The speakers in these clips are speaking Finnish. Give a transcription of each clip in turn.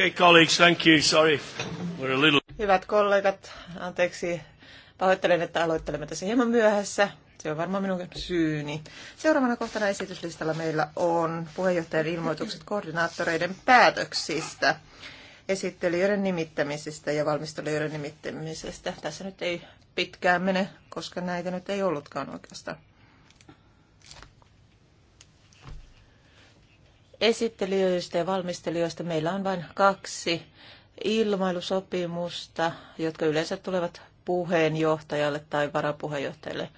Okay, colleagues, thank you. Sorry. We're a little... Hyvät kollegat, anteeksi. Pahoittelen, että aloittelemme tässä hieman myöhässä. Se on varmaan minun syyni. Seuraavana kohtana esityslistalla meillä on puheenjohtajan ilmoitukset koordinaattoreiden päätöksistä, esittelijöiden nimittämisistä ja valmistelijoiden nimittämisestä. Tässä nyt ei pitkään mene, koska näitä nyt ei ollutkaan oikeastaan. esittelijöistä ja valmistelijoista meillä on vain kaksi ilmailusopimusta, jotka yleensä tulevat puheenjohtajalle tai varapuheenjohtajalle.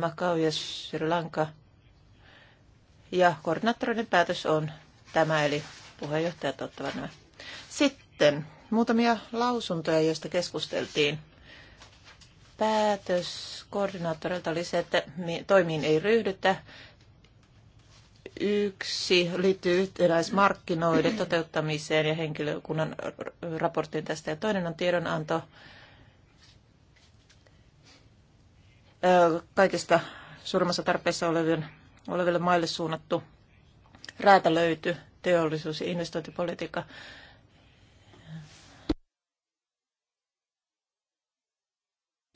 Macau ja Sri Lanka. Ja koordinaattorinen päätös on tämä, eli puheenjohtajat ottavat nämä. Sitten muutamia lausuntoja, joista keskusteltiin. Päätös koordinaattorilta oli se, että toimiin ei ryhdytä Yksi liittyy yhtenäismarkkinoiden toteuttamiseen ja henkilökunnan raporttiin tästä. Ja toinen on tiedonanto kaikista suurimmassa tarpeessa olevien, oleville maille suunnattu räätälöity teollisuus- ja investointipolitiikka.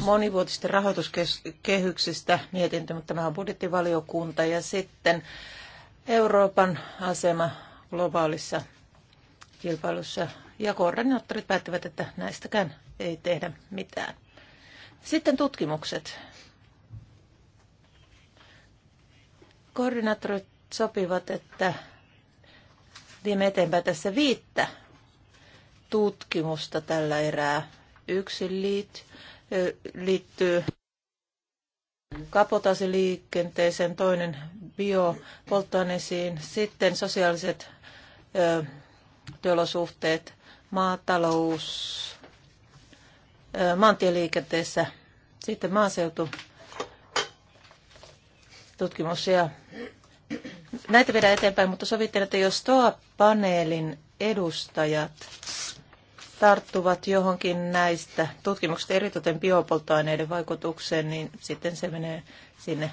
monivuotisten rahoituskehyksistä mietintö, mutta tämä on budjettivaliokunta ja sitten Euroopan asema globaalissa kilpailussa ja koordinaattorit päättivät, että näistäkään ei tehdä mitään. Sitten tutkimukset. Koordinaattorit sopivat, että viime eteenpäin tässä viittä tutkimusta tällä erää. Yksi liit, liittyy kapotaasiliikenteeseen, toinen biopolttoaineisiin, sitten sosiaaliset ö, työolosuhteet, maatalous, ö, maantieliikenteessä, sitten maaseutu, tutkimus ja näitä viedään eteenpäin, mutta sovittelen, että jos tuo paneelin edustajat tarttuvat johonkin näistä tutkimuksista, eritoten biopolttoaineiden vaikutukseen, niin sitten se menee sinne.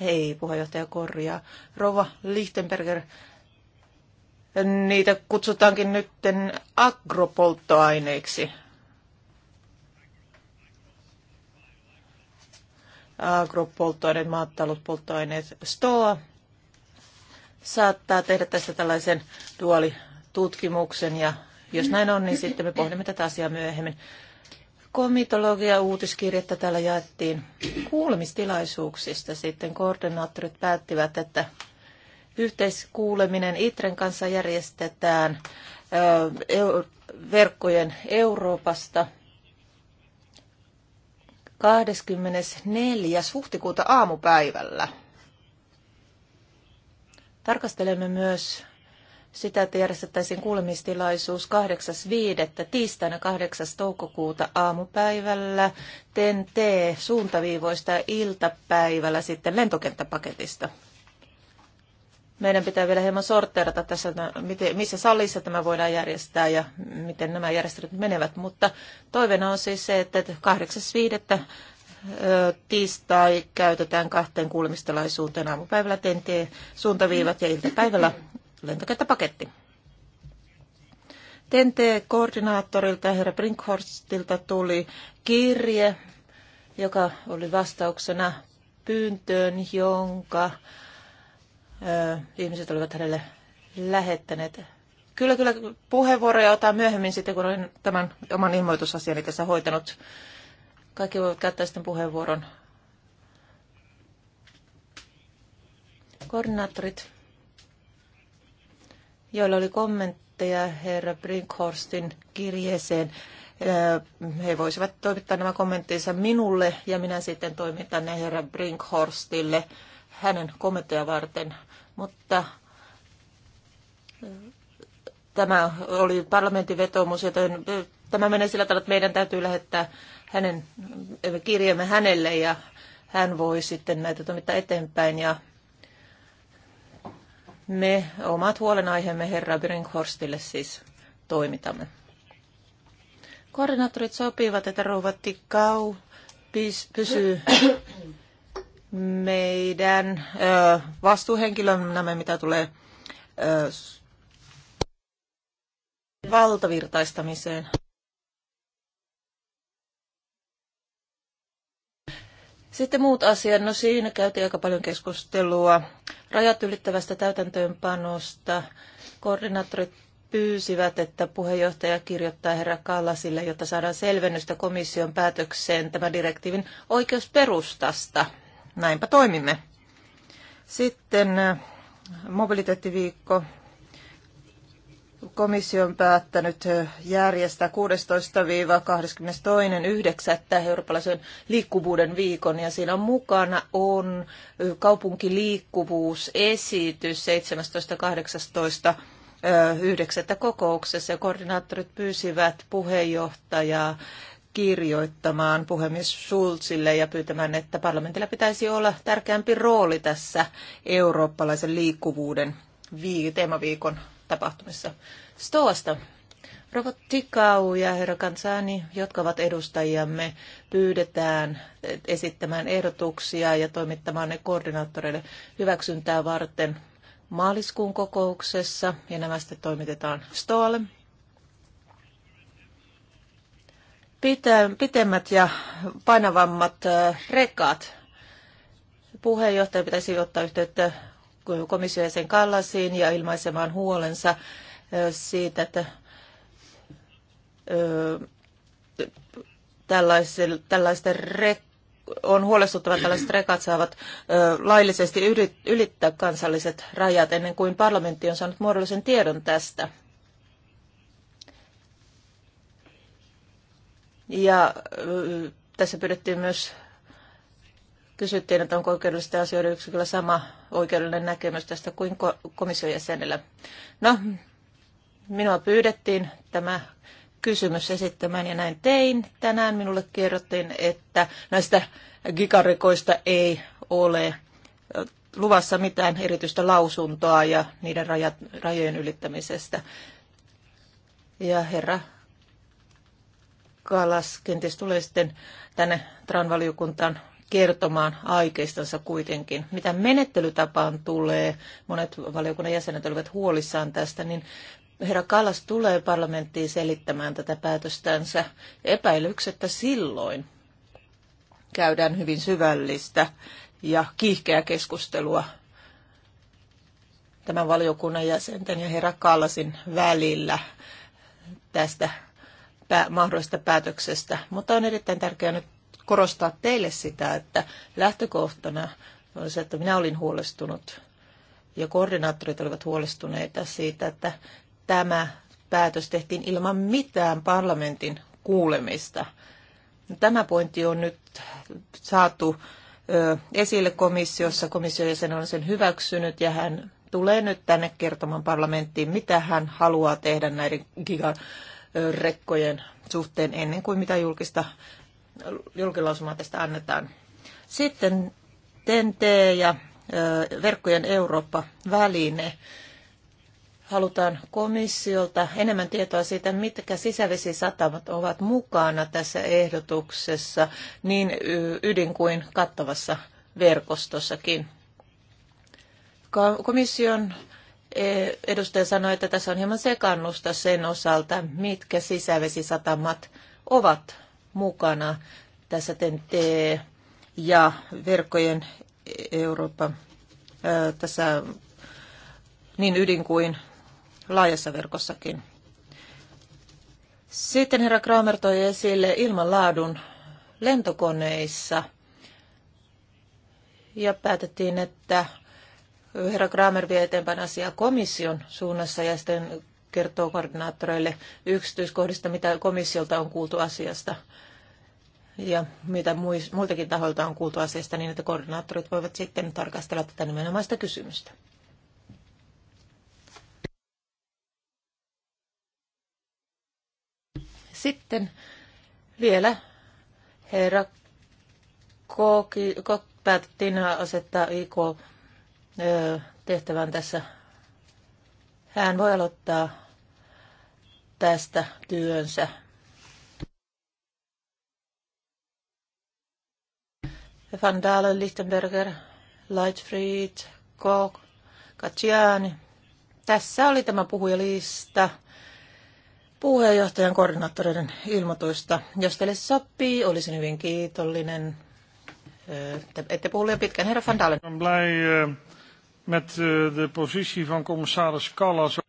Hei, puheenjohtaja korja. Rova Lichtenberger, niitä kutsutaankin nyt agropolttoaineiksi. Agropolttoaineet, maatalouspolttoaineet, STOA saattaa tehdä tästä tällaisen duaalitutkimuksen ja jos näin on, niin sitten me pohdimme tätä asiaa myöhemmin. Komitologia uutiskirjettä täällä jaettiin kuulemistilaisuuksista. Sitten koordinaattorit päättivät, että yhteiskuuleminen ITREN kanssa järjestetään verkkojen Euroopasta 24. huhtikuuta aamupäivällä. Tarkastelemme myös sitä, että järjestettäisiin kuulemistilaisuus 8.5. tiistaina 8. toukokuuta aamupäivällä, TNT suuntaviivoista ja iltapäivällä sitten lentokenttäpaketista. Meidän pitää vielä hieman sorteerata tässä, missä salissa tämä voidaan järjestää ja miten nämä järjestelyt menevät, mutta toivena on siis se, että 8.5 tiistai käytetään kahteen kuulemistilaisuuteen aamupäivällä TNT suuntaviivat ja iltapäivällä lentokenttäpaketti. TNT-koordinaattorilta herra Brinkhorstilta tuli kirje, joka oli vastauksena pyyntöön, jonka ö, ihmiset olivat hänelle lähettäneet. Kyllä, kyllä puheenvuoroja otan myöhemmin sitten, kun olen tämän oman ilmoitusasiani tässä hoitanut. Kaikki voivat käyttää sitten puheenvuoron. Koordinaattorit joilla oli kommentteja herra Brinkhorstin kirjeeseen. He voisivat toimittaa nämä kommenttinsa minulle ja minä sitten toimitan ne herra Brinkhorstille hänen kommentteja varten. Mutta tämä oli parlamentin vetomus, joten tämä menee sillä tavalla, että meidän täytyy lähettää hänen kirjeemme hänelle ja hän voi sitten näitä toimittaa eteenpäin ja me omat huolenaiheemme herra Brinkhorstille siis toimitamme. Koordinaattorit sopivat, että rouva Tikkau pysyy meidän ö, vastuuhenkilönämme, mitä tulee ö, valtavirtaistamiseen. Sitten muut asiat. No siinä käytiin aika paljon keskustelua rajat ylittävästä täytäntöönpanosta. Koordinaattorit pyysivät, että puheenjohtaja kirjoittaa herra Kallasille, jotta saadaan selvennystä komission päätökseen tämän direktiivin oikeusperustasta. Näinpä toimimme. Sitten äh, mobiliteettiviikko komissio on päättänyt järjestää 16-22.9. eurooppalaisen liikkuvuuden viikon ja siinä mukana on kaupunkiliikkuvuusesitys 17.18. 9. kokouksessa ja koordinaattorit pyysivät puheenjohtajaa kirjoittamaan puhemies Schulzille ja pyytämään, että parlamentilla pitäisi olla tärkeämpi rooli tässä eurooppalaisen liikkuvuuden teemaviikon tapahtumissa. Stoasta. Robot Tikau ja herra Kansani, jotka ovat edustajiamme, pyydetään esittämään ehdotuksia ja toimittamaan ne koordinaattoreille hyväksyntää varten maaliskuun kokouksessa ja nämä sitten toimitetaan Stoalle. Pitemmät ja painavammat äh, rekat. Puheenjohtaja pitäisi ottaa yhteyttä komissio sen Kallasiin ja ilmaisemaan huolensa siitä, että tällaiset rek- on huolestuttava, että tällaiset rekat saavat laillisesti ylittää kansalliset rajat ennen kuin parlamentti on saanut muodollisen tiedon tästä. Ja tässä pyydettiin myös Kysyttiin, että onko oikeudellisten asioiden yksiköllä sama oikeudellinen näkemys tästä kuin komission jäsenellä. No, minua pyydettiin tämä kysymys esittämään ja näin tein. Tänään minulle kerrottiin, että näistä gigarikoista ei ole luvassa mitään erityistä lausuntoa ja niiden rajat, rajojen ylittämisestä. Ja herra Kalas kenties tulee sitten tänne Tranvaliokuntaan kertomaan aikeistansa kuitenkin. Mitä menettelytapaan tulee, monet valiokunnan jäsenet olivat huolissaan tästä, niin herra Kallas tulee parlamenttiin selittämään tätä päätöstänsä epäilyksettä silloin. Käydään hyvin syvällistä ja kiihkeä keskustelua tämän valiokunnan jäsenten ja herra Kallasin välillä tästä mahdollisesta päätöksestä. Mutta on erittäin tärkeää nyt korostaa teille sitä, että lähtökohtana oli se, että minä olin huolestunut ja koordinaattorit olivat huolestuneita siitä, että tämä päätös tehtiin ilman mitään parlamentin kuulemista. Tämä pointti on nyt saatu esille komissiossa. Komission jäsen on sen hyväksynyt ja hän tulee nyt tänne kertomaan parlamenttiin, mitä hän haluaa tehdä näiden gigarekkojen suhteen ennen kuin mitä julkista julkilausumaa tästä annetaan. Sitten TNT ja verkkojen Eurooppa-väline. Halutaan komissiolta enemmän tietoa siitä, mitkä sisävesisatamat ovat mukana tässä ehdotuksessa niin ydin kuin kattavassa verkostossakin. Komission e, edustaja sanoi, että tässä on hieman sekannusta sen osalta, mitkä sisävesisatamat ovat mukana tässä TNT ja verkkojen Eurooppa tässä niin ydin kuin laajassa verkossakin. Sitten herra Kramer toi esille ilmanlaadun lentokoneissa ja päätettiin, että herra Kramer vie eteenpäin asiaa komission suunnassa ja sitten kertoo koordinaattoreille yksityiskohdista, mitä komissiolta on kuultu asiasta ja mitä muiltakin tahoilta on kuultu asiasta niin, että koordinaattorit voivat sitten tarkastella tätä nimenomaista kysymystä. Sitten vielä herra Koki, Koki päätettiin asettaa IK tehtävän tässä. Hän voi aloittaa tästä työnsä Van Dalen, Lichtenberger, Lightfried, Koch, Katsiani. Tässä oli tämä puhujalista puheenjohtajan koordinaattoreiden ilmoitusta. Jos teille sopii, olisin hyvin kiitollinen. Te ette puhu liian pitkään, herra Van Dalen. Eh, met eh, de positie van commissaris Callas.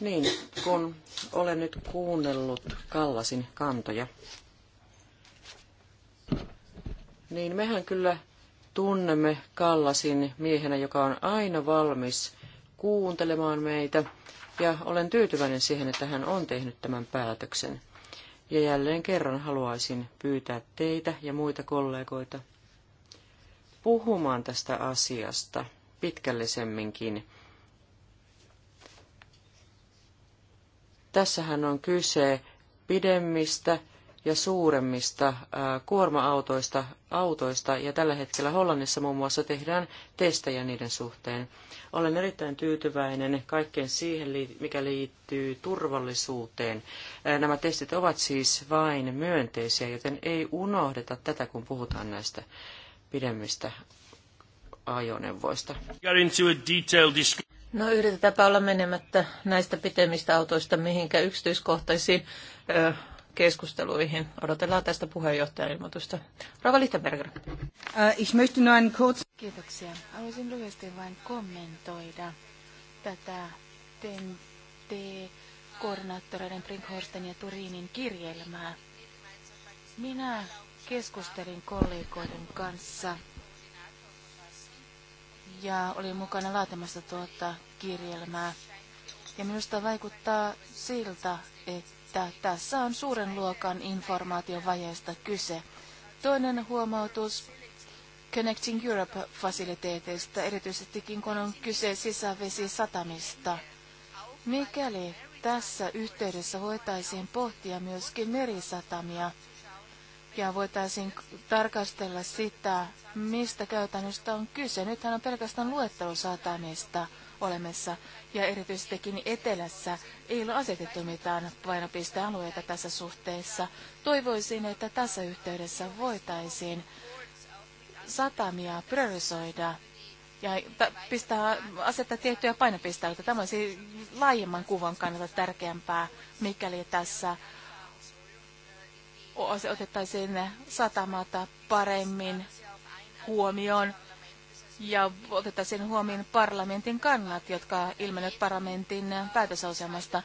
Niin, kun olen nyt kuunnellut Kallasin kantoja, niin mehän kyllä tunnemme Kallasin miehenä, joka on aina valmis kuuntelemaan meitä, ja olen tyytyväinen siihen, että hän on tehnyt tämän päätöksen. Ja jälleen kerran haluaisin pyytää teitä ja muita kollegoita puhumaan tästä asiasta pitkällisemminkin. Tässähän on kyse pidemmistä ja suuremmista äh, kuorma-autoista autoista, ja tällä hetkellä Hollannissa muun muassa tehdään testejä niiden suhteen. Olen erittäin tyytyväinen kaikkeen siihen, mikä liittyy turvallisuuteen. Äh, nämä testit ovat siis vain myönteisiä, joten ei unohdeta tätä, kun puhutaan näistä pidemmistä ajoneuvoista. No yritetäänpä olla menemättä näistä pitemmistä autoista mihinkä yksityiskohtaisiin keskusteluihin. Odotellaan tästä puheenjohtajan ilmoitusta. Rova Lichtenberger. Äh, ich möchte nur einen kurz... Kiitoksia. Haluaisin lyhyesti vain kommentoida tätä TNT koordinaattoreiden Brinkhorsten ja Turinin kirjelmää. Minä keskustelin kollegoiden kanssa ja olin mukana laatimassa tuota kirjelmää. Ja minusta vaikuttaa siltä, että että tässä on suuren luokan informaatiovajeesta kyse. Toinen huomautus Connecting Europe-fasiliteeteista, erityisestikin kun on kyse sisävesisatamista. Mikäli tässä yhteydessä voitaisiin pohtia myöskin merisatamia ja voitaisiin tarkastella sitä, mistä käytännöstä on kyse. Nythän on pelkästään luettelo satamista olemassa ja erityisestikin etelässä ei ole asetettu mitään painopistealueita tässä suhteessa. Toivoisin, että tässä yhteydessä voitaisiin satamia priorisoida ja pistää, asettaa tiettyjä painopisteitä. Tämä olisi laajemman kuvan kannalta tärkeämpää, mikäli tässä otettaisiin satamata paremmin huomioon ja otettaisiin huomioon parlamentin kannat, jotka ilmenevät parlamentin päätösasemasta.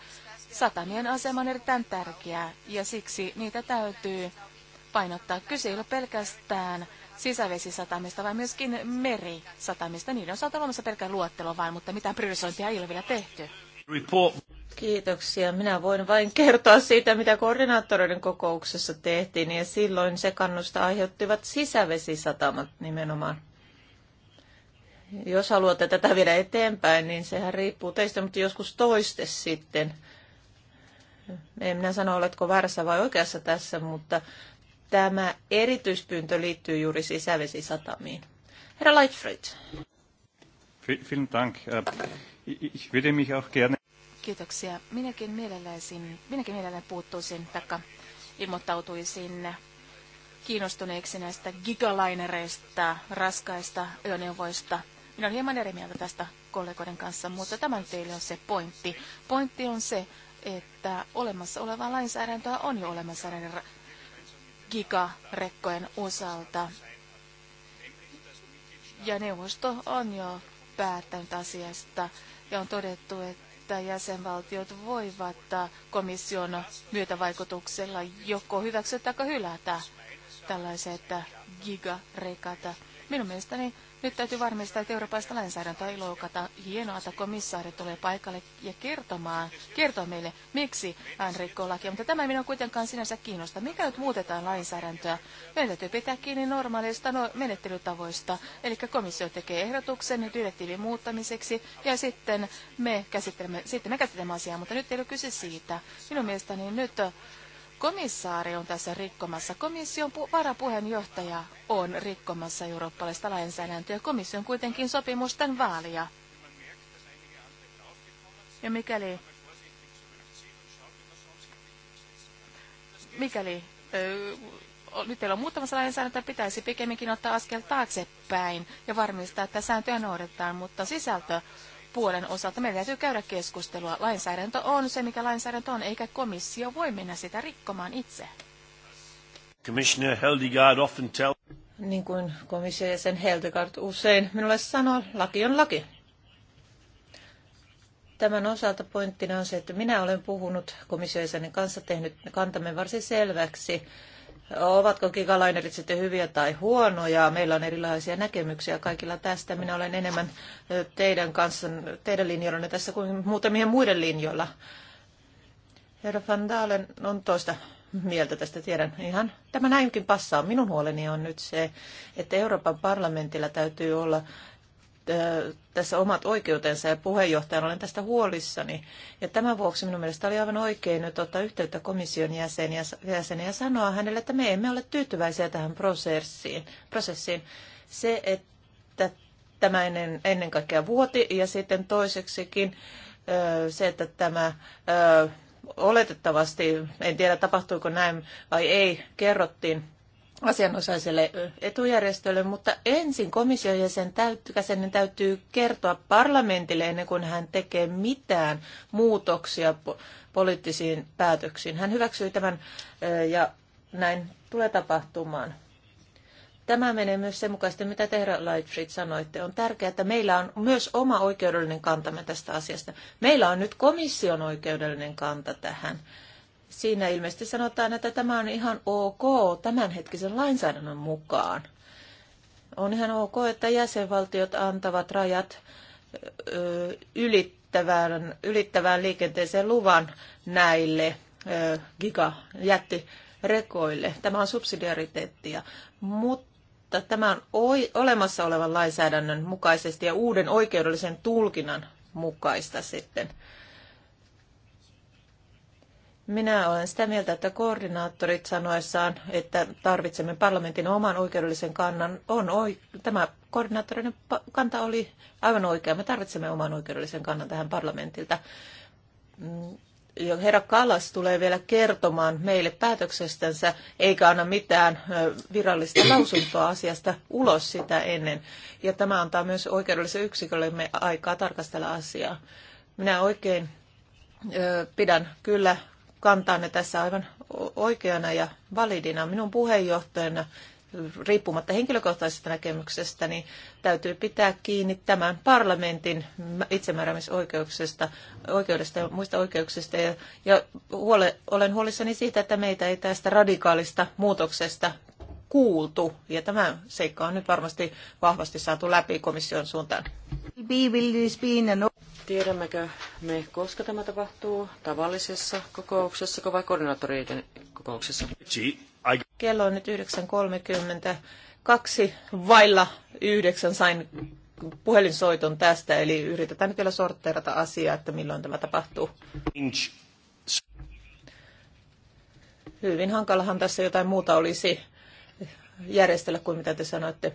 Satamien asema on erittäin tärkeää ja siksi niitä täytyy painottaa. Kyse ei ole pelkästään sisävesisatamista, vaan myöskin merisatamista. Niiden on saatu olemassa pelkään luettelo vain, mutta mitään priorisointia ei ole vielä tehty. Report. Kiitoksia. Minä voin vain kertoa siitä, mitä koordinaattoreiden kokouksessa tehtiin, ja silloin sekannusta aiheuttivat sisävesisatamat nimenomaan. Jos haluatte tätä viedä eteenpäin, niin sehän riippuu teistä, mutta joskus toiste sitten. En minä sano, oletko väärässä vai oikeassa tässä, mutta tämä erityispyyntö liittyy juuri sisävesisatamiin. Herra Lightfried. Vielen Dank. Äh, ich würde mich auch gerne... Kiitoksia. Minäkin mielelläisin, minäkin mielelläni puuttuisin, taikka ilmoittautuisin kiinnostuneeksi näistä gigalainereista, raskaista ajoneuvoista. Minä olen hieman eri mieltä tästä kollegoiden kanssa, mutta tämä teille on se pointti. Pointti on se, että olemassa olevaa lainsäädäntöä on jo olemassa näiden gigarekkojen osalta. Ja neuvosto on jo päättänyt asiasta ja on todettu, että jäsenvaltiot voivat komission myötävaikutuksella joko hyväksyä tai hylätä tällaiset gigarekat. Minun mielestäni nyt täytyy varmistaa, että eurooppalaista lainsäädäntöä ei loukata. Hienoa, että komissaari tulee paikalle ja kertomaan, kertoo meille, miksi hän rikkoo lakia. Mutta tämä minun kuitenkaan sinänsä kiinnosta. Mikä nyt muutetaan lainsäädäntöä? Meidän täytyy pitää kiinni normaaleista no, menettelytavoista. Eli komissio tekee ehdotuksen direktiivin muuttamiseksi ja sitten me käsittelemme, sitten me käsittelemme asiaa, mutta nyt ei ole kyse siitä. Minun mielestäni nyt komissaari on tässä rikkomassa. Komission varapuheenjohtaja on rikkomassa eurooppalaista lainsäädäntöä. Komission kuitenkin sopimusten vaalia. Ja mikäli, mikäli ö, nyt teillä on muuttamassa lainsäädäntöä, pitäisi pikemminkin ottaa askel taaksepäin ja varmistaa, että sääntöjä noudatetaan, mutta sisältö puolen osalta meidän täytyy käydä keskustelua. Lainsäädäntö on se, mikä lainsäädäntö on, eikä komissio voi mennä sitä rikkomaan itse. Commissioner Heldegaard often tell... Niin kuin ja sen Heldegaard usein minulle sanoo, laki on laki. Tämän osalta pointtina on se, että minä olen puhunut komissio kanssa, tehnyt kantamme varsin selväksi Ovatko gigalainerit sitten hyviä tai huonoja? Meillä on erilaisia näkemyksiä kaikilla tästä. Minä olen enemmän teidän kanssa, teidän linjoillanne tässä kuin muutamien muiden linjoilla. Herra Van Dalen on toista mieltä tästä tiedän. Ihan tämä näinkin passaa. Minun huoleni on nyt se, että Euroopan parlamentilla täytyy olla tässä omat oikeutensa ja puheenjohtajana olen tästä huolissani. Ja tämän vuoksi minun mielestä oli aivan oikein nyt ottaa yhteyttä komission jäseniä, jäseniä ja sanoa hänelle, että me emme ole tyytyväisiä tähän prosessiin. prosessiin. Se, että tämä ennen, ennen kaikkea vuoti ja sitten toiseksikin se, että tämä oletettavasti, en tiedä tapahtuiko näin vai ei, kerrottiin asianosaiselle etujärjestölle, mutta ensin komission jäsen täytyy, jäsenen täytyy kertoa parlamentille ennen kuin hän tekee mitään muutoksia poliittisiin päätöksiin. Hän hyväksyy tämän ja näin tulee tapahtumaan. Tämä menee myös sen mukaisesti, mitä te, Lightfried, sanoitte. On tärkeää, että meillä on myös oma oikeudellinen kantamme tästä asiasta. Meillä on nyt komission oikeudellinen kanta tähän. Siinä ilmeisesti sanotaan, että tämä on ihan ok tämänhetkisen lainsäädännön mukaan. On ihan ok, että jäsenvaltiot antavat rajat ylittävään, ylittävään liikenteeseen luvan näille gigajättirekoille. Tämä on subsidiariteettia, mutta tämä on olemassa olevan lainsäädännön mukaisesti ja uuden oikeudellisen tulkinnan mukaista sitten. Minä olen sitä mieltä, että koordinaattorit sanoessaan, että tarvitsemme parlamentin oman oikeudellisen kannan, on oik- tämä koordinaattorin kanta oli aivan oikea. Me tarvitsemme oman oikeudellisen kannan tähän parlamentilta. Mm, herra Kallas tulee vielä kertomaan meille päätöksestänsä, eikä anna mitään virallista lausuntoa asiasta ulos sitä ennen. Ja tämä antaa myös oikeudellisen yksiköllemme aikaa tarkastella asiaa. Minä oikein pidän kyllä kantaanne tässä aivan oikeana ja validina. Minun puheenjohtajana riippumatta henkilökohtaisesta näkemyksestä, niin täytyy pitää kiinni tämän parlamentin itsemääräämisoikeuksesta oikeudesta ja muista oikeuksista. Ja, ja huole, olen huolissani siitä, että meitä ei tästä radikaalista muutoksesta kuultu. Ja tämä seikka on nyt varmasti vahvasti saatu läpi komission suuntaan. Tiedämmekö me, koska tämä tapahtuu? Tavallisessa kokouksessa vai koordinaattoreiden kokouksessa? Kello on nyt 9.30. Kaksi vailla yhdeksän sain puhelinsoiton tästä, eli yritetään nyt vielä sortteerata asiaa, että milloin tämä tapahtuu. Hyvin hankalahan tässä jotain muuta olisi järjestellä kuin mitä te sanoitte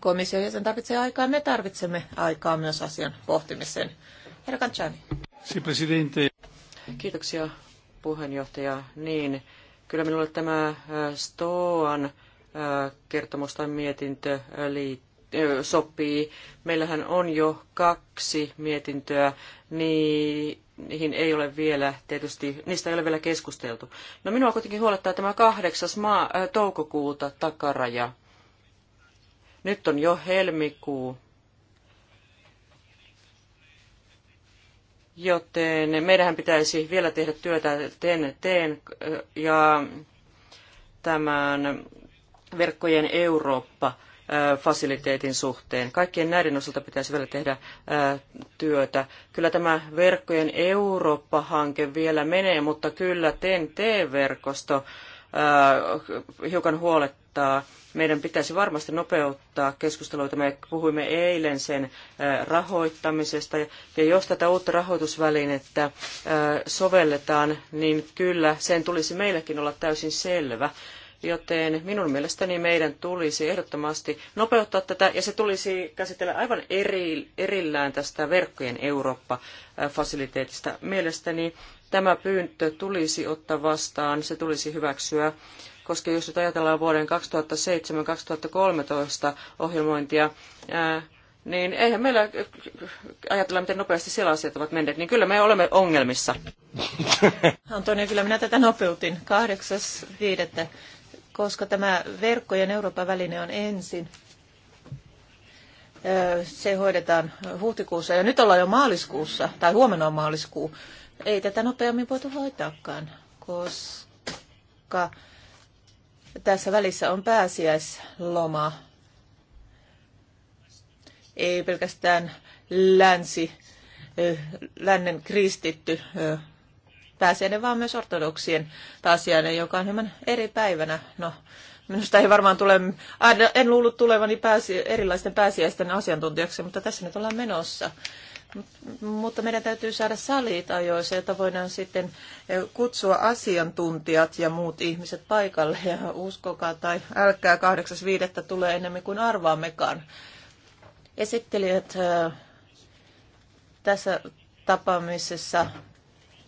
komission jäsen tarvitsee aikaa, me tarvitsemme aikaa myös asian pohtimiseen. Herra Kanchani. Kiitoksia puheenjohtaja. Niin, kyllä minulle tämä äh, Stoan äh, kertomus tai mietintö äh, liittyy sopii. Meillähän on jo kaksi mietintöä, niihin ei ole vielä, tietysti, niistä ei ole vielä keskusteltu. No minua kuitenkin huolettaa tämä 8. Maa, toukokuuta takaraja. Nyt on jo helmikuu, joten meidän pitäisi vielä tehdä työtä teen, teen ja tämän verkkojen Eurooppa fasiliteetin suhteen. Kaikkien näiden osalta pitäisi vielä tehdä työtä. Kyllä tämä verkkojen Eurooppa-hanke vielä menee, mutta kyllä TEN-T-verkosto hiukan huolet, nopeuttaa. Meidän pitäisi varmasti nopeuttaa keskusteluita. Me puhuimme eilen sen äh, rahoittamisesta. Ja jos tätä uutta rahoitusvälinettä äh, sovelletaan, niin kyllä sen tulisi meillekin olla täysin selvä joten minun mielestäni meidän tulisi ehdottomasti nopeuttaa tätä ja se tulisi käsitellä aivan eri, erillään tästä verkkojen Eurooppa-fasiliteetista. Äh, mielestäni Tämä pyyntö tulisi ottaa vastaan, se tulisi hyväksyä, koska jos nyt ajatellaan vuoden 2007-2013 ohjelmointia, niin eihän meillä ajatella, miten nopeasti siellä asiat ovat menneet, niin kyllä me olemme ongelmissa. Antonio, kyllä minä tätä nopeutin. 8.5. Koska tämä verkkojen Euroopan väline on ensin, se hoidetaan huhtikuussa ja nyt ollaan jo maaliskuussa, tai huomenna on maaliskuu, ei tätä nopeammin voitu hoitaakaan, koska tässä välissä on pääsiäisloma. Ei pelkästään länsi, eh, lännen kristitty eh, pääsiäinen, vaan myös ortodoksien pääsiäinen, joka on hieman eri päivänä. No, minusta ei varmaan tule, en luullut tulevani pääsi, erilaisten pääsiäisten asiantuntijaksi, mutta tässä nyt ollaan menossa mutta meidän täytyy saada salit ajoissa, jotta voidaan sitten eh, kutsua asiantuntijat ja muut ihmiset paikalle. Ja uskokaa tai älkää 8.5. tulee enemmän kuin arvaammekaan. Esittelijät eh, tässä tapaamisessa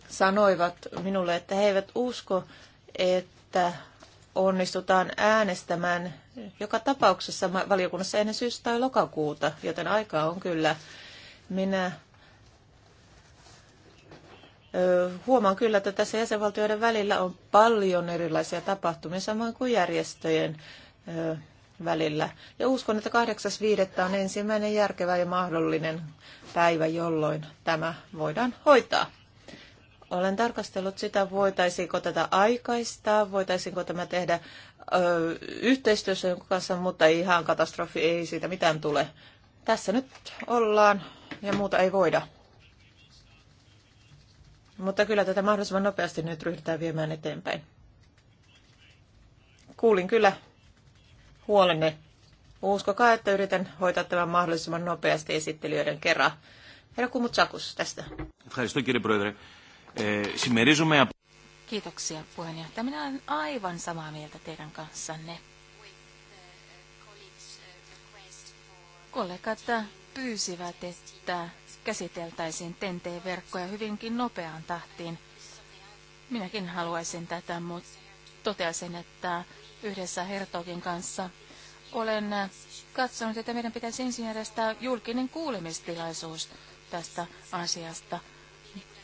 sanoivat minulle, että he eivät usko, että onnistutaan äänestämään joka tapauksessa valiokunnassa ennen syystä tai lokakuuta, joten aikaa on kyllä minä huomaan kyllä, että tässä jäsenvaltioiden välillä on paljon erilaisia tapahtumia, samoin kuin järjestöjen välillä. Ja uskon, että 8.5. on ensimmäinen järkevä ja mahdollinen päivä, jolloin tämä voidaan hoitaa. Olen tarkastellut sitä, voitaisiinko tätä aikaistaa, voitaisiinko tämä tehdä ö, yhteistyössä jonkun kanssa, mutta ihan katastrofi ei siitä mitään tule. Tässä nyt ollaan ja muuta ei voida. Mutta kyllä tätä mahdollisimman nopeasti nyt ryhdytään viemään eteenpäin. Kuulin kyllä huolenne. Uskokaa, että yritän hoitaa tämän mahdollisimman nopeasti esittelijöiden kerran. Herra Sakus tästä. Kiitoksia puheenjohtaja. Minä olen aivan samaa mieltä teidän kanssanne. Kollegat pyysivät, että käsiteltäisiin TNT-verkkoja hyvinkin nopeaan tahtiin. Minäkin haluaisin tätä, mutta toteasin, että yhdessä Hertogin kanssa olen katsonut, että meidän pitäisi ensin järjestää julkinen kuulemistilaisuus tästä asiasta.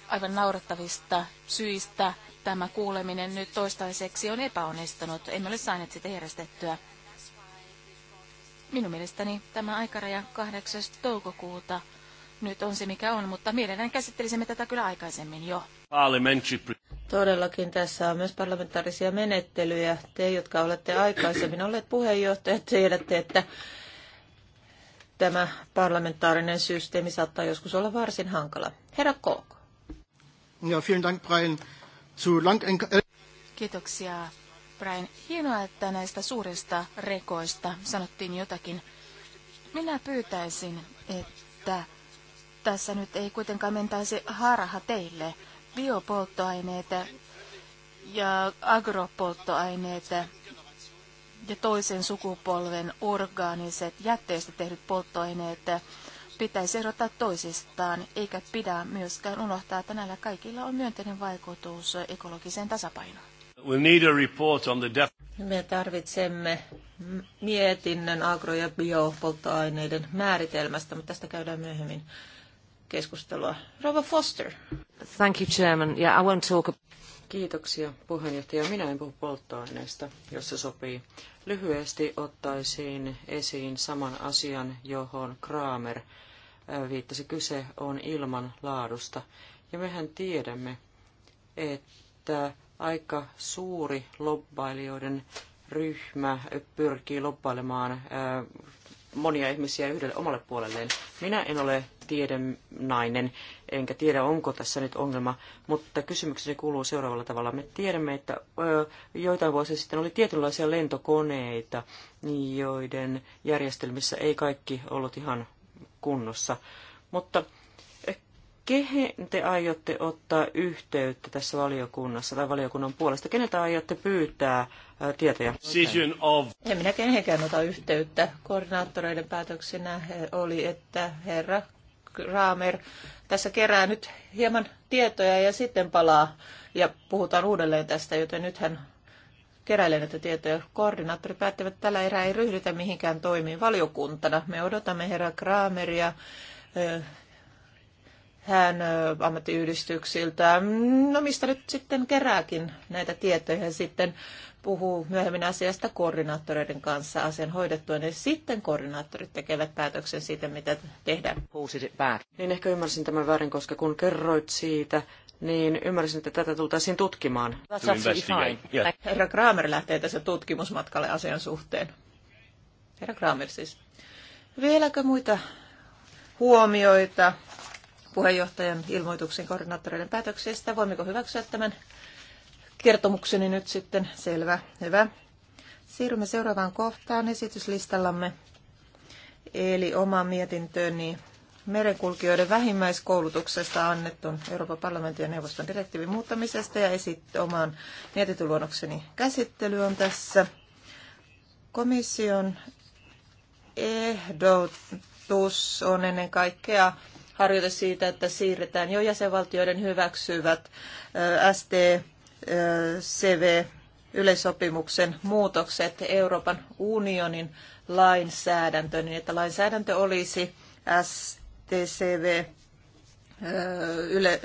Aivan naurettavista syistä tämä kuuleminen nyt toistaiseksi on epäonnistunut. Emme ole saaneet sitä järjestettyä. Minun mielestäni tämä aikaraja 8. toukokuuta nyt on se mikä on, mutta mielellään käsittelisimme tätä kyllä aikaisemmin jo. Todellakin tässä on myös parlamentaarisia menettelyjä. Te, jotka olette aikaisemmin olleet puheenjohtajat, tiedätte, että tämä parlamentaarinen systeemi saattaa joskus olla varsin hankala. Herra Kook. Ja, vielen Dank, Brian. Zu lang... Kiitoksia Brian, hienoa, että näistä suurista rekoista sanottiin jotakin. Minä pyytäisin, että tässä nyt ei kuitenkaan mentäisi harha teille. Biopolttoaineita ja agropolttoaineita ja toisen sukupolven orgaaniset jätteistä tehdyt polttoaineet pitäisi erottaa toisistaan, eikä pidä myöskään unohtaa, että näillä kaikilla on myönteinen vaikutus ekologiseen tasapainoon. We'll need a report on the def- Me tarvitsemme mietinnön agro- ja biopolttoaineiden määritelmästä, mutta tästä käydään myöhemmin keskustelua. Rova Foster. Thank you, Chairman. Yeah, I won't talk Kiitoksia puheenjohtaja. Minä en puhu polttoaineista, jos se sopii. Lyhyesti ottaisin esiin saman asian, johon Kramer äh, viittasi. Kyse on ilman laadusta. Ja mehän tiedämme, että aika suuri lobbailijoiden ryhmä pyrkii lobbailemaan monia ihmisiä yhdelle omalle puolelleen. Minä en ole tiedenainen, enkä tiedä onko tässä nyt ongelma, mutta kysymykseni kuuluu seuraavalla tavalla. Me tiedämme, että joitain vuosia sitten oli tietynlaisia lentokoneita, joiden järjestelmissä ei kaikki ollut ihan kunnossa. Mutta Kehen te aiotte ottaa yhteyttä tässä valiokunnassa tai valiokunnan puolesta? Keneltä aiotte pyytää tietoja? En minä kenenkään ota yhteyttä. Koordinaattoreiden päätöksenä oli, että herra Raamer tässä kerää nyt hieman tietoja ja sitten palaa ja puhutaan uudelleen tästä, joten nythän keräilee näitä tietoja. koordinaattori päättävät, että tällä erää ei ryhdytä mihinkään toimiin valiokuntana. Me odotamme herra Kraameria hän ammattiyhdistyksiltä. No mistä nyt sitten kerääkin näitä tietoja ja sitten puhuu myöhemmin asiasta koordinaattoreiden kanssa asian hoidettua, niin sitten koordinaattorit tekevät päätöksen siitä, mitä tehdään. Niin ehkä ymmärsin tämän väärin, koska kun kerroit siitä, niin ymmärsin, että tätä tultaisiin tutkimaan. Herra Kramer lähtee tässä tutkimusmatkalle asian suhteen. Herra Kramer siis. Vieläkö muita huomioita puheenjohtajan ilmoituksen koordinaattoreiden päätöksistä. Voimmeko hyväksyä tämän kertomukseni nyt sitten? Selvä, hyvä. Siirrymme seuraavaan kohtaan esityslistallamme, eli oma mietintöni merenkulkijoiden vähimmäiskoulutuksesta annetun Euroopan parlamentin ja neuvoston direktiivin muuttamisesta ja esit- oman mietintöluonnokseni käsittely on tässä. Komission ehdotus on ennen kaikkea harjoitus siitä, että siirretään jo jäsenvaltioiden hyväksyvät STCV yleissopimuksen muutokset Euroopan unionin lainsäädäntöön, niin että lainsäädäntö olisi STCV yle,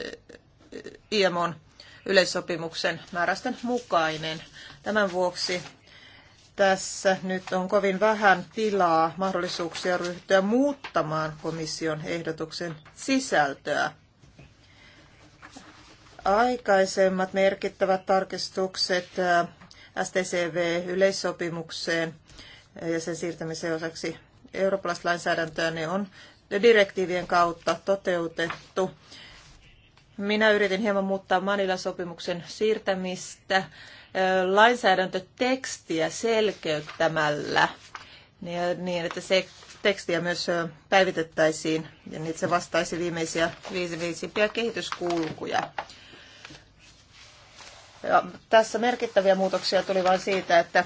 IMO yleissopimuksen määrästen mukainen. Tämän vuoksi tässä nyt on kovin vähän tilaa mahdollisuuksia ryhtyä muuttamaan komission ehdotuksen sisältöä. Aikaisemmat merkittävät tarkistukset STCV-yleissopimukseen ja sen siirtämisen osaksi eurooppalaista lainsäädäntöä ne on direktiivien kautta toteutettu. Minä yritin hieman muuttaa manila sopimuksen siirtämistä lainsäädäntötekstiä selkeyttämällä niin, niin, että se tekstiä myös päivitettäisiin ja niin, se vastaisi viimeisiä viisimpiä kehityskulkuja. Ja tässä merkittäviä muutoksia tuli vain siitä, että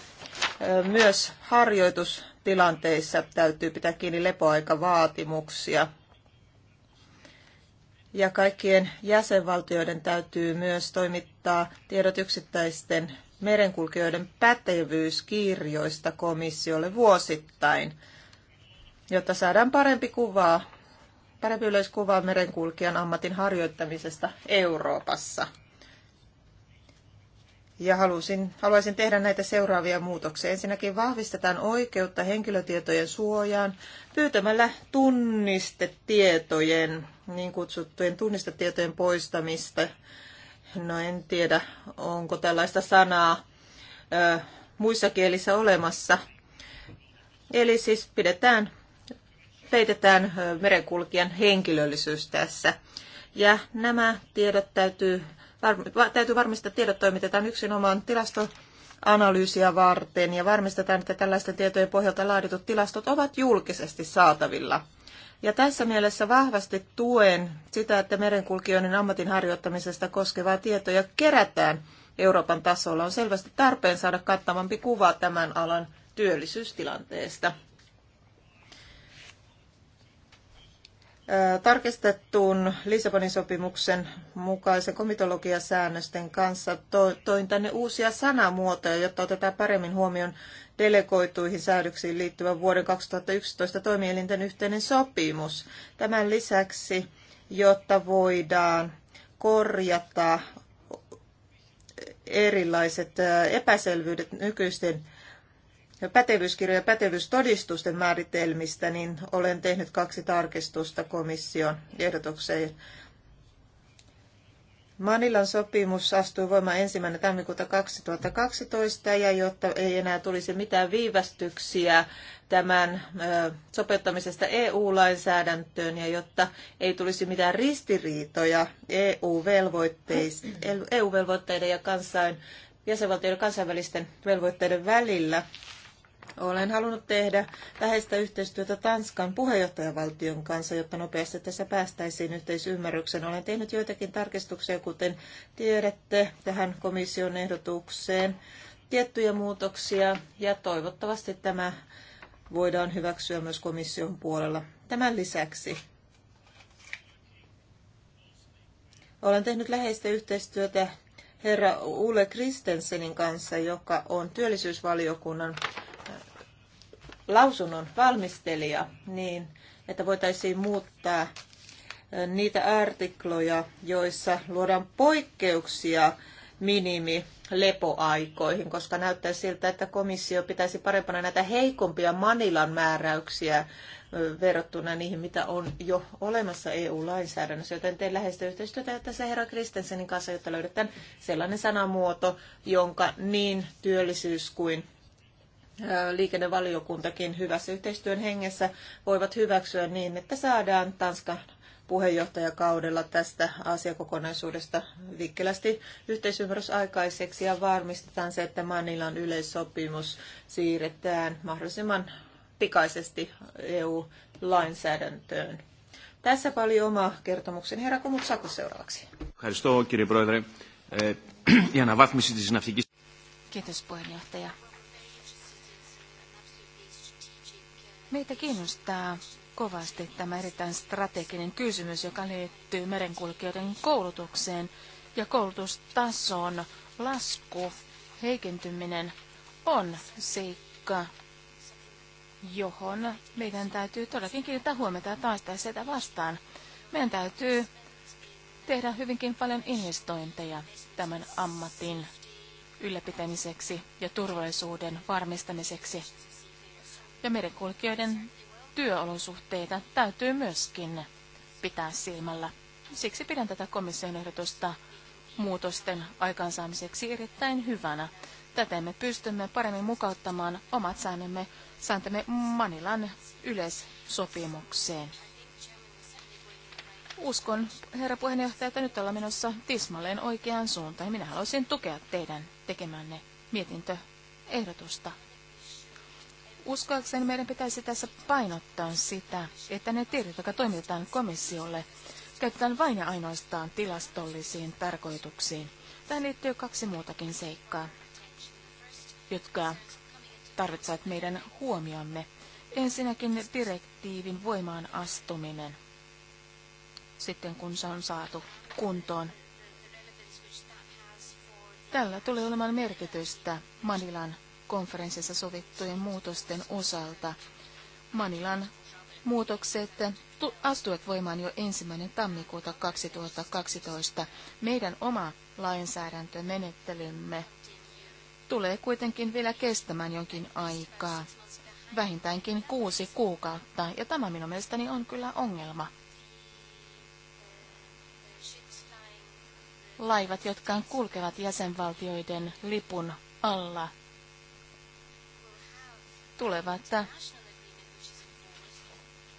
myös harjoitustilanteissa täytyy pitää kiinni lepoaikavaatimuksia ja kaikkien jäsenvaltioiden täytyy myös toimittaa tiedot yksittäisten merenkulkijoiden pätevyyskirjoista komissiolle vuosittain, jotta saadaan parempi kuvaa, parempi yleiskuva merenkulkijan ammatin harjoittamisesta Euroopassa ja halusin, haluaisin tehdä näitä seuraavia muutoksia. Ensinnäkin vahvistetaan oikeutta henkilötietojen suojaan pyytämällä tunnistetietojen, niin kutsuttujen tunnistetietojen poistamista. No en tiedä, onko tällaista sanaa ö, muissa kielissä olemassa. Eli siis pidetään, peitetään merenkulkijan henkilöllisyys tässä. Ja nämä tiedot täytyy täytyy varmistaa, että tiedot toimitetaan yksinomaan tilastoanalyysiä varten ja varmistetaan, että tällaisten tietojen pohjalta laaditut tilastot ovat julkisesti saatavilla. Ja tässä mielessä vahvasti tuen sitä, että merenkulkijoiden ammatin harjoittamisesta koskevaa tietoja kerätään Euroopan tasolla. On selvästi tarpeen saada kattavampi kuva tämän alan työllisyystilanteesta. tarkistettuun Lissabonin sopimuksen mukaisen komitologiasäännösten kanssa toin tänne uusia sanamuotoja, jotta otetaan paremmin huomioon delegoituihin säädöksiin liittyvä vuoden 2011 toimielinten yhteinen sopimus. Tämän lisäksi, jotta voidaan korjata erilaiset epäselvyydet nykyisten pätevyyskirjojen ja pätevyystodistusten määritelmistä, niin olen tehnyt kaksi tarkistusta komission ehdotukseen. Manilan sopimus astui voimaan ensimmäinen tammikuuta 2012 ja jotta ei enää tulisi mitään viivästyksiä tämän sopeuttamisesta EU-lainsäädäntöön ja jotta ei tulisi mitään ristiriitoja EU-velvoitteiden e ja kansain, jäsenvaltioiden kansainvälisten velvoitteiden välillä, olen halunnut tehdä läheistä yhteistyötä Tanskan puheenjohtajavaltion kanssa, jotta nopeasti tässä päästäisiin yhteisymmärrykseen. Olen tehnyt joitakin tarkistuksia, kuten tiedätte, tähän komission ehdotukseen tiettyjä muutoksia ja toivottavasti tämä voidaan hyväksyä myös komission puolella. Tämän lisäksi olen tehnyt läheistä yhteistyötä herra Ule Kristensenin kanssa, joka on työllisyysvaliokunnan lausunnon valmistelija niin, että voitaisiin muuttaa niitä artikloja, joissa luodaan poikkeuksia minimi lepoaikoihin, koska näyttää siltä, että komissio pitäisi parempana näitä heikompia Manilan määräyksiä verrattuna niihin, mitä on jo olemassa EU-lainsäädännössä. Joten teen läheistä yhteistyötä tässä herra Kristensenin kanssa, jotta löydetään sellainen sanamuoto, jonka niin työllisyys kuin liikennevaliokuntakin hyvässä yhteistyön hengessä voivat hyväksyä niin, että saadaan Tanskan puheenjohtajakaudella tästä asiakokonaisuudesta vikkelästi yhteisymmärrys aikaiseksi ja varmistetaan se, että Manilan yleissopimus siirretään mahdollisimman pikaisesti EU-lainsäädäntöön. Tässä paljon oma kertomuksen. Herra Komut Sako seuraavaksi. Kiitos puheenjohtaja. Meitä kiinnostaa kovasti tämä erittäin strateginen kysymys, joka liittyy merenkulkijoiden koulutukseen ja koulutustason lasku, heikentyminen on seikka, johon meidän täytyy todellakin kiinnittää huomiota ja taistaa sitä vastaan. Meidän täytyy tehdä hyvinkin paljon investointeja tämän ammatin ylläpitämiseksi ja turvallisuuden varmistamiseksi ja merikulkijoiden työolosuhteita täytyy myöskin pitää silmällä. Siksi pidän tätä komission ehdotusta muutosten aikaansaamiseksi erittäin hyvänä. Täten me pystymme paremmin mukauttamaan omat säännömme sääntämme Manilan yleissopimukseen. Uskon, herra puheenjohtaja, että nyt ollaan menossa tismalleen oikeaan suuntaan. Minä haluaisin tukea teidän tekemänne mietintöehdotusta. Uskoakseni meidän pitäisi tässä painottaa sitä, että ne tiedot, jotka toimitetaan komissiolle, käytetään vain ja ainoastaan tilastollisiin tarkoituksiin. Tähän liittyy kaksi muutakin seikkaa, jotka tarvitsevat meidän huomiomme. Ensinnäkin direktiivin voimaan astuminen, sitten kun se on saatu kuntoon. Tällä tulee olemaan merkitystä Manilan konferenssissa sovittujen muutosten osalta. Manilan muutokset astuvat voimaan jo ensimmäinen tammikuuta 2012. Meidän oma lainsäädäntömenettelymme tulee kuitenkin vielä kestämään jonkin aikaa, vähintäänkin kuusi kuukautta, ja tämä minun mielestäni on kyllä ongelma. Laivat, jotka kulkevat jäsenvaltioiden lipun alla, tulevat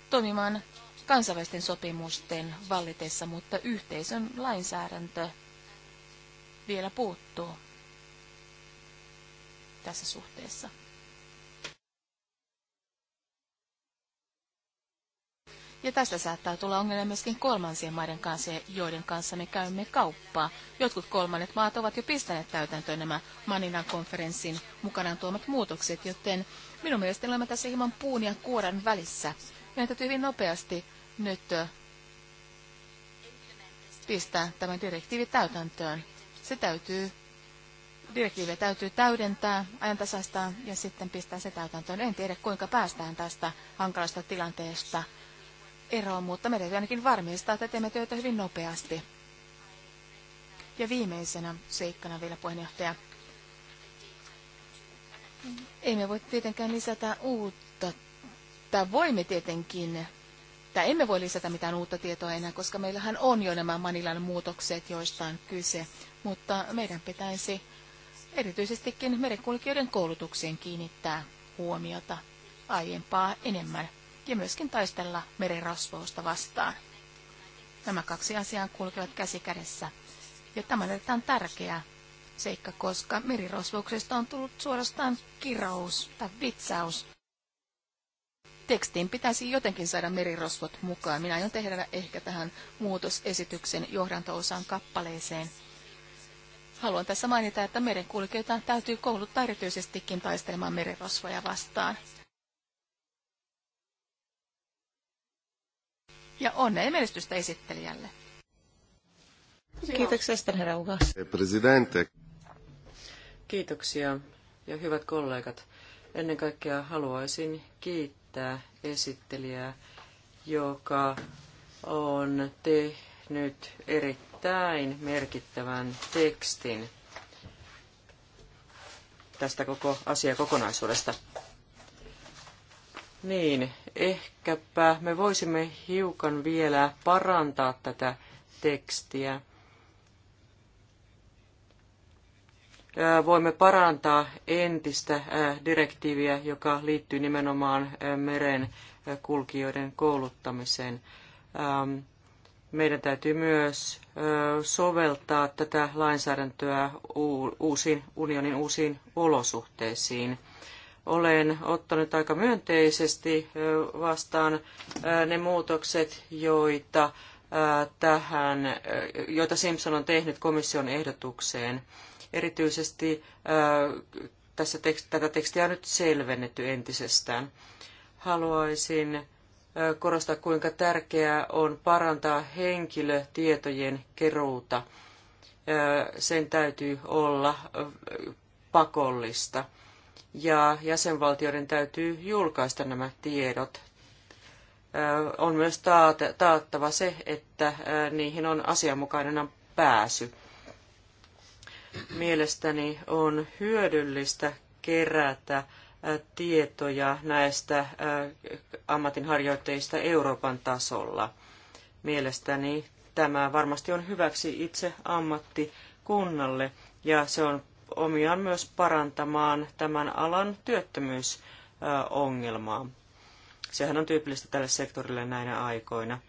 toimimaan kansainvälisten sopimusten vallitessa, mutta yhteisön lainsäädäntö vielä puuttuu tässä suhteessa. Ja tästä saattaa tulla ongelmia myöskin kolmansien maiden kanssa, joiden kanssa me käymme kauppaa. Jotkut kolmannet maat ovat jo pistäneet täytäntöön nämä Maninan konferenssin mukanaan tuomat muutokset, joten Minun mielestäni olemme tässä hieman puun ja kuoren välissä. Meidän täytyy hyvin nopeasti nyt pistää tämä direktiivi täytäntöön. Se täytyy, direktiivi täytyy täydentää, ajantasaistaa ja sitten pistää se täytäntöön. En tiedä, kuinka päästään tästä hankalasta tilanteesta eroon, mutta meidän täytyy ainakin varmistaa, että teemme työtä hyvin nopeasti. Ja viimeisenä seikkana vielä puheenjohtaja. Ei me voi tietenkään lisätä uutta, tai voimme tietenkin, tai emme voi lisätä mitään uutta tietoa enää, koska meillähän on jo nämä Manilan muutokset, joista on kyse, mutta meidän pitäisi erityisestikin merenkulkijoiden koulutukseen kiinnittää huomiota aiempaa enemmän ja myöskin taistella merenrasvousta vastaan. Nämä kaksi asiaa kulkevat käsi kädessä ja tämä on erittäin tärkeää seikka, koska merirosvouksesta on tullut suorastaan kirous tai vitsaus. Tekstiin pitäisi jotenkin saada merirosvot mukaan. Minä aion tehdä ehkä tähän muutosesityksen johdantoosaan kappaleeseen. Haluan tässä mainita, että merenkulkijoita täytyy kouluttaa erityisestikin taistelemaan merirosvoja vastaan. Ja onnea ja menestystä esittelijälle. Kiitoksia sitten eh, Presidente. Kiitoksia ja hyvät kollegat. Ennen kaikkea haluaisin kiittää esittelijää, joka on tehnyt erittäin merkittävän tekstin tästä koko asiakokonaisuudesta. Niin, ehkäpä me voisimme hiukan vielä parantaa tätä tekstiä voimme parantaa entistä direktiiviä, joka liittyy nimenomaan meren kulkijoiden kouluttamiseen. Ähm, meidän täytyy myös soveltaa tätä lainsäädäntöä uusiin, unionin uusiin olosuhteisiin. Olen ottanut aika myönteisesti vastaan ne muutokset, joita, tähän, joita Simpson on tehnyt komission ehdotukseen – Erityisesti tässä tekst- tätä tekstiä on nyt selvennetty entisestään. Haluaisin korostaa, kuinka tärkeää on parantaa henkilötietojen keruuta. Sen täytyy olla pakollista ja jäsenvaltioiden täytyy julkaista nämä tiedot. On myös taattava se, että niihin on asianmukainen pääsy mielestäni on hyödyllistä kerätä äh, tietoja näistä äh, ammatinharjoittajista Euroopan tasolla. Mielestäni tämä varmasti on hyväksi itse ammattikunnalle ja se on omiaan myös parantamaan tämän alan työttömyysongelmaa. Sehän on tyypillistä tälle sektorille näinä aikoina.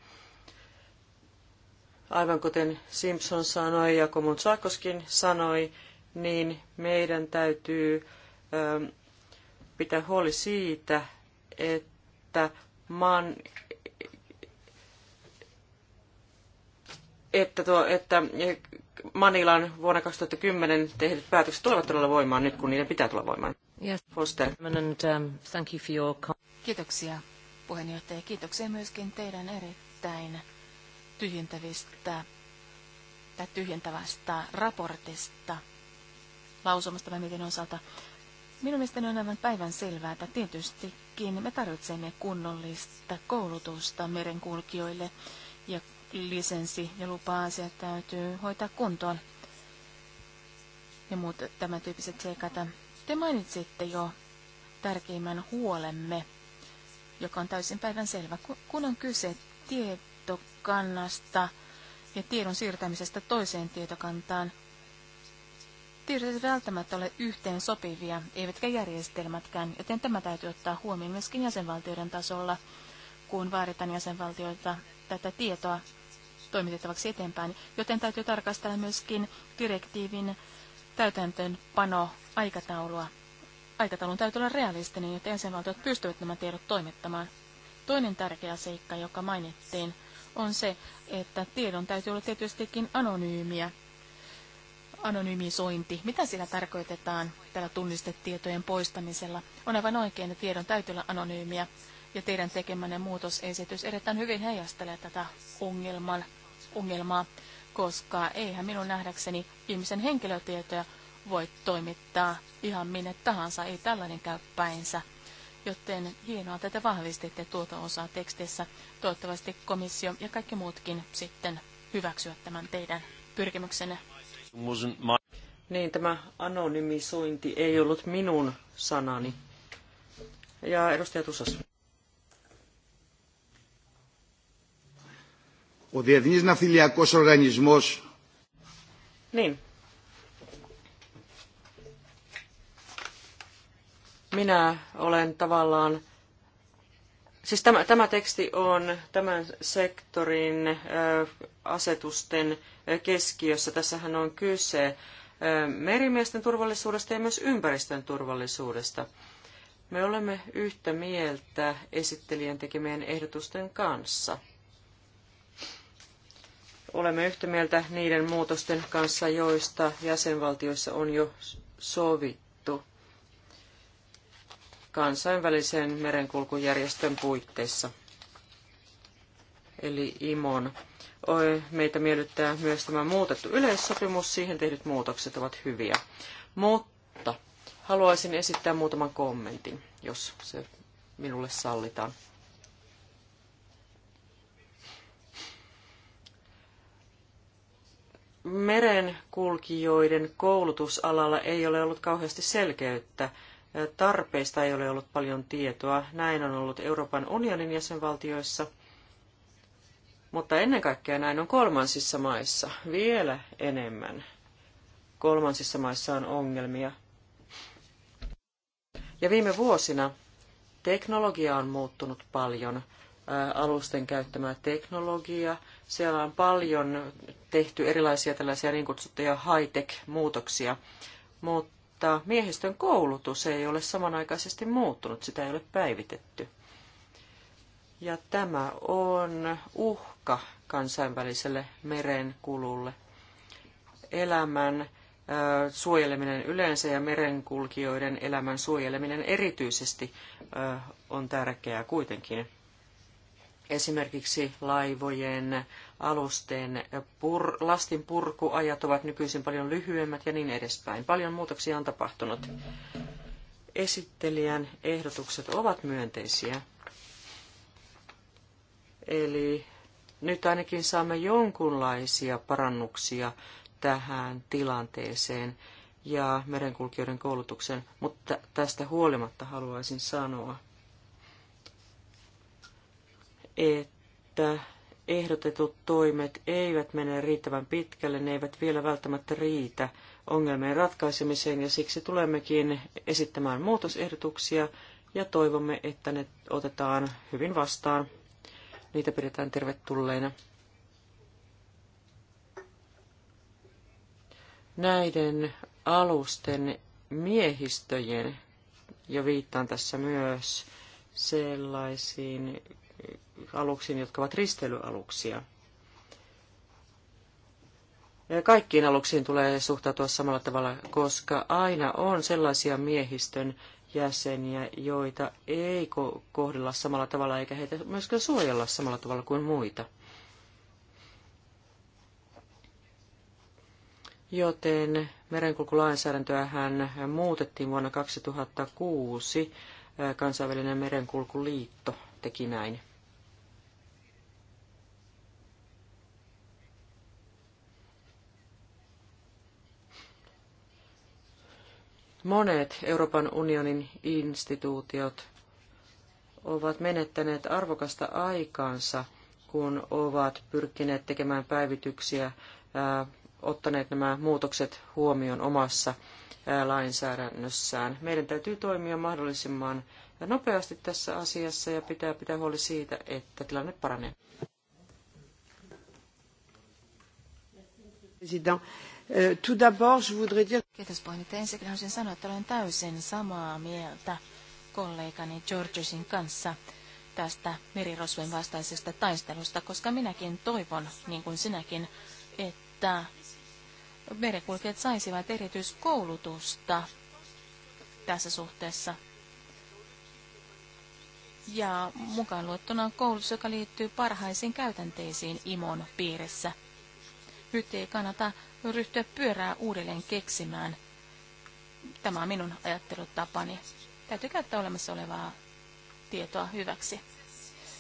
Aivan kuten Simpson sanoi ja Komun sanoi, niin meidän täytyy ähm, pitää huoli siitä, että maan että, tuo, että Manilan vuonna 2010 tehdyt päätökset tulevat todella voimaan nyt, kun niiden pitää tulla voimaan. Yes. Foster. And, um, thank you for your... Kiitoksia puheenjohtaja. Kiitoksia myöskin teidän erittäin tyhjentävistä tai tyhjentävästä raportista lausumasta mietinnön osalta. Minun mielestäni on aivan päivän selvää, että tietystikin me tarvitsemme kunnollista koulutusta merenkulkijoille ja lisenssi- ja lupa asia täytyy hoitaa kuntoon ja muut tämän tyyppiset seikat. Te mainitsitte jo tärkeimmän huolemme, joka on täysin päivän selvä, kun on kyse tie tietokannasta ja tiedon siirtämisestä toiseen tietokantaan. Tiedot eivät välttämättä ole yhteen sopivia, eivätkä järjestelmätkään, joten tämä täytyy ottaa huomioon myöskin jäsenvaltioiden tasolla, kun vaaditaan jäsenvaltioilta tätä tietoa toimitettavaksi eteenpäin, joten täytyy tarkastella myöskin direktiivin täytäntöönpano aikataulua. Aikataulun täytyy olla realistinen, jotta jäsenvaltiot pystyvät nämä tiedot toimittamaan. Toinen tärkeä seikka, joka mainittiin, on se, että tiedon täytyy olla tietystikin anonyymiä. Anonymisointi. Mitä sillä tarkoitetaan tällä tunnistetietojen poistamisella? On aivan oikein, että tiedon täytyy olla anonyymiä. Ja teidän tekemänne muutosesitys erittäin hyvin heijastelee tätä ongelman, ongelmaa, koska eihän minun nähdäkseni ihmisen henkilötietoja voi toimittaa ihan minne tahansa. Ei tällainen käy päinsä joten hienoa tätä vahvistitte tuota osaa tekstissä. Toivottavasti komissio ja kaikki muutkin sitten hyväksyvät tämän teidän pyrkimyksenne. Niin, tämä anonymisointi ei ollut minun sanani. Ja edustaja Tussas. Ο Διεθνής Ναυτιλιακός Οργανισμός. Niin, minä olen tavallaan, siis tämä, tämä teksti on tämän sektorin ö, asetusten keskiössä. Tässähän on kyse ö, merimiesten turvallisuudesta ja myös ympäristön turvallisuudesta. Me olemme yhtä mieltä esittelijän tekemien ehdotusten kanssa. Olemme yhtä mieltä niiden muutosten kanssa, joista jäsenvaltioissa on jo sovittu kansainvälisen merenkulkujärjestön puitteissa, eli IMON. Meitä miellyttää myös tämä muutettu yleissopimus, siihen tehdyt muutokset ovat hyviä. Mutta haluaisin esittää muutaman kommentin, jos se minulle sallitaan. merenkulkijoiden koulutusalalla ei ole ollut kauheasti selkeyttä tarpeista ei ole ollut paljon tietoa. Näin on ollut Euroopan unionin jäsenvaltioissa, mutta ennen kaikkea näin on kolmansissa maissa vielä enemmän. Kolmansissa maissa on ongelmia. Ja viime vuosina teknologia on muuttunut paljon. Alusten käyttämää teknologia. Siellä on paljon tehty erilaisia tällaisia niin kutsuttuja high-tech-muutoksia, mutta mutta miehistön koulutus ei ole samanaikaisesti muuttunut, sitä ei ole päivitetty. Ja tämä on uhka kansainväliselle merenkululle. Elämän suojeleminen yleensä ja merenkulkijoiden elämän suojeleminen erityisesti on tärkeää kuitenkin. Esimerkiksi laivojen alusten pur, lastin purkuajat ovat nykyisin paljon lyhyemmät ja niin edespäin. Paljon muutoksia on tapahtunut. Esittelijän ehdotukset ovat myönteisiä. Eli nyt ainakin saamme jonkunlaisia parannuksia tähän tilanteeseen ja merenkulkijoiden koulutuksen, mutta tästä huolimatta haluaisin sanoa, että ehdotetut toimet eivät mene riittävän pitkälle, ne eivät vielä välttämättä riitä ongelmien ratkaisemiseen ja siksi tulemmekin esittämään muutosehdotuksia ja toivomme, että ne otetaan hyvin vastaan. Niitä pidetään tervetulleina. Näiden alusten miehistöjen, ja viittaan tässä myös sellaisiin aluksiin, jotka ovat risteilyaluksia. Kaikkiin aluksiin tulee suhtautua samalla tavalla, koska aina on sellaisia miehistön jäseniä, joita ei kohdella samalla tavalla eikä heitä myöskään suojella samalla tavalla kuin muita. Joten merenkulkulainsäädäntöähän muutettiin vuonna 2006. Kansainvälinen merenkulkuliitto teki näin. Monet Euroopan unionin instituutiot ovat menettäneet arvokasta aikaansa, kun ovat pyrkineet tekemään päivityksiä, ottaneet nämä muutokset huomioon omassa lainsäädännössään. Meidän täytyy toimia mahdollisimman nopeasti tässä asiassa ja pitää pitää huoli siitä, että tilanne paranee. Eh, tout d'abord, je voudrais dire... Kiitos puhemies. Ensinnäkin haluaisin sanoa, että olen täysin samaa mieltä kollegani Georgesin kanssa tästä merirosvojen vastaisesta taistelusta, koska minäkin toivon, niin kuin sinäkin, että merikulkijat saisivat erityiskoulutusta tässä suhteessa. Ja mukaan luettuna koulutus, joka liittyy parhaisiin käytänteisiin IMON piirissä – nyt ei kannata ryhtyä pyörää uudelleen keksimään. Tämä on minun ajattelutapani. Täytyy käyttää olemassa olevaa tietoa hyväksi.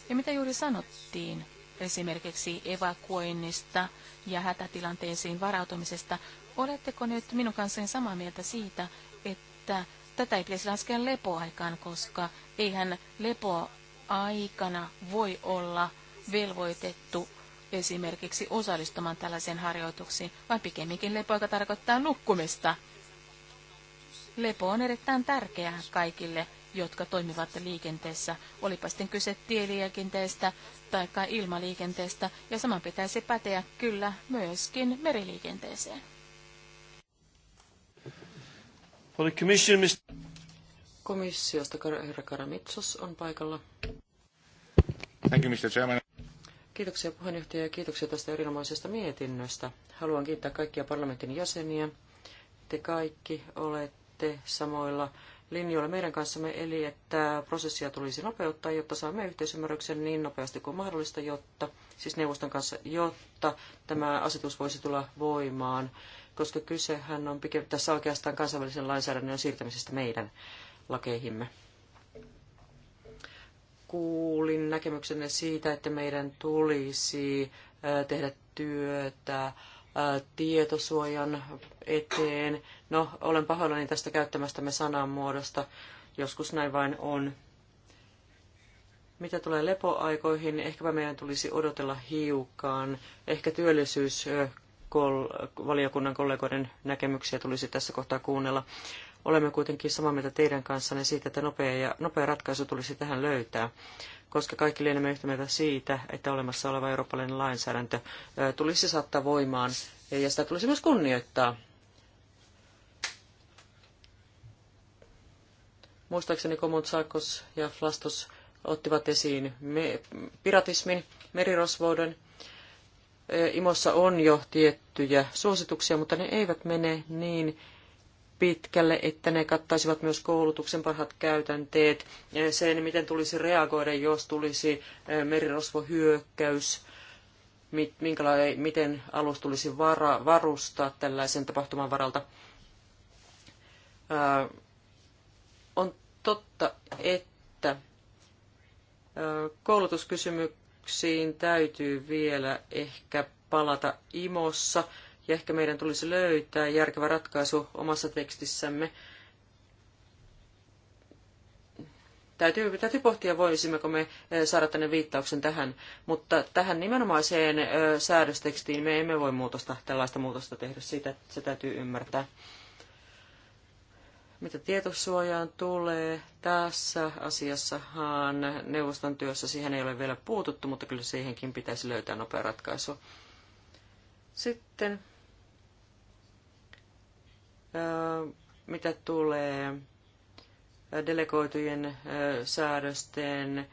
Ja mitä juuri sanottiin esimerkiksi evakuoinnista ja hätätilanteisiin varautumisesta, oletteko nyt minun kanssani samaa mieltä siitä, että tätä ei pitäisi laskea lepoaikaan, koska eihän lepoaikana voi olla velvoitettu esimerkiksi osallistumaan tällaisiin harjoituksiin, vaan pikemminkin lepo, joka tarkoittaa nukkumista. Lepo on erittäin tärkeää kaikille, jotka toimivat liikenteessä, olipa sitten kyse tieliikenteestä tai ilmaliikenteestä, ja sama pitäisi päteä kyllä myöskin meriliikenteeseen. Komissiosta herra Karamitsos on paikalla. Thank you, Mr. Chairman. Kiitoksia puheenjohtaja ja kiitoksia tästä erinomaisesta mietinnöstä. Haluan kiittää kaikkia parlamentin jäseniä. Te kaikki olette samoilla linjoilla meidän kanssamme, eli että prosessia tulisi nopeuttaa, jotta saamme yhteisymmärryksen niin nopeasti kuin mahdollista, jotta, siis neuvoston kanssa, jotta tämä asetus voisi tulla voimaan, koska kysehän on pikemminkin tässä oikeastaan kansainvälisen lainsäädännön siirtämisestä meidän lakeihimme kuulin näkemyksenne siitä, että meidän tulisi tehdä työtä tietosuojan eteen. No, olen pahoillani tästä käyttämästämme sananmuodosta. Joskus näin vain on. Mitä tulee lepoaikoihin, ehkäpä meidän tulisi odotella hiukan. Ehkä työllisyysvaliokunnan kollegoiden näkemyksiä tulisi tässä kohtaa kuunnella. Olemme kuitenkin samaa mieltä teidän kanssanne siitä, että nopea, ja, nopea ratkaisu tulisi tähän löytää, koska kaikki lienemme yhtä mieltä siitä, että olemassa oleva eurooppalainen lainsäädäntö tulisi saattaa voimaan ja sitä tulisi myös kunnioittaa. Muistaakseni Komut ja Flastos ottivat esiin me, piratismin, merirosvouden. Imossa on jo tiettyjä suosituksia, mutta ne eivät mene niin pitkälle, että ne kattaisivat myös koulutuksen parhaat käytänteet, sen miten tulisi reagoida, jos tulisi merirosvohyökkäys, miten alus tulisi varustaa tällaisen tapahtuman varalta. On totta, että koulutuskysymyksiin täytyy vielä ehkä palata imossa ja ehkä meidän tulisi löytää järkevä ratkaisu omassa tekstissämme. Täytyy, täytyy pohtia, voisimmeko me eh, saada tänne viittauksen tähän, mutta tähän nimenomaiseen eh, säädöstekstiin me emme voi muutosta, tällaista muutosta tehdä, siitä se täytyy ymmärtää. Mitä tietosuojaan tulee, tässä asiassahan neuvoston työssä siihen ei ole vielä puututtu, mutta kyllä siihenkin pitäisi löytää nopea ratkaisu. Sitten mitä tulee delegoitujen säädösten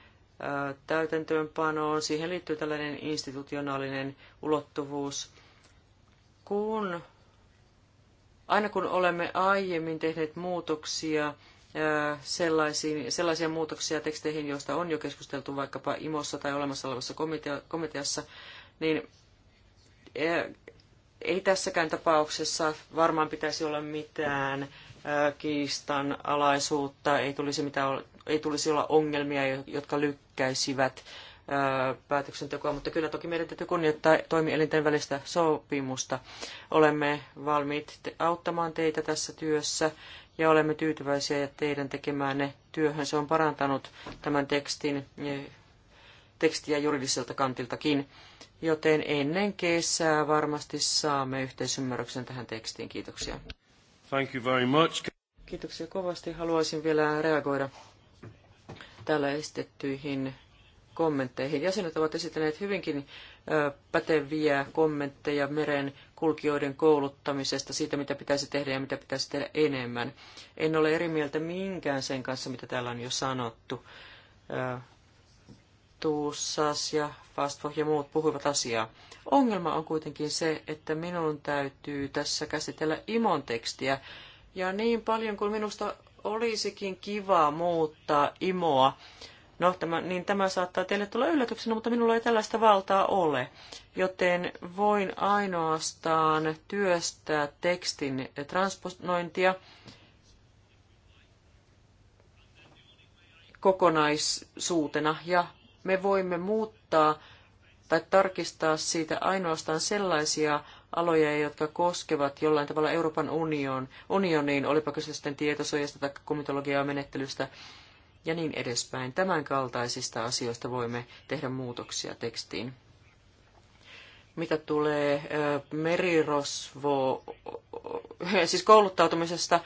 täytäntöönpanoon. Siihen liittyy tällainen institutionaalinen ulottuvuus. Kun, aina kun olemme aiemmin tehneet muutoksia, sellaisiin sellaisia muutoksia teksteihin, joista on jo keskusteltu vaikkapa IMOssa tai olemassa olevassa komiteassa, niin ei tässäkään tapauksessa varmaan pitäisi olla mitään kiistan alaisuutta, ei tulisi, mitään, ei tulisi olla ongelmia, jotka lykkäisivät päätöksentekoa, mutta kyllä toki meidän täytyy kunnioittaa toimielinten välistä sopimusta. Olemme valmiit auttamaan teitä tässä työssä ja olemme tyytyväisiä teidän tekemäänne työhön. Se on parantanut tämän tekstin e, tekstiä juridiselta kantiltakin joten ennen kesää varmasti saamme yhteisymmärryksen tähän tekstiin. Kiitoksia. Thank you very much. Kiitoksia kovasti. Haluaisin vielä reagoida täällä esitettyihin kommentteihin. Jäsenet ovat esittäneet hyvinkin päteviä kommentteja meren kulkijoiden kouluttamisesta, siitä mitä pitäisi tehdä ja mitä pitäisi tehdä enemmän. En ole eri mieltä minkään sen kanssa, mitä täällä on jo sanottu tuussas ja Fastfo ja muut puhuivat asiaa. Ongelma on kuitenkin se, että minun täytyy tässä käsitellä imon tekstiä. Ja niin paljon kuin minusta olisikin kiva muuttaa imoa, no tämä, niin tämä saattaa teille tulla yllätyksenä, mutta minulla ei tällaista valtaa ole. Joten voin ainoastaan työstää tekstin transponointia kokonaisuutena ja me voimme muuttaa tai tarkistaa siitä ainoastaan sellaisia aloja, jotka koskevat jollain tavalla Euroopan union, unioniin, olipa kyse sitten tietosuojasta tai komitologiaa menettelystä ja niin edespäin. Tämän kaltaisista asioista voimme tehdä muutoksia tekstiin. Mitä tulee merirosvo, siis kouluttautumisesta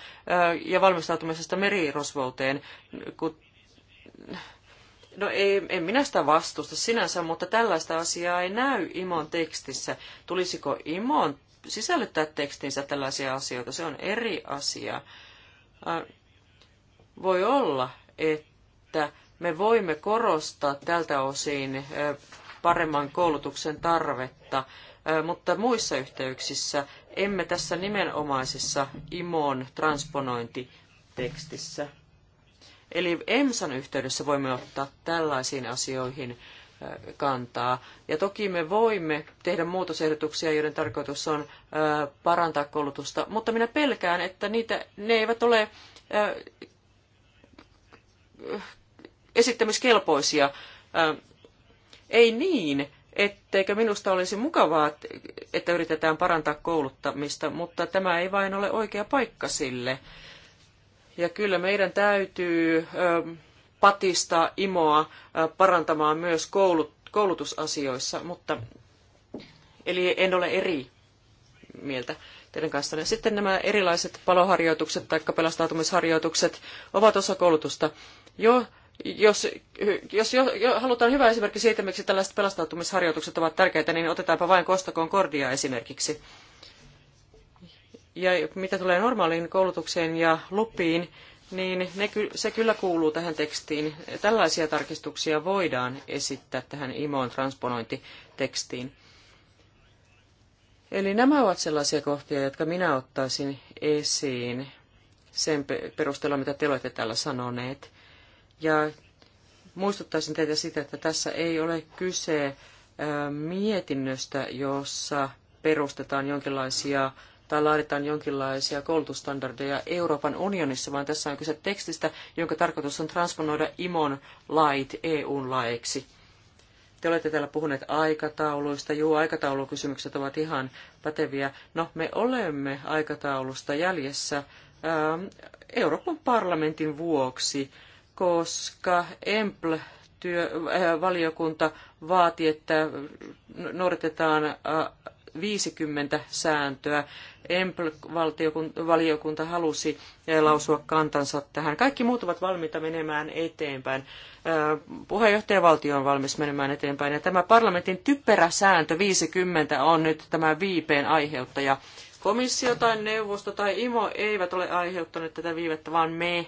ja valmistautumisesta merirosvouteen, kun No ei, en minä sitä vastusta sinänsä, mutta tällaista asiaa ei näy Imon tekstissä. Tulisiko Imon sisällyttää tekstinsä tällaisia asioita? Se on eri asia. voi olla, että me voimme korostaa tältä osin paremman koulutuksen tarvetta, mutta muissa yhteyksissä emme tässä nimenomaisessa IMON transponointitekstissä. Eli EMSan yhteydessä voimme ottaa tällaisiin asioihin kantaa. Ja toki me voimme tehdä muutosehdotuksia, joiden tarkoitus on parantaa koulutusta, mutta minä pelkään, että niitä, ne eivät ole esittämiskelpoisia. Ei niin, etteikö minusta olisi mukavaa, että yritetään parantaa kouluttamista, mutta tämä ei vain ole oikea paikka sille. Ja kyllä meidän täytyy patistaa imoa parantamaan myös koulut, koulutusasioissa, mutta eli en ole eri mieltä teidän kanssanne. Sitten nämä erilaiset paloharjoitukset tai pelastautumisharjoitukset ovat osa koulutusta. Jo, jos, jos jo, jo, halutaan hyvä esimerkki siitä, miksi tällaiset pelastautumisharjoitukset ovat tärkeitä, niin otetaanpa vain Kostakoon Kordia esimerkiksi. Ja mitä tulee normaaliin koulutukseen ja lupiin, niin se kyllä kuuluu tähän tekstiin. Tällaisia tarkistuksia voidaan esittää tähän IMOon transponointitekstiin. Eli nämä ovat sellaisia kohtia, jotka minä ottaisin esiin sen perusteella, mitä te olette täällä sanoneet. Ja muistuttaisin teitä siitä, että tässä ei ole kyse mietinnöstä, jossa perustetaan jonkinlaisia tai laaditaan jonkinlaisia koulutusstandardeja Euroopan unionissa, vaan tässä on kyse tekstistä, jonka tarkoitus on transponoida IMON lait EUn laeiksi. Te olette täällä puhuneet aikatauluista. Juu, aikataulukysymykset ovat ihan päteviä. No, me olemme aikataulusta jäljessä ähm, Euroopan parlamentin vuoksi, koska EMPL äh, valiokunta vaati, että noudatetaan äh, 50 sääntöä. EMPL-valiokunta halusi eh, lausua kantansa tähän. Kaikki muut ovat valmiita menemään eteenpäin. Eh, puheenjohtajavaltio on valmis menemään eteenpäin. Ja tämä parlamentin typerä sääntö 50 on nyt tämä viipeen aiheuttaja. Komissio tai neuvosto tai IMO eivät ole aiheuttaneet tätä viivettä, vaan me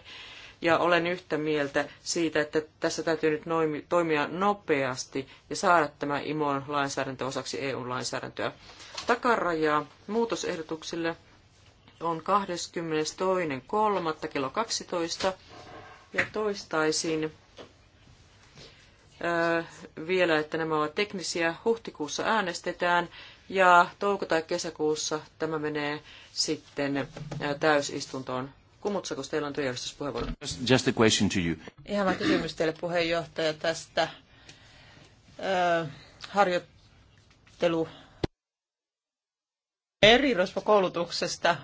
ja olen yhtä mieltä siitä, että tässä täytyy nyt toimia nopeasti ja saada tämä IMOn lainsäädäntö osaksi EU-lainsäädäntöä. Takaraja muutosehdotuksille on 22.3. kello 12. Ja toistaisin vielä, että nämä ovat teknisiä. Huhtikuussa äänestetään ja touko- tai kesäkuussa tämä menee sitten täysistuntoon Kumutsakos, teillä on työjärjestyspuheenvuoro. Just, just a question to you. Ihan mä kysymys teille puheenjohtaja tästä äh, harjoittelu rosvokoulutuksesta.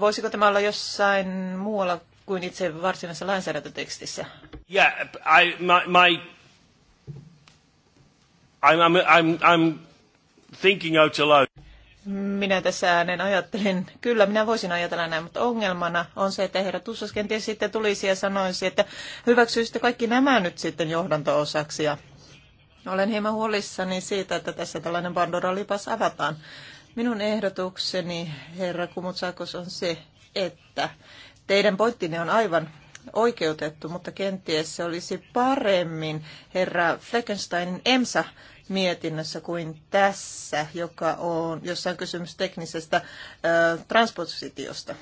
Voisiko tämä olla jossain muualla kuin itse varsinaisessa lainsäädäntötekstissä? Yeah, I, my, my, I'm, I'm, I'm, I'm thinking out aloud. Minä tässä äänen ajattelin, kyllä minä voisin ajatella näin, mutta ongelmana on se, että herra Tussos kenties sitten tulisi ja sanoisi, että hyväksyisitte kaikki nämä nyt sitten johdanto-osaksi. Ja olen hieman huolissani siitä, että tässä tällainen Pandora lipas avataan. Minun ehdotukseni, herra Kumutsakos, on se, että teidän pointtinne on aivan oikeutettu, mutta kenties se olisi paremmin herra Fleckensteinin EMSA mietinnössä kuin tässä, joka on, jossa on kysymys teknisestä äh, transpositiosta.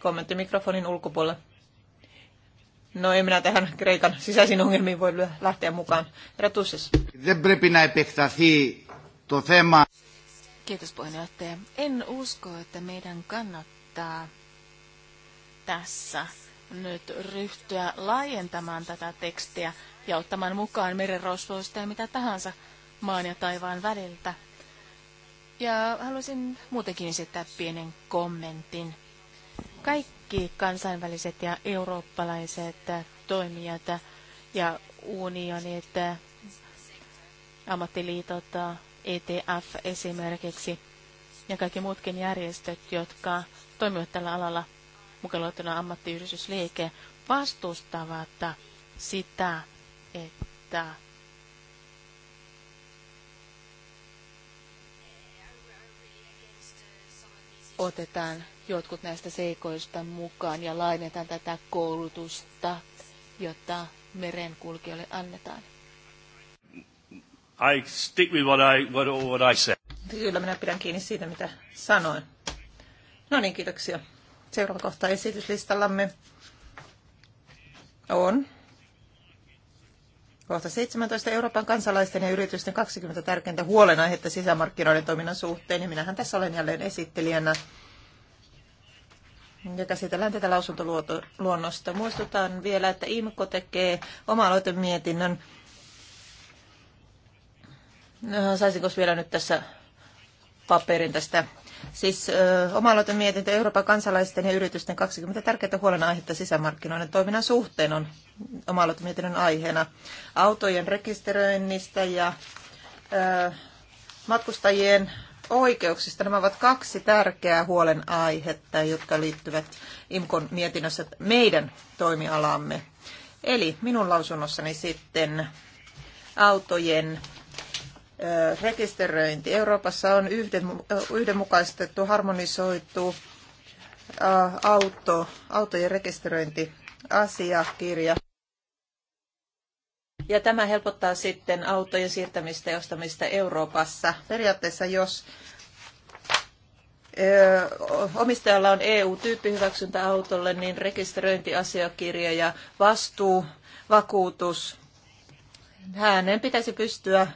Kommentti mikrofonin ulkopuolella. No en minä tähän Kreikan sisäisiin ongelmiin voi lähteä mukaan. Herra Tussis. Kiitos puheenjohtaja. En usko, että meidän kannattaa tässä nyt ryhtyä laajentamaan tätä tekstiä ja ottamaan mukaan merenrosvoista ja mitä tahansa maan ja taivaan väliltä. Ja haluaisin muutenkin esittää pienen kommentin. Kaikki kansainväliset ja eurooppalaiset toimijat ja unionit, ammattiliitot, ETF esimerkiksi ja kaikki muutkin järjestöt, jotka toimivat tällä alalla – mukaan luettuna ammattiyhdistysliike, vastustavat sitä, että otetaan jotkut näistä seikoista mukaan ja lainetaan tätä koulutusta, jota merenkulkijoille annetaan. I stick with what I, what, what I said. Kyllä minä pidän kiinni siitä, mitä sanoin. No niin, kiitoksia. Seuraava kohta esityslistallamme on kohta 17 Euroopan kansalaisten ja yritysten 20 tärkeintä huolenaihetta sisämarkkinoiden toiminnan suhteen. Ja minähän tässä olen jälleen esittelijänä. Ja käsitellään tätä lausuntoluonnosta. Muistutan vielä, että IMKO tekee oma-aloitemietinnön. No, saisinko vielä nyt tässä paperin tästä Siis oma mietintö Euroopan kansalaisten ja yritysten 20 tärkeintä huolenaihetta sisämarkkinoiden toiminnan suhteen on oma mietinnön aiheena autojen rekisteröinnistä ja ö, matkustajien oikeuksista. Nämä ovat kaksi tärkeää huolenaihetta, jotka liittyvät IMKON mietinnössä meidän toimialamme. Eli minun lausunnossani sitten autojen rekisteröinti. Euroopassa on yhdenmukaistettu, harmonisoitu auto, autojen rekisteröintiasiakirja. Ja tämä helpottaa sitten autojen siirtämistä ja ostamista Euroopassa. Periaatteessa jos omistajalla on EU-tyyppihyväksyntä autolle, niin rekisteröintiasiakirja ja vastuu, vakuutus, hänen pitäisi pystyä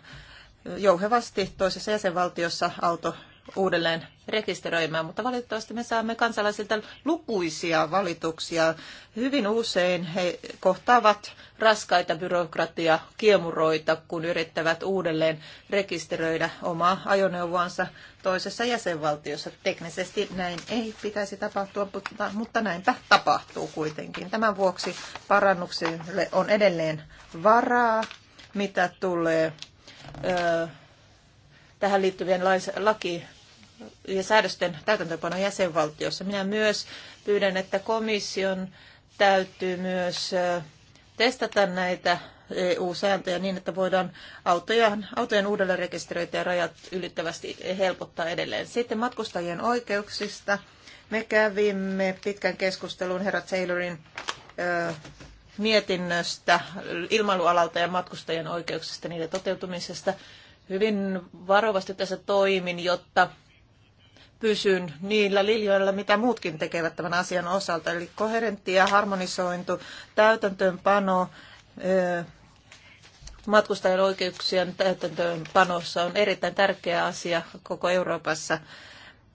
jouhevasti toisessa jäsenvaltiossa auto uudelleen rekisteröimään, mutta valitettavasti me saamme kansalaisilta lukuisia valituksia. Hyvin usein he kohtaavat raskaita byrokratia kiemuroita, kun yrittävät uudelleen rekisteröidä omaa ajoneuvoansa toisessa jäsenvaltiossa. Teknisesti näin ei pitäisi tapahtua, mutta, mutta näinpä tapahtuu kuitenkin. Tämän vuoksi parannuksille on edelleen varaa, mitä tulee tähän liittyvien laki- ja säädösten täytäntöönpano jäsenvaltiossa. Minä myös pyydän, että komission täytyy myös testata näitä EU-sääntöjä niin, että voidaan autojen, autojen uudelleenrekisteröitä ja rajat ylittävästi helpottaa edelleen. Sitten matkustajien oikeuksista. Me kävimme pitkän keskustelun herra Taylorin mietinnöstä ilmailualalta ja matkustajien oikeuksista, niiden toteutumisesta. Hyvin varovasti tässä toimin, jotta pysyn niillä liljoilla, mitä muutkin tekevät tämän asian osalta. Eli koherentti ja harmonisointu, täytäntöönpano, matkustajien oikeuksien täytäntöönpanossa on erittäin tärkeä asia koko Euroopassa –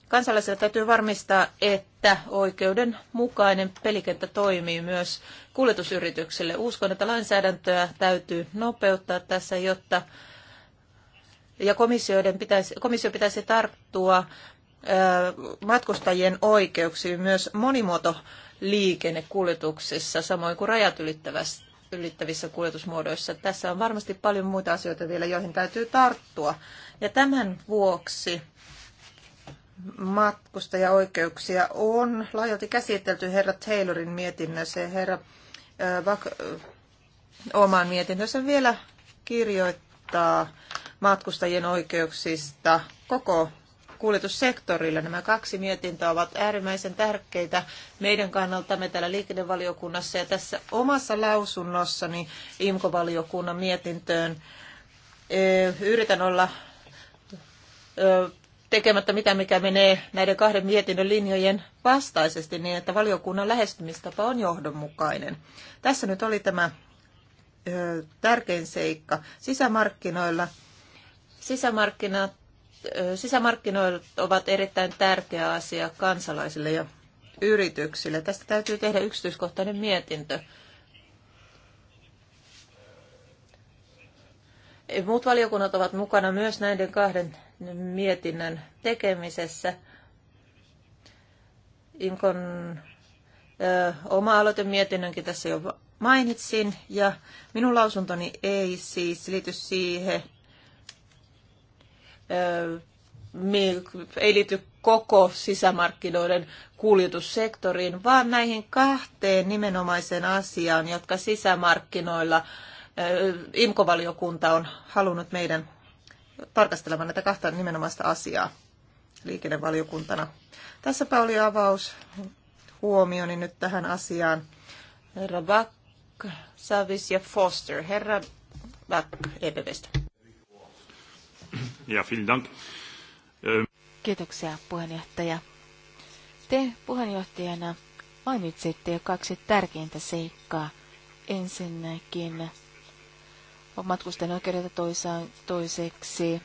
Kansalaisilla täytyy varmistaa, että oikeudenmukainen pelikenttä toimii myös kuljetusyrityksille. Uskon, että lainsäädäntöä täytyy nopeuttaa tässä, jotta ja komissioiden pitäisi, komissio pitäisi tarttua matkustajien oikeuksiin myös monimuotoliikennekuljetuksissa, samoin kuin rajat ylittävissä kuljetusmuodoissa. Tässä on varmasti paljon muita asioita vielä, joihin täytyy tarttua. Ja tämän vuoksi matkustajaoikeuksia on laajalti käsitelty herra Taylorin mietinnössä ja herra Vak- oman mietinnössä vielä kirjoittaa matkustajien oikeuksista koko kuljetussektorilla. Nämä kaksi mietintöä ovat äärimmäisen tärkeitä meidän kannaltamme täällä liikennevaliokunnassa ja tässä omassa lausunnossani IMKO-valiokunnan mietintöön yritän olla tekemättä mitään, mikä menee näiden kahden mietinnön linjojen vastaisesti niin, että valiokunnan lähestymistapa on johdonmukainen. Tässä nyt oli tämä ö, tärkein seikka. Sisämarkkinoilla, sisämarkkinat, ö, sisämarkkinoilla ovat erittäin tärkeä asia kansalaisille ja yrityksille. Tästä täytyy tehdä yksityiskohtainen mietintö. Muut valiokunnat ovat mukana myös näiden kahden mietinnön tekemisessä. Inkon ö, oma aloitemietinnönkin tässä jo mainitsin ja minun lausuntoni ei siis liity siihen, ö, ei liity koko sisämarkkinoiden kuljetussektoriin, vaan näihin kahteen nimenomaiseen asiaan, jotka sisämarkkinoilla IMKO-valiokunta on halunnut meidän tarkastelemaan näitä kahta nimenomaista asiaa liikennevaliokuntana. Tässäpä oli avaus huomioni niin nyt tähän asiaan. Herra Back, Savis ja Foster. Herra Back, EPVstä. Ja, vielen dank. Ähm. Kiitoksia puheenjohtaja. Te puheenjohtajana mainitsitte jo kaksi tärkeintä seikkaa. Ensinnäkin matkustajan oikeudelta toiseksi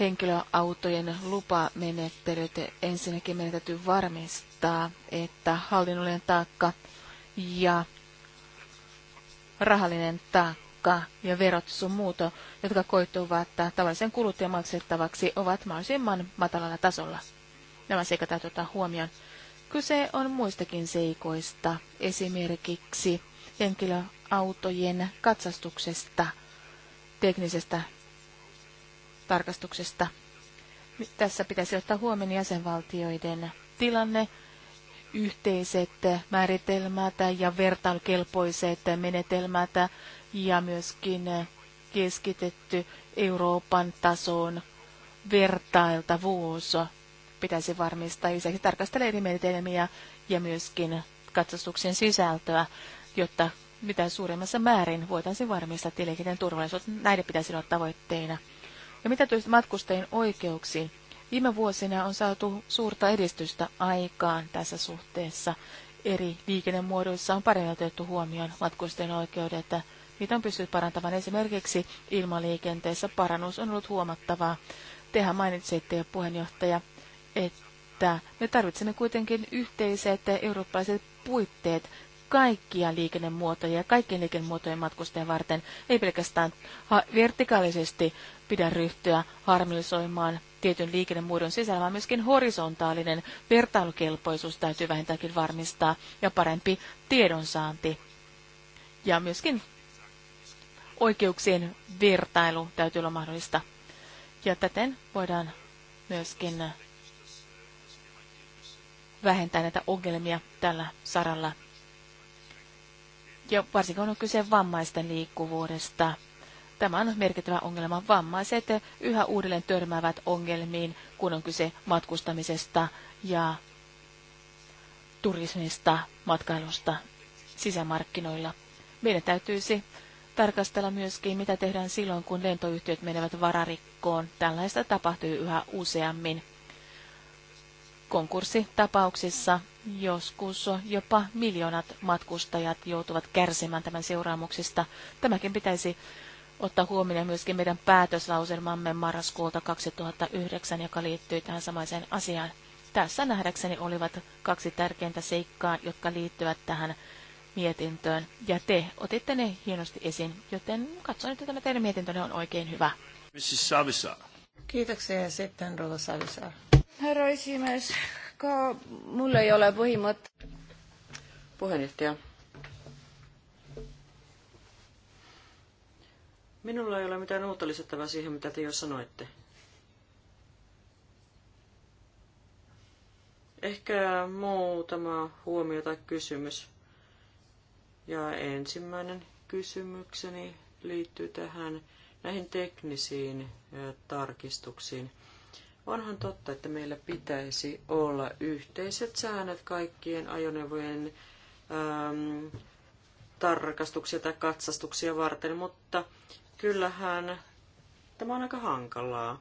henkilöautojen lupamenettelyt. Ensinnäkin meidän täytyy varmistaa, että hallinnollinen taakka ja rahallinen taakka ja verot sun muuto, jotka koituvat tavallisen kuluttajan maksettavaksi, ovat mahdollisimman matalalla tasolla. Nämä seikat täytyy ottaa huomioon. Kyse on muistakin seikoista, esimerkiksi henkilö autojen katsastuksesta, teknisestä tarkastuksesta. Tässä pitäisi ottaa huomioon jäsenvaltioiden tilanne, yhteiset määritelmät ja vertailukelpoiset menetelmät ja myöskin keskitetty Euroopan tasoon vertailtavuus pitäisi varmistaa. Lisäksi tarkastella eri menetelmiä ja myöskin katsastuksen sisältöä, jotta mitä suuremmassa määrin voitaisiin varmistaa tieliikenteen turvallisuus. Näiden pitäisi olla tavoitteina. Ja mitä tulee matkustajien oikeuksiin? Viime vuosina on saatu suurta edistystä aikaan tässä suhteessa. Eri liikennemuodoissa on paremmin otettu huomioon matkustajien oikeudet. Niitä on pystynyt parantamaan esimerkiksi ilmaliikenteessä. Parannus on ollut huomattavaa. Tehän mainitsitte jo puheenjohtaja, että me tarvitsemme kuitenkin yhteiset eurooppalaiset puitteet kaikkia liikennemuotoja ja kaikkien liikennemuotojen matkustajien varten. Ei pelkästään vertikaalisesti pidä ryhtyä harmonisoimaan tietyn liikennemuodon sisällä, vaan myöskin horisontaalinen vertailukelpoisuus täytyy vähintäänkin varmistaa ja parempi tiedonsaanti. Ja myöskin oikeuksien vertailu täytyy olla mahdollista. Ja täten voidaan myöskin vähentää näitä ongelmia tällä saralla ja varsinkin on kyse vammaisten liikkuvuudesta. Tämä on merkittävä ongelma. Vammaiset yhä uudelleen törmäävät ongelmiin, kun on kyse matkustamisesta ja turismista, matkailusta sisämarkkinoilla. Meidän täytyisi tarkastella myöskin, mitä tehdään silloin, kun lentoyhtiöt menevät vararikkoon. Tällaista tapahtuu yhä useammin. Konkurssitapauksissa Joskus jopa miljoonat matkustajat joutuvat kärsimään tämän seuraamuksista. Tämäkin pitäisi ottaa huomioon myöskin meidän päätöslauselmamme marraskuulta 2009, joka liittyy tähän samaiseen asiaan. Tässä nähdäkseni olivat kaksi tärkeintä seikkaa, jotka liittyvät tähän mietintöön. Ja te otitte ne hienosti esiin, joten katson, että tämä teidän mietintönne on oikein hyvä. Mrs. Savisaar. Kiitoksia ja sitten Rova Savisaar. Herra esimies, Ka mulla ei ole puhemat. Minulla ei ole mitään uutta lisättävää siihen, mitä te jo sanoitte. Ehkä muutama huomio tai kysymys. Ja ensimmäinen kysymykseni liittyy tähän näihin teknisiin tarkistuksiin. Onhan totta, että meillä pitäisi olla yhteiset säännöt kaikkien ajoneuvojen äm, tarkastuksia tai katsastuksia varten, mutta kyllähän tämä on aika hankalaa.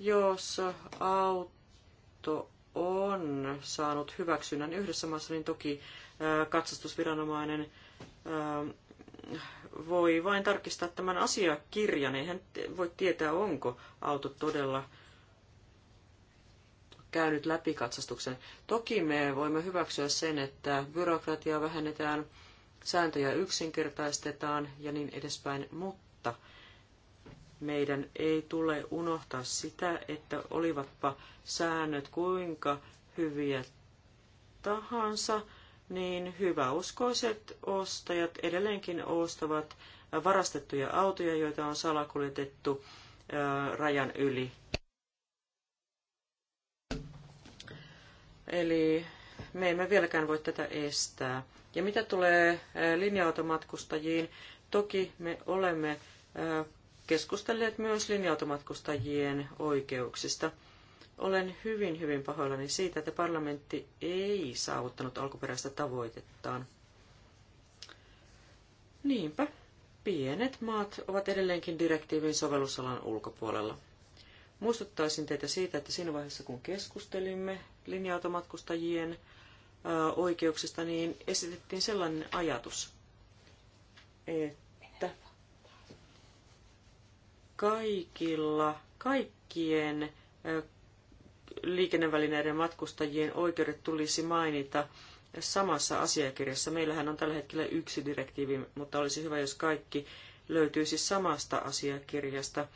Jos auto on saanut hyväksynnän yhdessä maassa, niin toki äh, katsastusviranomainen ähm, voi vain tarkistaa tämän asiakirjan. Eihän voi tietää, onko auto todella käynyt läpi katsastuksen. Toki me voimme hyväksyä sen, että byrokratiaa vähennetään, sääntöjä yksinkertaistetaan ja niin edespäin, mutta meidän ei tule unohtaa sitä, että olivatpa säännöt kuinka hyviä tahansa – niin hyväuskoiset ostajat edelleenkin ostavat varastettuja autoja, joita on salakuljetettu rajan yli. Eli me emme vieläkään voi tätä estää. Ja mitä tulee linja-automatkustajiin, toki me olemme keskustelleet myös linja-automatkustajien oikeuksista – olen hyvin, hyvin pahoillani siitä, että parlamentti ei saavuttanut alkuperäistä tavoitettaan. Niinpä, pienet maat ovat edelleenkin direktiivin sovellusalan ulkopuolella. Muistuttaisin teitä siitä, että siinä vaiheessa kun keskustelimme linja-automatkustajien oikeuksista, niin esitettiin sellainen ajatus, että kaikilla, kaikkien liikennevälineiden matkustajien oikeudet tulisi mainita samassa asiakirjassa. Meillähän on tällä hetkellä yksi direktiivi, mutta olisi hyvä, jos kaikki löytyisi samasta asiakirjasta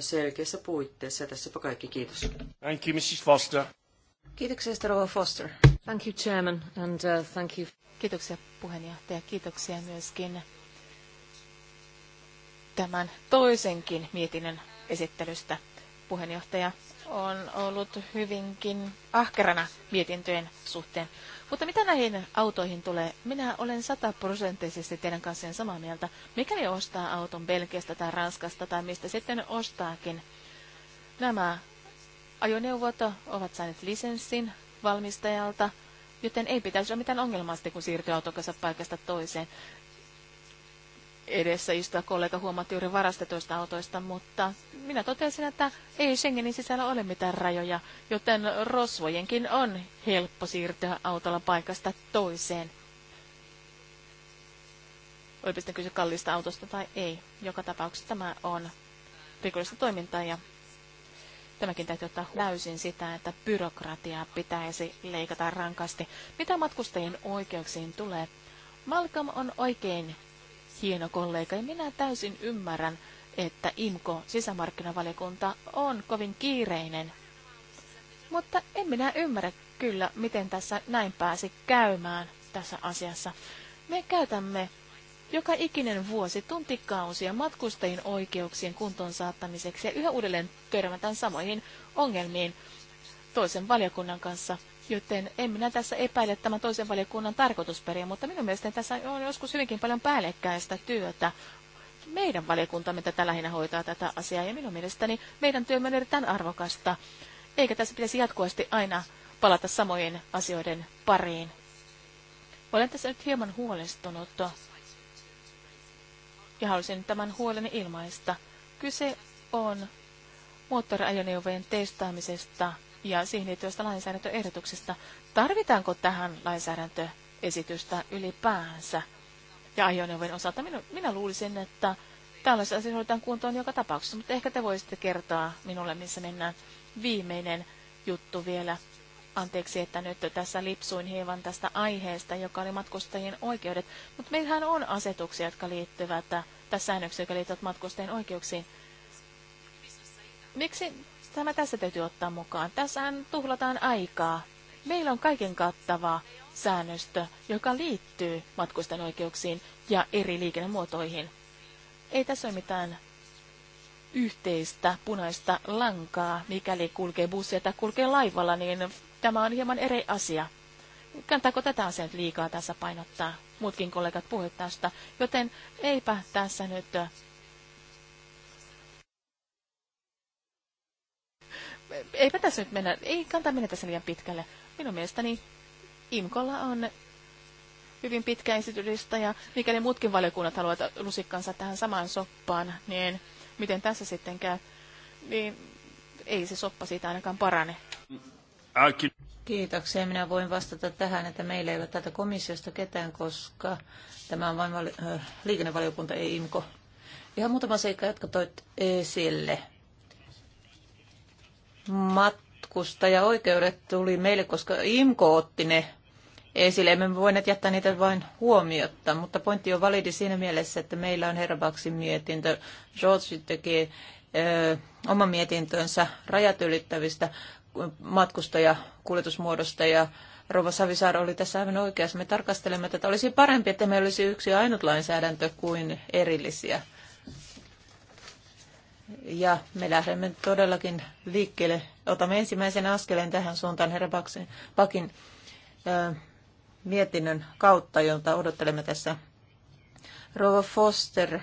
selkeissä puitteissa. Tässäpä kaikki, kiitos. Thank you, Mrs. Foster. Kiitoksia, Rouva Foster. Thank you, Chairman, and uh, thank you. Kiitoksia puheenjohtaja, kiitoksia myöskin tämän toisenkin mietinnön esittelystä puheenjohtaja on ollut hyvinkin ahkerana mietintöjen suhteen. Mutta mitä näihin autoihin tulee? Minä olen sataprosenttisesti teidän kanssanne samaa mieltä. Mikäli ostaa auton Belgiasta tai Ranskasta tai mistä sitten ostaakin, nämä ajoneuvot ovat saaneet lisenssin valmistajalta, joten ei pitäisi olla mitään ongelmaa sitten, kun siirtyy autokansa paikasta toiseen edessä istua kollega huomatti juuri varastetuista autoista, mutta minä totesin, että ei Schengenin sisällä ole mitään rajoja, joten rosvojenkin on helppo siirtyä autolla paikasta toiseen. Olipa sitten kyse kallista autosta tai ei. Joka tapauksessa tämä on rikollista toimintaa ja tämäkin täytyy ottaa täysin sitä, että byrokratiaa pitäisi leikata rankasti. Mitä matkustajien oikeuksiin tulee? Malcolm on oikein hieno kollega, ja minä täysin ymmärrän, että IMKO, sisämarkkinavaliokunta, on kovin kiireinen. Mutta en minä ymmärrä kyllä, miten tässä näin pääsi käymään tässä asiassa. Me käytämme joka ikinen vuosi tuntikausia matkustajien oikeuksien kuntoon saattamiseksi ja yhä uudelleen törmätään samoihin ongelmiin toisen valiokunnan kanssa Joten en minä tässä epäile tämän toisen valiokunnan tarkoitusperiä, mutta minun mielestäni tässä on joskus hyvinkin paljon päällekkäistä työtä. Meidän valiokuntamme tätä lähinnä hoitaa tätä asiaa ja minun mielestäni meidän työmme on erittäin arvokasta. Eikä tässä pitäisi jatkuvasti aina palata samojen asioiden pariin. Olen tässä nyt hieman huolestunut ja halusin tämän huolen ilmaista. Kyse on moottoriajoneuvojen testaamisesta ja siihen liittyvästä lainsäädäntöehdotuksesta. Tarvitaanko tähän lainsäädäntöesitystä ylipäänsä? Ja ajoneuvojen osalta minä, minä luulisin, että tällaisia asioita hoidetaan kuntoon joka tapauksessa, mutta ehkä te voisitte kertoa minulle, missä mennään. Viimeinen juttu vielä. Anteeksi, että nyt tässä lipsuin hieman tästä aiheesta, joka oli matkustajien oikeudet, mutta meillähän on asetuksia, jotka liittyvät, tässä säännöksiä, jotka liittyvät matkustajien oikeuksiin. Miksi Tämä tässä täytyy ottaa mukaan. Tässähän tuhlataan aikaa. Meillä on kaiken kattava säännöstö, joka liittyy matkustajan oikeuksiin ja eri liikennemuotoihin. Ei tässä ole mitään yhteistä punaista lankaa, mikäli kulkee bussia tai kulkee laivalla, niin tämä on hieman eri asia. Kantaako tätä asiaa liikaa tässä painottaa? Muutkin kollegat puhuivat tästä, joten eipä tässä nyt eipä tässä nyt mennä, ei kannata mennä tässä liian pitkälle. Minun mielestäni Imkolla on hyvin pitkä esitystä ja mikäli muutkin valiokunnat haluavat lusikkansa tähän samaan soppaan, niin miten tässä sitten käy, niin ei se soppa siitä ainakaan parane. Kiitoksia. Minä voin vastata tähän, että meillä ei ole tätä komissiosta ketään, koska tämä on vain vali- äh, liikennevaliokunta, ei IMKO. Ihan muutama seikka, jotka toit esille matkustajaoikeudet tuli meille, koska IMKO otti ne esille. Emme voineet jättää niitä vain huomiotta, mutta pointti on validi siinä mielessä, että meillä on Herbaksin mietintö. George teki oma mietintönsä rajat ylittävistä matkustajakuljetusmuodosta ja Rova Savisaar oli tässä aivan oikeassa. Me tarkastelemme että Olisi parempi, että meillä olisi yksi ainut lainsäädäntö kuin erillisiä ja me lähdemme todellakin liikkeelle. Otamme ensimmäisen askeleen tähän suuntaan herra Pakin mietinnön kautta, jota odottelemme tässä. Rova Foster,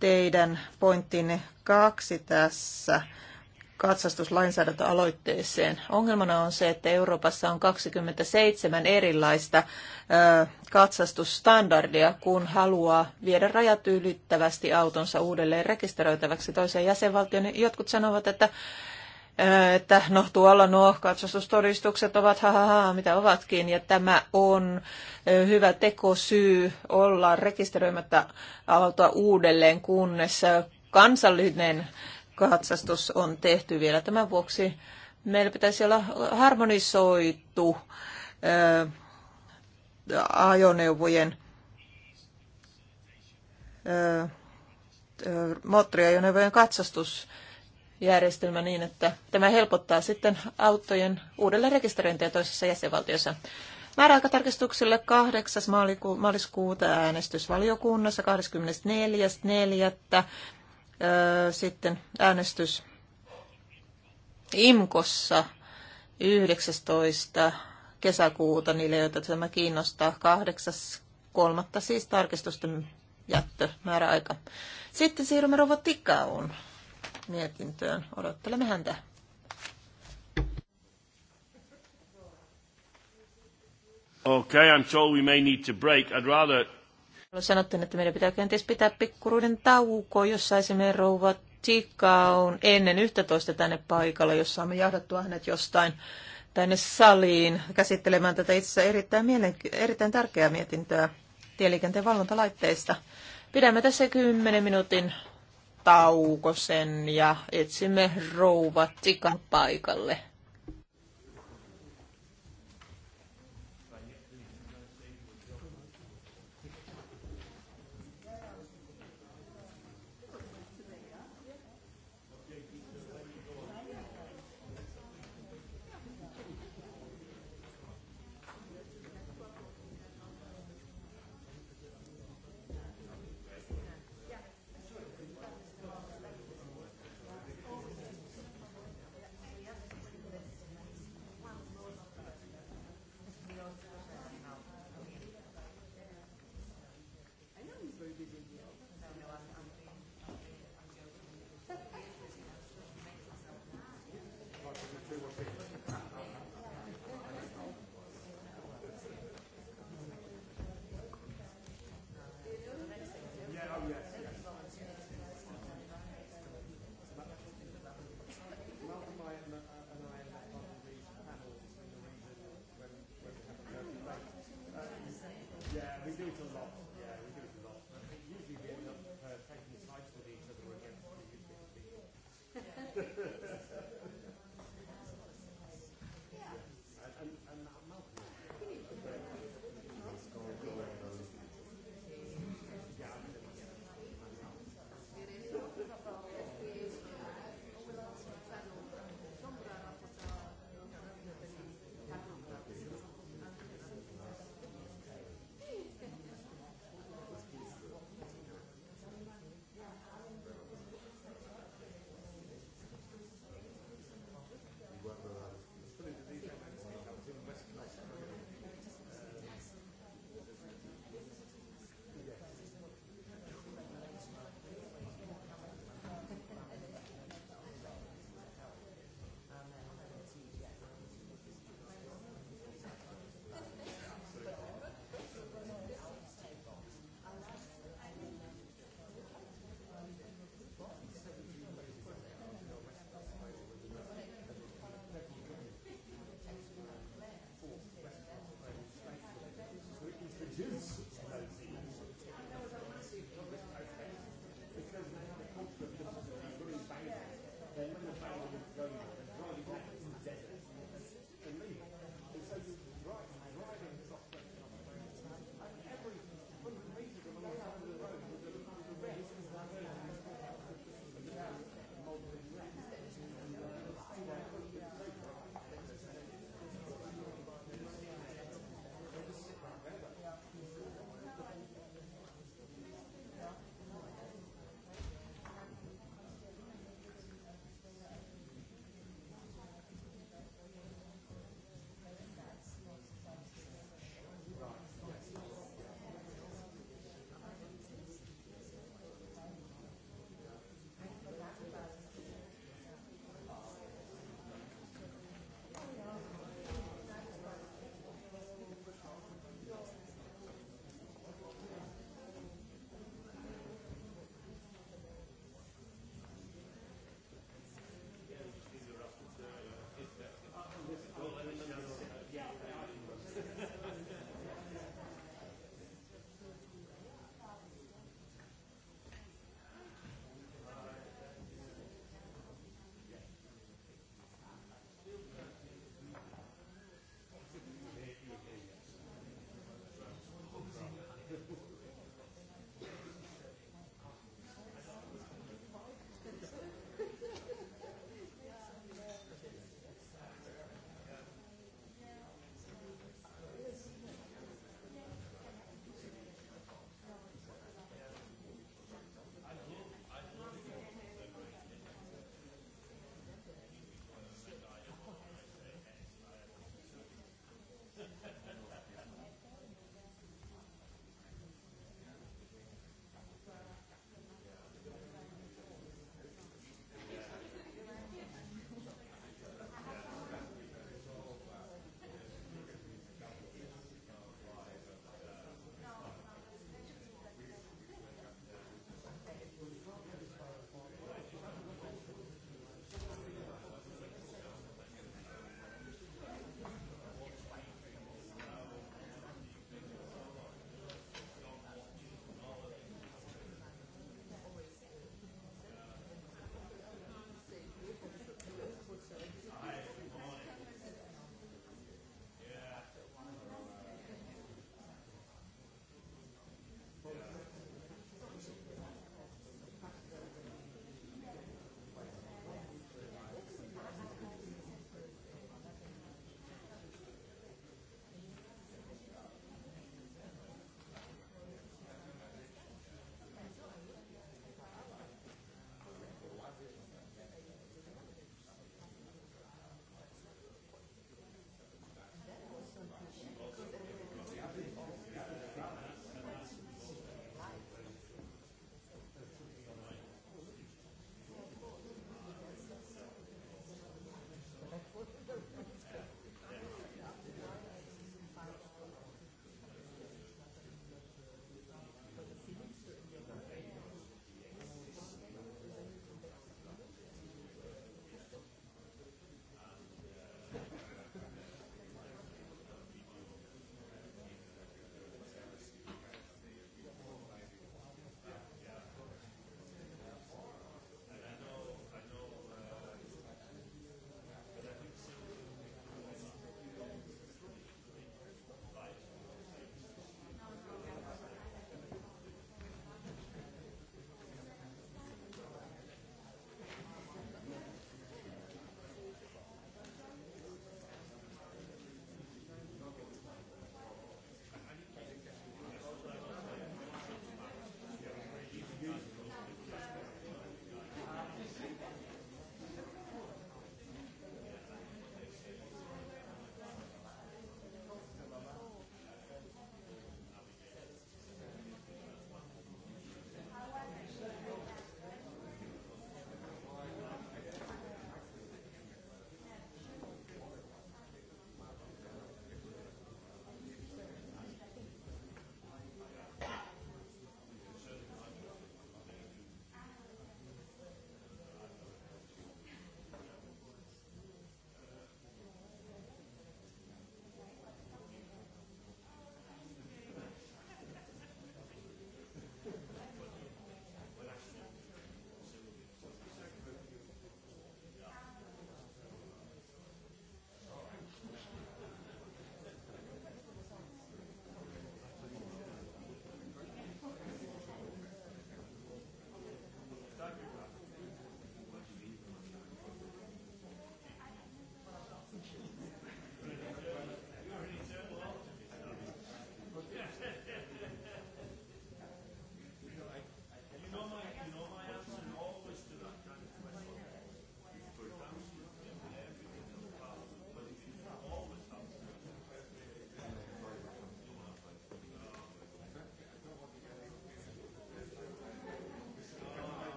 teidän pointtinne kaksi tässä katsastuslainsäädäntöaloitteeseen. Ongelmana on se, että Euroopassa on 27 erilaista katsastusstandardia, kun haluaa viedä rajat ylittävästi autonsa uudelleen rekisteröitäväksi toiseen jäsenvaltioon. Niin jotkut sanovat, että että no tuolla nuo katsastustodistukset ovat hahaha, mitä ovatkin, ja tämä on hyvä tekosyy olla rekisteröimättä autoa uudelleen, kunnes kansallinen katsastus on tehty vielä. Tämän vuoksi meillä pitäisi olla harmonisoitu äh, ajoneuvojen äh, moottoriajoneuvojen katsastusjärjestelmä niin, että tämä helpottaa sitten autojen uudelle rekisteröintiä toisessa jäsenvaltiossa. Määräaikatarkistukselle 8. maaliskuuta äänestysvaliokunnassa 24.4 sitten äänestys IMKossa 19. kesäkuuta niille, joita tämä kiinnostaa. 8.3. siis tarkistusten jättö, määräaika. Sitten siirrymme Rova Tikaun mietintöön. Odottelemme häntä. Okay, I'm told we may need to break. I'd rather sanottiin, että meidän pitää kenties pitää pikkuruinen tauko, jos saisimme rouva on ennen 11 tänne paikalla, jossa saamme jahdattua hänet jostain tänne saliin käsittelemään tätä itse asiassa erittäin, mielenki- erittäin tärkeää mietintöä tieliikenteen valvontalaitteista. Pidämme tässä 10 minuutin taukosen ja etsimme rouva Tikan paikalle.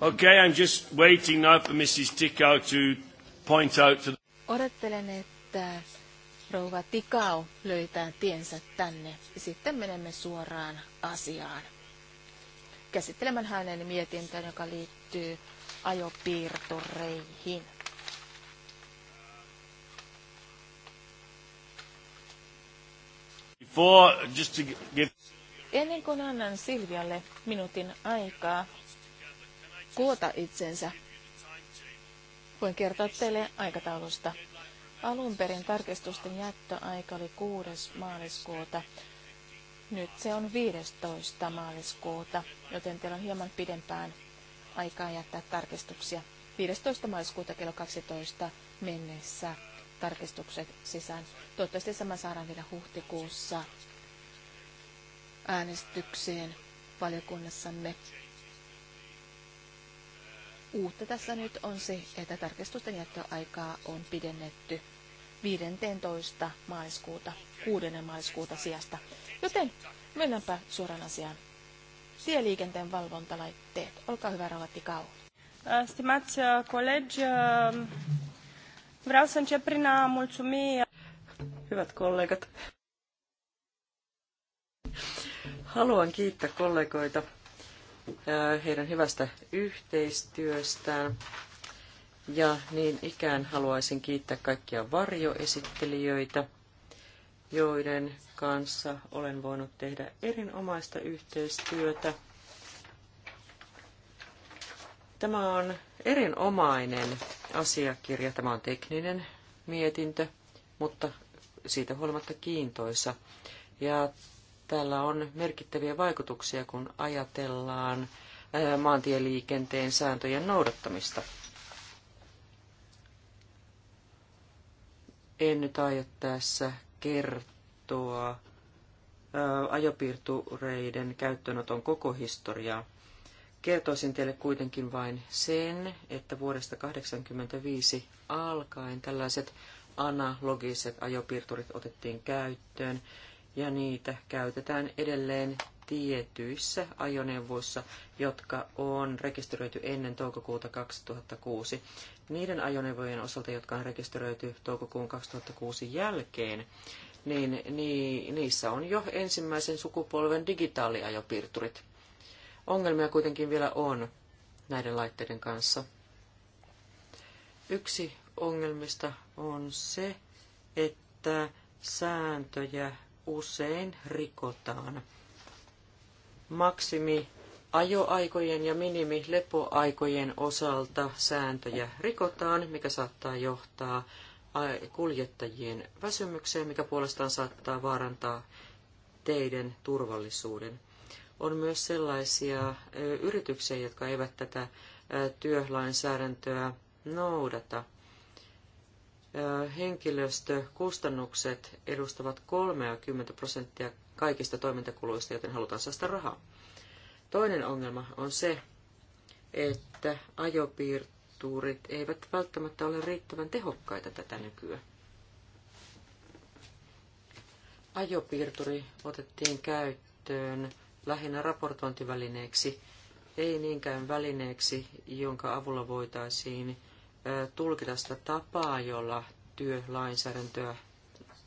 Okay, I'm just waiting now for Mrs. Tikau to point out to... Odottelen, että rouva Tikau löytää tiensä tänne. Sitten menemme suoraan asiaan. Käsittelemään hänen mietintöön, joka liittyy ajopiirtoreihin. Before, just to give... Ennen kuin annan Silvialle minuutin aikaa, Kuota itsensä. Voin kertoa teille aikataulusta. Alun perin tarkistusten jättöaika oli 6. maaliskuuta. Nyt se on 15. maaliskuuta, joten teillä on hieman pidempään aikaa jättää tarkistuksia. 15. maaliskuuta kello 12 mennessä tarkistukset sisään. Toivottavasti sama saadaan vielä huhtikuussa äänestykseen valiokunnassamme Uutta tässä nyt on se, että tarkistusten jättöaikaa on pidennetty 15. maaliskuuta, 6. maaliskuuta sijasta. Joten mennäänpä suoraan asiaan. Tieliikenteen valvontalaitteet. Olkaa hyvä, Ravatti Kau. Äh, stimați äh, colegi, äh, vreau să încep prin a mulțumi... Hyvät kollegat, haluan kiittää kollegoita Äh, heidän hyvästä yhteistyöstään. Ja niin ikään haluaisin kiittää kaikkia varjoesittelijöitä, joiden kanssa olen voinut tehdä erinomaista yhteistyötä. Tämä on erinomainen asiakirja. Tämä on tekninen mietintö, mutta siitä huolimatta kiintoisa. Ja Tällä on merkittäviä vaikutuksia, kun ajatellaan eh, maantieliikenteen sääntöjen noudattamista. En nyt aio tässä kertoa eh, ajopiirtureiden käyttöönoton koko historiaa. Kertoisin teille kuitenkin vain sen, että vuodesta 1985 alkaen tällaiset analogiset ajopiirturit otettiin käyttöön ja niitä käytetään edelleen tietyissä ajoneuvoissa, jotka on rekisteröity ennen toukokuuta 2006. Niiden ajoneuvojen osalta, jotka on rekisteröity toukokuun 2006 jälkeen, niin niissä on jo ensimmäisen sukupolven digitaaliajopiirturit. Ongelmia kuitenkin vielä on näiden laitteiden kanssa. Yksi ongelmista on se, että sääntöjä usein rikotaan. Maksimi ajoaikojen ja minimi lepoaikojen osalta sääntöjä rikotaan, mikä saattaa johtaa kuljettajien väsymykseen, mikä puolestaan saattaa vaarantaa teiden turvallisuuden. On myös sellaisia yrityksiä, jotka eivät tätä työlainsäädäntöä noudata henkilöstökustannukset edustavat 30 prosenttia kaikista toimintakuluista, joten halutaan säästää rahaa. Toinen ongelma on se, että ajopiirturit eivät välttämättä ole riittävän tehokkaita tätä nykyä. Ajopiirturi otettiin käyttöön lähinnä raportointivälineeksi, ei niinkään välineeksi, jonka avulla voitaisiin tulkita sitä tapaa, jolla työlainsäädäntöä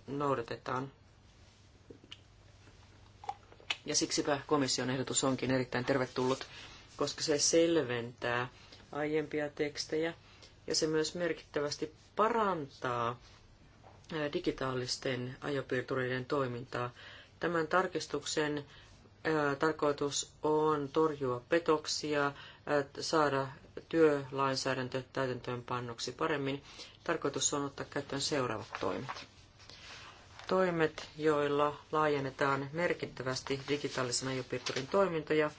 noudatetaan. Ja siksipä komission ehdotus onkin erittäin tervetullut, koska se selventää aiempia tekstejä ja se myös merkittävästi parantaa digitaalisten ajopiirtureiden toimintaa. Tämän tarkistuksen tarkoitus on torjua petoksia, saada työlainsäädäntö täytäntöönpannuksi paremmin, tarkoitus on ottaa käyttöön seuraavat toimet. Toimet, joilla laajennetaan merkittävästi digitaalisen ajopiirturin toimintoja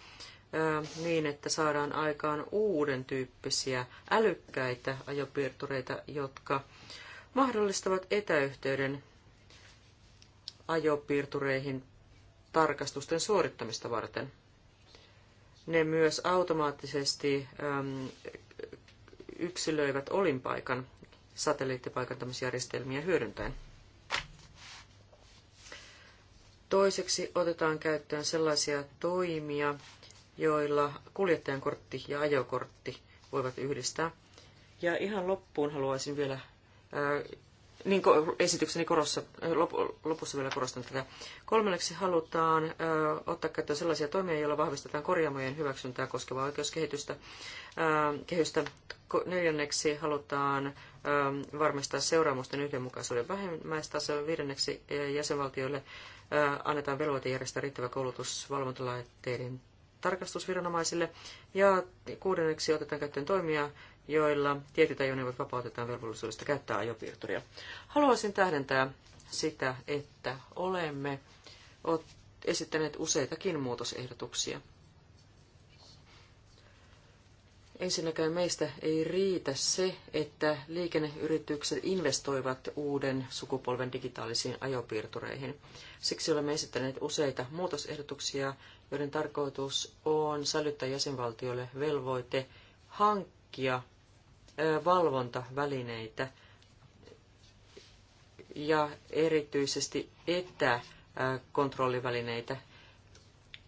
niin, että saadaan aikaan uuden tyyppisiä älykkäitä ajopiirtureita, jotka mahdollistavat etäyhteyden ajopiirtureihin tarkastusten suorittamista varten ne myös automaattisesti äm, yksilöivät olinpaikan satelliittipaikantamisjärjestelmiä hyödyntäen. Toiseksi otetaan käyttöön sellaisia toimia, joilla kuljettajan kortti ja ajokortti voivat yhdistää. Ja ihan loppuun haluaisin vielä äh, niin esitykseni korossa, äh, lopussa vielä korostan tätä. Kolmanneksi halutaan ö, äh, ottaa käyttöön sellaisia toimia, joilla vahvistetaan korjaamojen hyväksyntää koskevaa oikeuskehitystä. Ö, ähm, kehystä. Neljänneksi halutaan ö, ähm, varmistaa seuraamusten yhdenmukaisuuden vähimmäistaso. Viidenneksi äh, jäsenvaltioille ö, annetaan velvoite järjestää riittävä koulutus valvontalaitteiden tarkastusviranomaisille. Ja kuudenneksi otetaan käyttöön toimia, joilla tietyt ajoneuvot vapautetaan velvollisuudesta käyttää ajopiirturia. Haluaisin tähdentää sitä, että olemme esittäneet useitakin muutosehdotuksia. Ensinnäkään meistä ei riitä se, että liikenneyritykset investoivat uuden sukupolven digitaalisiin ajopiirtureihin. Siksi olemme esittäneet useita muutosehdotuksia, joiden tarkoitus on sälyttää jäsenvaltiolle velvoite hankkia kaikkia valvontavälineitä ja erityisesti etäkontrollivälineitä,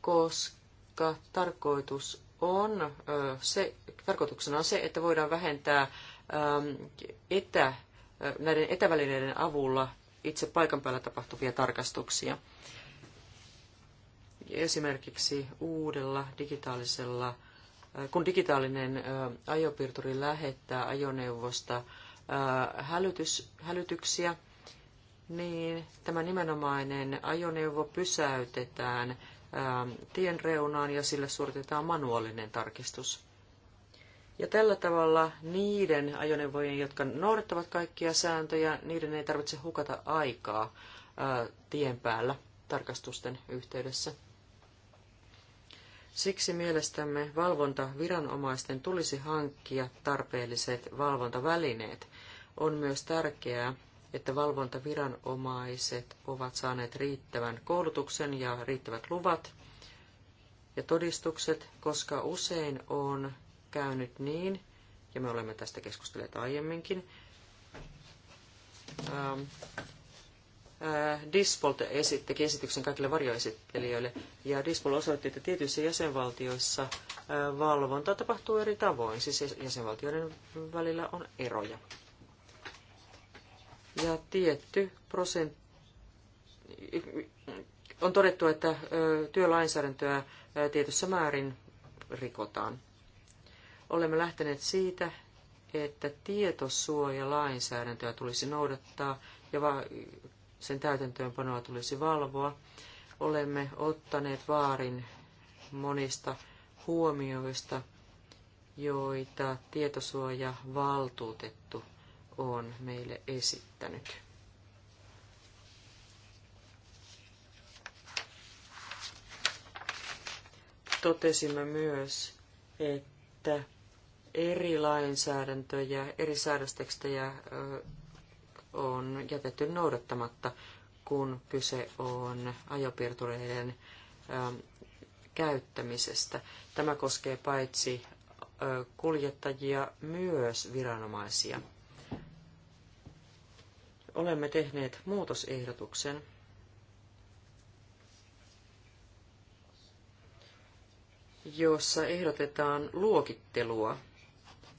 koska tarkoitus on se, tarkoituksena on se, että voidaan vähentää etä, näiden etävälineiden avulla itse paikan päällä tapahtuvia tarkastuksia. Esimerkiksi uudella digitaalisella kun digitaalinen ajopiirturi lähettää ajoneuvosta hälytys, hälytyksiä, niin tämä nimenomainen ajoneuvo pysäytetään tien reunaan ja sille suoritetaan manuaalinen tarkistus. Ja tällä tavalla niiden ajoneuvojen, jotka noudattavat kaikkia sääntöjä, niiden ei tarvitse hukata aikaa tien päällä tarkastusten yhteydessä. Siksi mielestämme valvontaviranomaisten tulisi hankkia tarpeelliset valvontavälineet. On myös tärkeää, että valvontaviranomaiset ovat saaneet riittävän koulutuksen ja riittävät luvat ja todistukset, koska usein on käynyt niin, ja me olemme tästä keskustelleet aiemminkin, ähm, Dispol teki esityksen kaikille varjoesittelijöille, ja Dispol osoitti, että tietyissä jäsenvaltioissa valvonta tapahtuu eri tavoin, siis jäsenvaltioiden välillä on eroja. Ja tietty prosentti, on todettu, että työlainsäädäntöä tietyssä määrin rikotaan. Olemme lähteneet siitä, että tietosuojalainsäädäntöä tulisi noudattaa ja sen täytäntöönpanoa tulisi valvoa. Olemme ottaneet vaarin monista huomioista, joita tietosuoja valtuutettu on meille esittänyt. Totesimme myös, että eri lainsäädäntöjä, eri säädöstekstejä on jätetty noudattamatta, kun kyse on ajopiirtureiden käyttämisestä. Tämä koskee paitsi kuljettajia myös viranomaisia. Olemme tehneet muutosehdotuksen jossa ehdotetaan luokittelua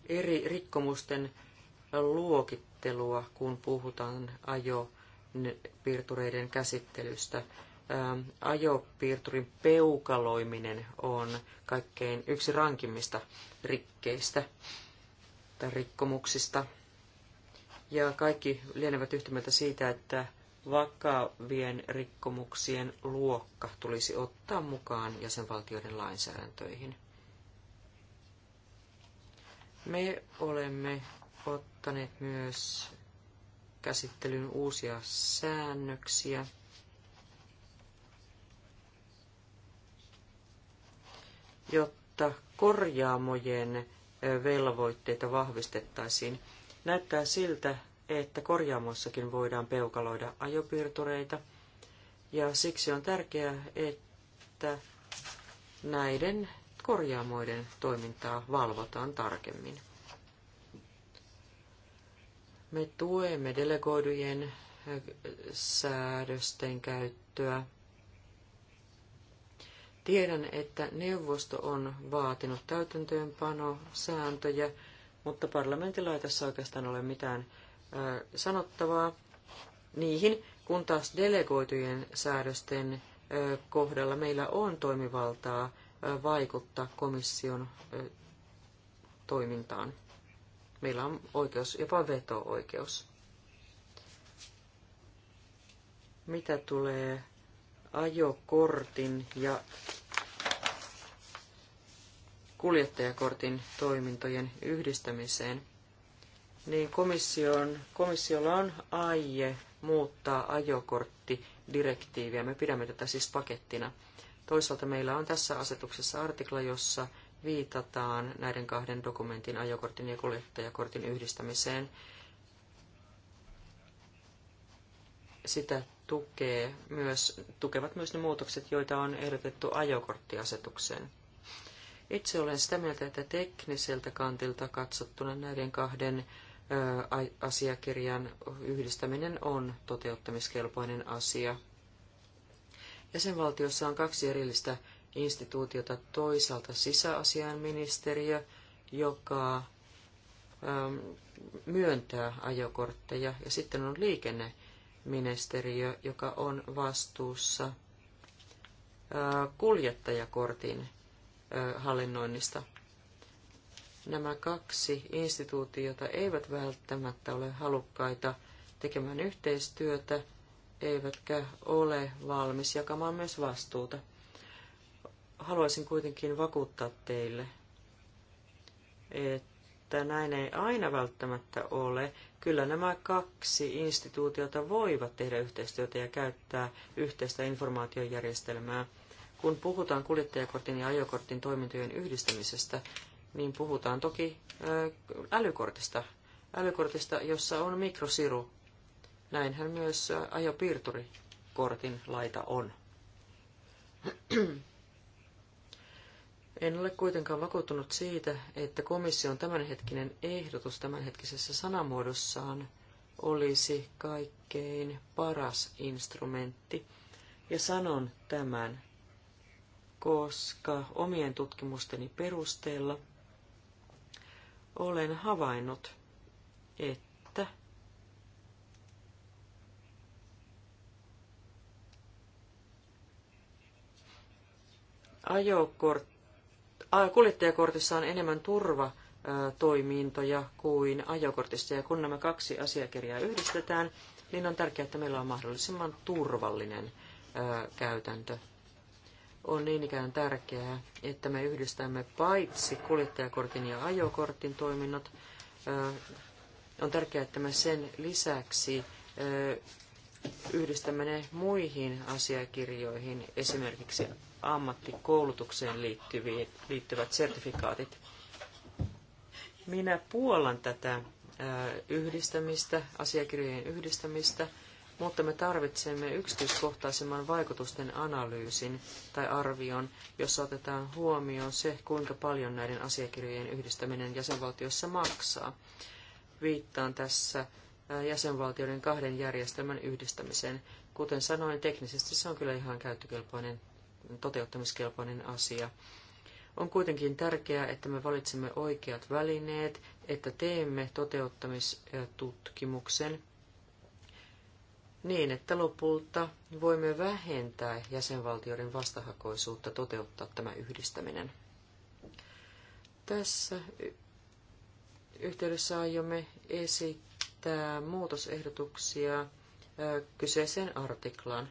eri rikkomusten luokittelua, kun puhutaan ajopiirtureiden käsittelystä. Ähm, ajopiirturin peukaloiminen on kaikkein yksi rankimmista rikkeistä tai rikkomuksista. Ja kaikki lienevät yhtä mieltä siitä, että vakavien rikkomuksien luokka tulisi ottaa mukaan jäsenvaltioiden lainsäädäntöihin. Me olemme ottaneet myös käsittelyyn uusia säännöksiä. jotta korjaamojen velvoitteita vahvistettaisiin. Näyttää siltä, että korjaamoissakin voidaan peukaloida ajopiirtureita, ja siksi on tärkeää, että näiden korjaamoiden toimintaa valvotaan tarkemmin. Me tuemme delegoidujen äh, säädösten käyttöä. Tiedän, että neuvosto on vaatinut sääntöjä, mutta parlamentilla ei tässä oikeastaan ole mitään äh, sanottavaa niihin, kun taas delegoitujen säädösten äh, kohdalla meillä on toimivaltaa vaikuttaa komission toimintaan. Meillä on oikeus, jopa veto-oikeus. Mitä tulee ajokortin ja kuljettajakortin toimintojen yhdistämiseen, niin komission, komissiolla on aie muuttaa ajokorttidirektiiviä. Me pidämme tätä siis pakettina. Toisaalta meillä on tässä asetuksessa artikla, jossa viitataan näiden kahden dokumentin, ajokortin ja kuljettajakortin yhdistämiseen. Sitä tukee myös, tukevat myös ne muutokset, joita on ehdotettu ajokorttiasetukseen. Itse olen sitä mieltä, että tekniseltä kantilta katsottuna näiden kahden asiakirjan yhdistäminen on toteuttamiskelpoinen asia. Jäsenvaltiossa on kaksi erillistä instituutiota, toisaalta sisäasiainministeriö, joka ähm, myöntää ajokortteja, ja sitten on liikenneministeriö, joka on vastuussa äh, kuljettajakortin äh, hallinnoinnista. Nämä kaksi instituutiota eivät välttämättä ole halukkaita tekemään yhteistyötä, eivätkä ole valmis jakamaan myös vastuuta haluaisin kuitenkin vakuuttaa teille, että näin ei aina välttämättä ole. Kyllä nämä kaksi instituutiota voivat tehdä yhteistyötä ja käyttää yhteistä informaatiojärjestelmää. Kun puhutaan kuljettajakortin ja ajokortin toimintojen yhdistämisestä, niin puhutaan toki älykortista. Älykortista, jossa on mikrosiru. Näinhän myös ajopiirturikortin laita on. En ole kuitenkaan vakuuttunut siitä, että komission tämänhetkinen ehdotus tämänhetkisessä sanamuodossaan olisi kaikkein paras instrumentti. Ja sanon tämän, koska omien tutkimusteni perusteella olen havainnut, että ajokortti kuljettajakortissa on enemmän turvatoimintoja kuin ajokortissa, ja kun nämä kaksi asiakirjaa yhdistetään, niin on tärkeää, että meillä on mahdollisimman turvallinen käytäntö. On niin ikään tärkeää, että me yhdistämme paitsi kuljettajakortin ja ajokortin toiminnot, on tärkeää, että me sen lisäksi yhdistämme ne muihin asiakirjoihin, esimerkiksi ammattikoulutukseen liittyvät sertifikaatit. Minä puolan tätä yhdistämistä, asiakirjojen yhdistämistä, mutta me tarvitsemme yksityiskohtaisemman vaikutusten analyysin tai arvion, jossa otetaan huomioon se, kuinka paljon näiden asiakirjojen yhdistäminen jäsenvaltiossa maksaa. Viittaan tässä jäsenvaltioiden kahden järjestelmän yhdistämiseen. Kuten sanoin, teknisesti se on kyllä ihan käyttökelpoinen, toteuttamiskelpoinen asia. On kuitenkin tärkeää, että me valitsemme oikeat välineet, että teemme toteuttamistutkimuksen niin, että lopulta voimme vähentää jäsenvaltioiden vastahakoisuutta toteuttaa tämä yhdistäminen. Tässä yhteydessä aiomme esittää esittää muutosehdotuksia kyseiseen artiklaan.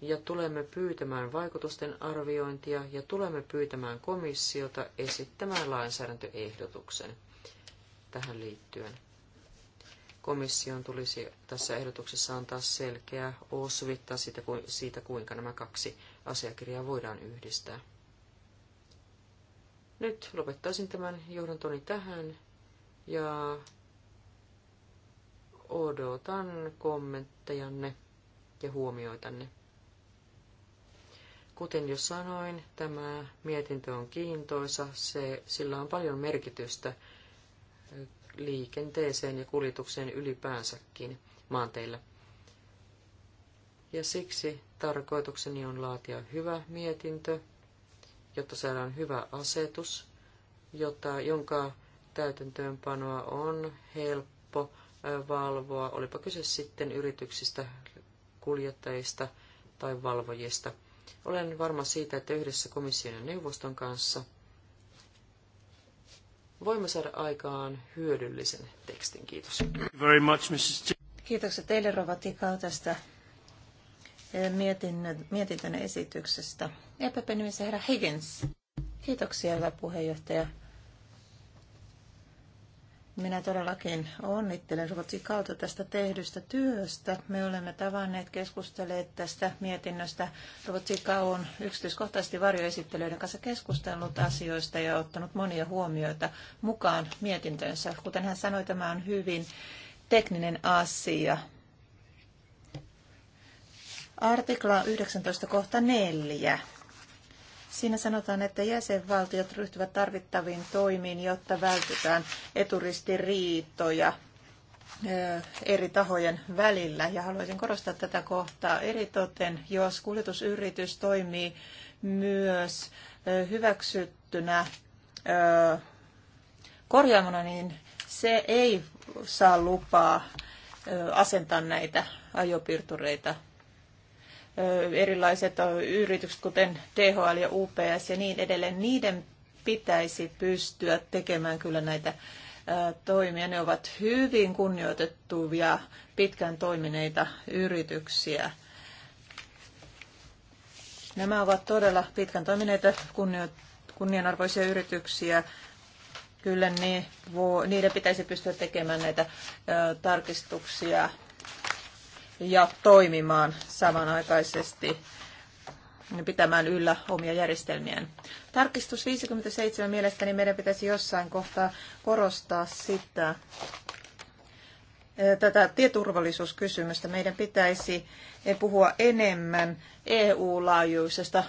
Ja tulemme pyytämään vaikutusten arviointia ja tulemme pyytämään komissiota esittämään lainsäädäntöehdotuksen tähän liittyen. Komission tulisi tässä ehdotuksessa antaa selkeä osvittaa siitä, kuinka nämä kaksi asiakirjaa voidaan yhdistää. Nyt lopettaisin tämän johdantoni tähän ja Odotan kommenttejanne ja huomioitanne. Kuten jo sanoin, tämä mietintö on kiintoisa. Se, sillä on paljon merkitystä liikenteeseen ja kuljetukseen ylipäänsäkin maanteilla. Ja siksi tarkoitukseni on laatia hyvä mietintö, jotta saadaan hyvä asetus, jota, jonka täytäntöönpanoa on helppo valvoa, olipa kyse sitten yrityksistä, kuljettajista tai valvojista. Olen varma siitä, että yhdessä komission ja neuvoston kanssa voimme saada aikaan hyödyllisen tekstin. Kiitos. Very much, Mrs. Kiitoksia teille, Rova Tikau, tästä eh, mietintönä esityksestä. EPP nimissä herra Higgins. Kiitoksia, hyvä puheenjohtaja. Minä todellakin onnittelen kautta tästä tehdystä työstä. Me olemme tavanneet keskustelleet tästä mietinnöstä. ruotsi on yksityiskohtaisesti varjoesittelyiden kanssa keskustellut asioista ja ottanut monia huomioita mukaan mietintönsä. Kuten hän sanoi, tämä on hyvin tekninen asia. Artikla 19.4. Siinä sanotaan, että jäsenvaltiot ryhtyvät tarvittaviin toimiin, jotta vältetään eturistiriitoja eri tahojen välillä. Ja haluaisin korostaa tätä kohtaa eritoten, jos kuljetusyritys toimii myös hyväksyttynä korjaamona, niin se ei saa lupaa asentaa näitä ajopiirtureita erilaiset yritykset, kuten THL ja UPS ja niin edelleen, niiden pitäisi pystyä tekemään kyllä näitä toimia. Ne ovat hyvin kunnioitettuvia, pitkään toimineita yrityksiä. Nämä ovat todella pitkän toimineita kunnianarvoisia yrityksiä. Kyllä niiden pitäisi pystyä tekemään näitä tarkistuksia ja toimimaan samanaikaisesti pitämään yllä omia järjestelmiään. Tarkistus 57 mielestäni meidän pitäisi jossain kohtaa korostaa sitä, tätä tieturvallisuuskysymystä. Meidän pitäisi puhua enemmän EU-laajuisesta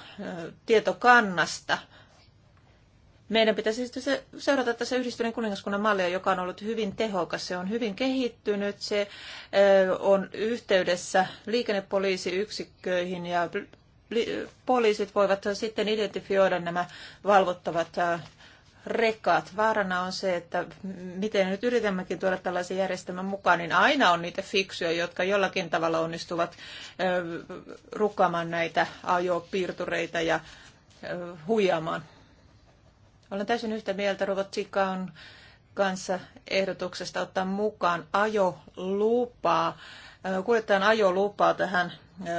tietokannasta – meidän pitäisi seurata tässä yhdistyneen kuningaskunnan mallia, joka on ollut hyvin tehokas. Se on hyvin kehittynyt, se on yhteydessä liikennepoliisiyksikköihin ja poliisit voivat sitten identifioida nämä valvottavat rekat. Vaarana on se, että miten nyt yritämmekin tuoda tällaisen järjestelmän mukaan, niin aina on niitä fiksuja, jotka jollakin tavalla onnistuvat rukkaamaan näitä ajopiirtureita ja huijaamaan olen täysin yhtä mieltä Rovotsikaan kanssa ehdotuksesta ottaa mukaan ajolupaa, kuljettajan ajolupaa tähän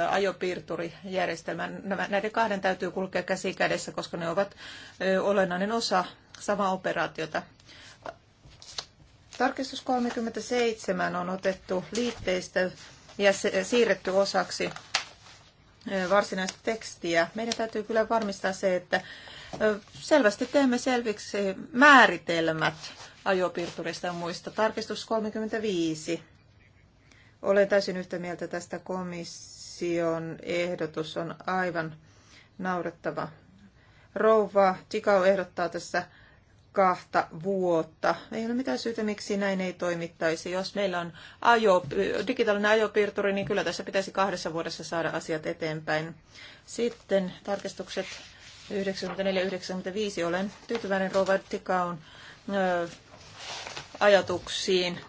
ajopiirturijärjestelmään. Näiden kahden täytyy kulkea käsi kädessä, koska ne ovat olennainen osa samaa operaatiota. Tarkistus 37 on otettu liitteistä ja siirretty osaksi varsinaista tekstiä. Meidän täytyy kyllä varmistaa se, että selvästi teemme selviksi määritelmät ajopiirturista ja muista. Tarkistus 35. Olen täysin yhtä mieltä tästä komission ehdotus on aivan naurettava. Rouva Tikau ehdottaa tässä kahta vuotta. Ei ole mitään syytä, miksi näin ei toimittaisi. Jos meillä on ajo, digitaalinen ajopiirturi, niin kyllä tässä pitäisi kahdessa vuodessa saada asiat eteenpäin. Sitten tarkistukset 94-95 olen tyytyväinen Robert Tikaun ajatuksiin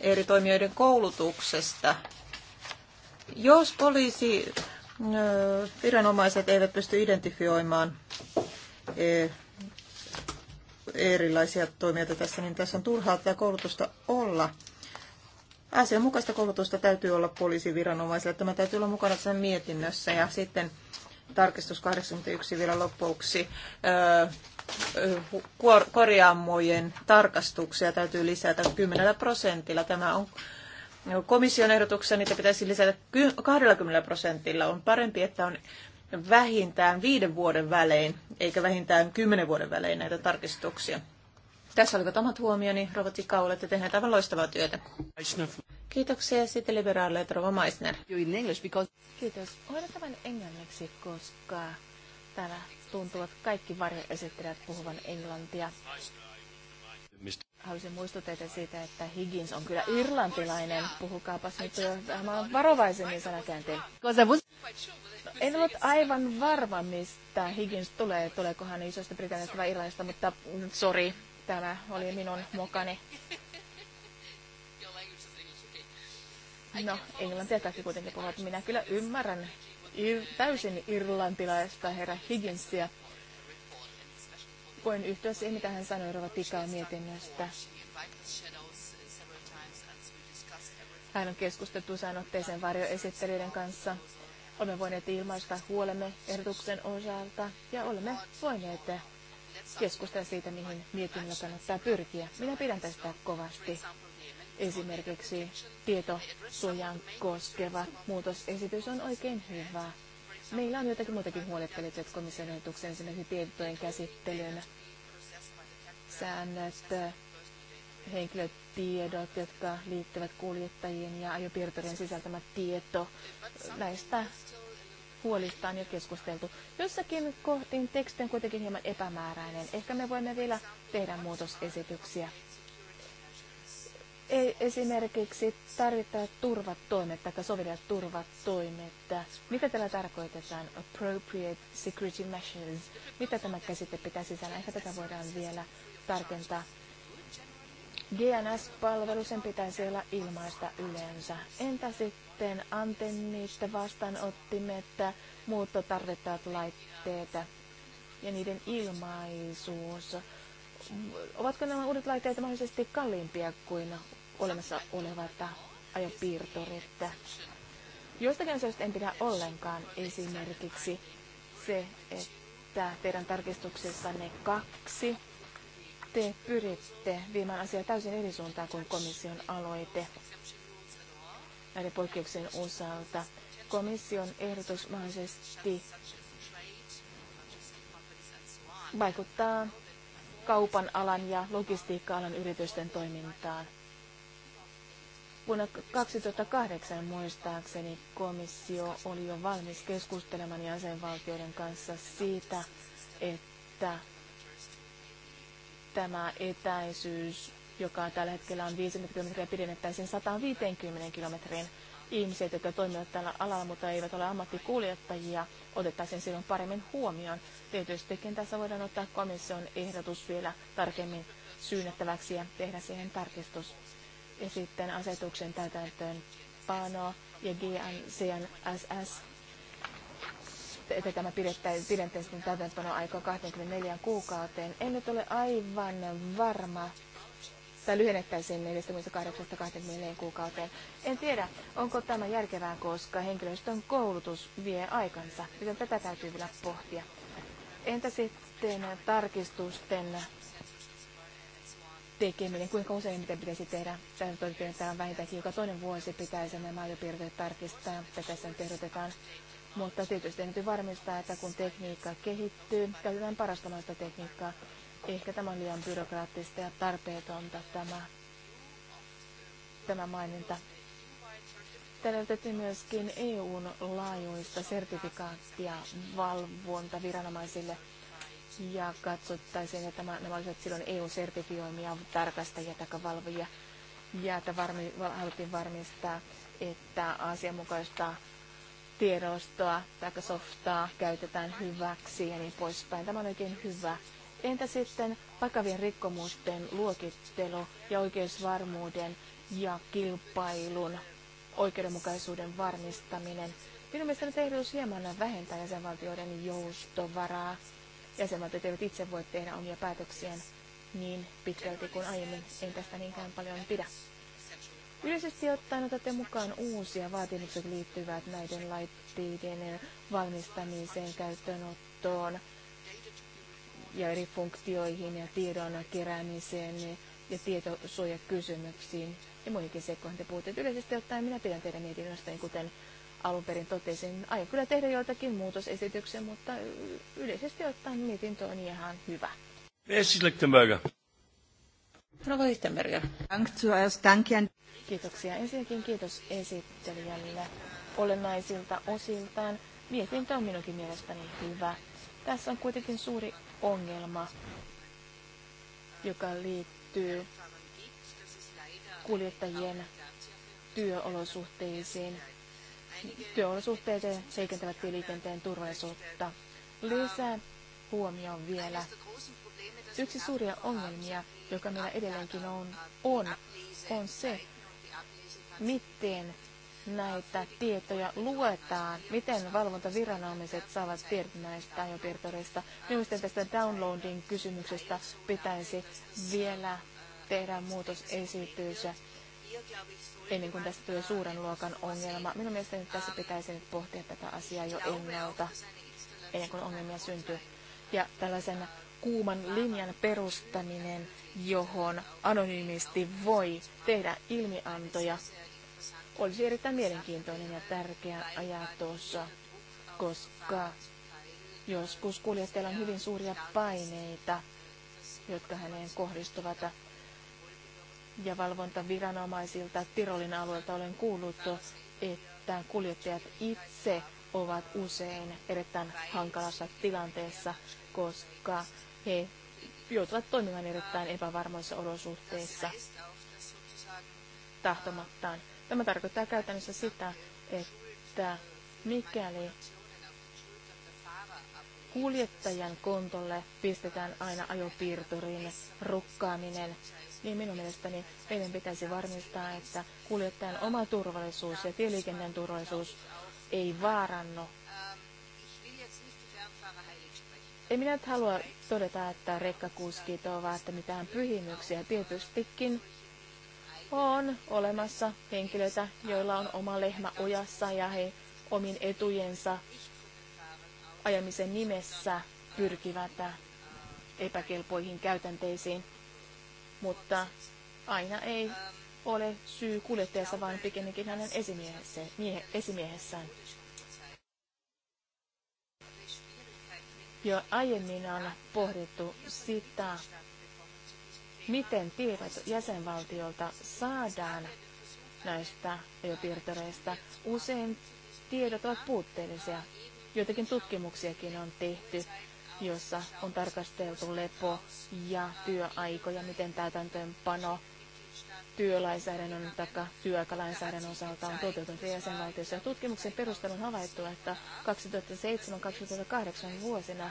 eri toimijoiden koulutuksesta. Jos poliisi viranomaiset eivät pysty identifioimaan erilaisia toimijoita tässä, niin tässä on turhaa tätä koulutusta olla. Asianmukaista koulutusta täytyy olla poliisiviranomaisille. Tämä täytyy olla mukana tässä mietinnössä ja sitten tarkistus 81 vielä lopuksi. Korjaamojen tarkastuksia täytyy lisätä 10 prosentilla. Tämä on komission ehdotuksessa niitä pitäisi lisätä 20 prosentilla. On parempi, että on vähintään viiden vuoden välein, eikä vähintään kymmenen vuoden välein näitä tarkistuksia. Tässä olivat omat huomioni. Robotti Kau, olette tehneet aivan loistavaa työtä. Kiitoksia. Sitten liberaaleille Rova Meissner. Kiitos. Hoidan tämän englanniksi, koska täällä tuntuvat kaikki varjoesittelijät puhuvan englantia. Haluaisin muistuttaa teitä siitä, että Higgins on kyllä irlantilainen. Puhukaapas nyt vähän varovaisemmin No, En ollut aivan varma, mistä Higgins tulee. Tuleeko hän isosta Britanniasta vai Irlannista, mutta mm, sorry, Tämä oli minun mukani. No, englantia kaikki kuitenkin puhuvat. Minä kyllä ymmärrän ir- täysin irlantilaista herra Higginsia. Voin yhtyä siihen, mitä hän sanoi Rova Tikaa mietinnöstä. Hän on keskusteltu sanotteisen varjoesittelijöiden kanssa. Olemme voineet ilmaista huolemme ehdotuksen osalta ja olemme voineet keskustella siitä, mihin mietinnön kannattaa pyrkiä. Minä pidän tästä kovasti. Esimerkiksi tietosuojan koskeva muutosesitys on oikein hyvä. Meillä on joitakin muutakin huolettelijat komission ehdotuksen esimerkiksi tietojen käsittelyn säännöt, henkilötiedot, jotka liittyvät kuljettajien ja ajopiirtojen sisältämä tieto. Näistä huolistaan jo keskusteltu. Jossakin kohtiin teksti on kuitenkin hieman epämääräinen. Ehkä me voimme vielä tehdä muutosesityksiä. Ei esimerkiksi tarvittavat turvatoimet tai sovellettavat turvatoimet. Mitä tällä tarkoitetaan? Appropriate security measures. Mitä tämä käsite pitää sisällä? Ehkä tätä voidaan vielä tarkentaa. GNS-palvelu sen pitäisi olla ilmaista yleensä. Entä sitten? sitten antennista, vastaanottimet, muuttotarvittavat laitteet ja niiden ilmaisuus. Ovatko nämä uudet laitteet mahdollisesti kalliimpia kuin olemassa olevat ajopiirturit? Joistakin asioista en pidä ollenkaan esimerkiksi se, että teidän tarkistuksessanne kaksi te pyritte viemään asiaa täysin eri suuntaan kuin komission aloite näiden poikkeuksien osalta. Komission ehdotus mahdollisesti vaikuttaa kaupan alan ja logistiikka-alan yritysten toimintaan. Vuonna 2008 muistaakseni komissio oli jo valmis keskustelemaan jäsenvaltioiden kanssa siitä, että tämä etäisyys joka tällä hetkellä on 50 kilometriä, pidennettäisiin 150 kilometriin. Ihmiset, jotka toimivat tällä alalla, mutta eivät ole ammattikuljettajia, otettaisiin silloin paremmin huomioon. Tietystikin tässä voidaan ottaa komission ehdotus vielä tarkemmin syynnettäväksi ja tehdä siihen tarkistus. Ja sitten asetuksen täytäntöön pano ja GNCNSS että tämä täytäntöön täytäntöönpanoaika 24 kuukauteen. En nyt ole aivan varma tai lyhennettäisiin 48 24 kuukauteen. En tiedä, onko tämä järkevää, koska henkilöstön koulutus vie aikansa, joten tätä täytyy vielä pohtia. Entä sitten tarkistusten tekeminen, kuinka usein niitä pitäisi tehdä. Tämä on vähintäänkin joka toinen vuosi pitäisi nämä ajopiirteet tarkistaa, että tässä nyt ehdotetaan. Mutta tietysti täytyy varmistaa, että kun tekniikka kehittyy, käytetään parasta tekniikkaa. Ehkä tämä on liian byrokraattista ja tarpeetonta tämä, tämä maininta. Täällä otettiin myöskin EUn laajuista sertifikaattia valvonta viranomaisille ja katsottaisiin, että nämä olisivat silloin EU-sertifioimia tarkastajia tai valvojia ja että varmi, haluttiin varmistaa, että asianmukaista tiedostoa tai softaa käytetään hyväksi ja niin poispäin. Tämä on oikein hyvä Entä sitten vakavien rikkomusten luokittelu ja oikeusvarmuuden ja kilpailun oikeudenmukaisuuden varmistaminen? Minun mielestäni ehdotus hieman vähentää jäsenvaltioiden joustovaraa. Jäsenvaltiot eivät itse voi tehdä omia päätöksiään niin pitkälti kuin aiemmin. En tästä niinkään paljon pidä. Yleisesti ottaen otatte mukaan uusia vaatimukset liittyvät näiden laitteiden valmistamiseen, käyttöönottoon, ja eri funktioihin ja tiedon keräämiseen ja tietosuojakysymyksiin ja muihinkin sekoihin te puhutte. Yleisesti ottaen minä pidän teidän mietinnöstäni, kuten alun perin totesin. Aion kyllä tehdä joitakin muutosesityksiä, mutta yleisesti ottaen mietintö on ihan hyvä. Kiitoksia. Ensinnäkin kiitos esittelijälle olennaisilta osiltaan. Mietintö on minunkin mielestäni hyvä. Tässä on kuitenkin suuri ongelma, joka liittyy kuljettajien työolosuhteisiin. Työolosuhteet heikentävät liikenteen turvallisuutta. Lisää huomioon vielä. Yksi suuria ongelmia, joka meillä edelleenkin on, on, on se, miten näitä tietoja luetaan, miten valvontaviranomaiset saavat tiedot näistä ajopiirtoreista. Minusta tästä downloading-kysymyksestä pitäisi vielä tehdä muutosesitys ennen kuin tästä tulee suuren luokan ongelma. Minun mielestäni tässä pitäisi nyt pohtia tätä asiaa jo ennalta, ennen kuin ongelmia syntyy. Ja tällaisen kuuman linjan perustaminen, johon anonyymisti voi tehdä ilmiantoja olisi erittäin mielenkiintoinen ja tärkeä ajatossa, koska joskus kuljettajalla on hyvin suuria paineita, jotka häneen kohdistuvat. Ja valvontaviranomaisilta Tirolin alueelta olen kuullut, että kuljettajat itse ovat usein erittäin hankalassa tilanteessa, koska he joutuvat toimimaan erittäin epävarmoissa olosuhteissa tahtomattaan. Tämä tarkoittaa käytännössä sitä, että mikäli kuljettajan kontolle pistetään aina ajopiirturin rukkaaminen, niin minun mielestäni meidän pitäisi varmistaa, että kuljettajan oma turvallisuus ja tieliikenteen turvallisuus ei vaarannu. En minä nyt halua todeta, että rekkakuskit ovat mitään pyhimyksiä. Tietystikin on olemassa henkilöitä, joilla on oma lehmä ojassa ja he omin etujensa ajamisen nimessä pyrkivät epäkelpoihin käytänteisiin, mutta aina ei ole syy kuljettajassa, vaan pikemminkin hänen miehe, esimiehessään. Jo aiemmin on pohdittu sitä, miten tiedot jäsenvaltiolta saadaan näistä biopiirtoreista. Usein tiedot ovat puutteellisia. Joitakin tutkimuksiakin on tehty, jossa on tarkasteltu lepo- ja työaikoja, miten täytäntöönpano työlainsäädännön tai työaikalainsäädännön osalta on toteutunut jäsenvaltiossa. Tutkimuksen perusteella on havaittu, että 2007-2008 vuosina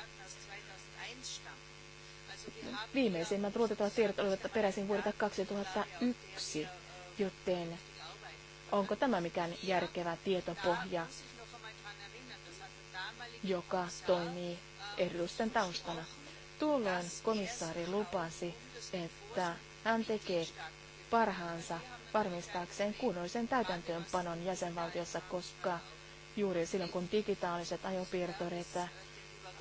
Viimeisimmät luotettavat tiedot olivat peräisin vuodelta 2001, joten onko tämä mikään järkevä tietopohja, joka toimii ehdotusten taustana? Tuolloin komissaari lupasi, että hän tekee parhaansa varmistaakseen kunnollisen täytäntöönpanon jäsenvaltiossa, koska juuri silloin kun digitaaliset ajopiirtoreita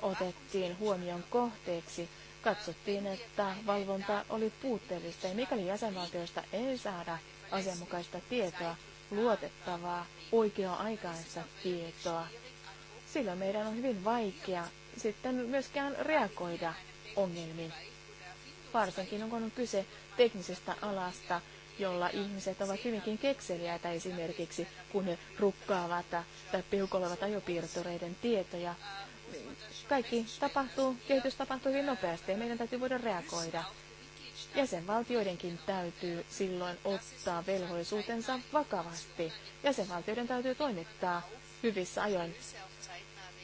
otettiin huomion kohteeksi, katsottiin, että valvonta oli puutteellista ja mikäli jäsenvaltioista ei saada asianmukaista tietoa, luotettavaa, oikea-aikaista tietoa, silloin meidän on hyvin vaikea sitten myöskään reagoida ongelmiin. Varsinkin kun on kyse teknisestä alasta, jolla ihmiset ovat hyvinkin kekseliäitä esimerkiksi, kun he rukkaavat tai peukolevat ajopiirtureiden tietoja kaikki tapahtuu, kehitys tapahtuu hyvin nopeasti ja meidän täytyy voida reagoida. Jäsenvaltioidenkin täytyy silloin ottaa velvollisuutensa vakavasti. Jäsenvaltioiden täytyy toimittaa hyvissä ajoin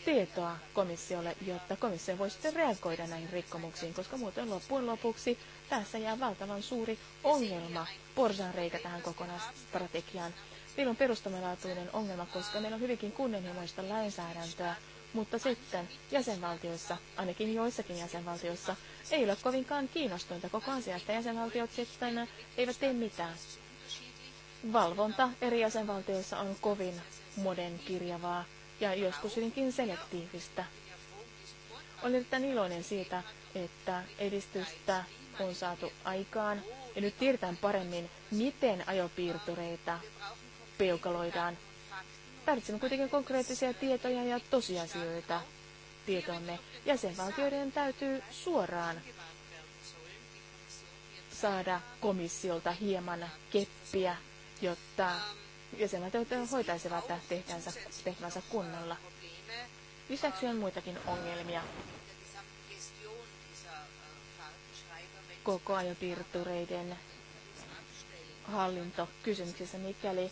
tietoa komissiolle, jotta komissio voi sitten reagoida näihin rikkomuksiin, koska muuten loppujen lopuksi tässä jää valtavan suuri ongelma, porsanreikä tähän kokonaisstrategiaan. Meillä on perustamalaatuinen ongelma, koska meillä on hyvinkin kunnianhimoista lainsäädäntöä, mutta sitten jäsenvaltioissa, ainakin joissakin jäsenvaltioissa, ei ole kovinkaan kiinnostunutta koko asiasta. Jäsenvaltiot sitten eivät tee mitään. Valvonta eri jäsenvaltioissa on kovin modernkirjavaa ja joskus hyvinkin selektiivistä. Olen erittäin iloinen siitä, että edistystä on saatu aikaan ja nyt tiedetään paremmin, miten ajopiirtureita peukaloidaan Tarvitsemme kuitenkin konkreettisia tietoja ja tosiasioita tietomme. Jäsenvaltioiden täytyy suoraan saada komissiolta hieman keppiä, jotta jäsenvaltiot hoitaisivat tehtävänsä, tehtävänsä kunnolla. Lisäksi on muitakin ongelmia. koko Kokoajopiirtureiden hallinto kysymyksessä, mikäli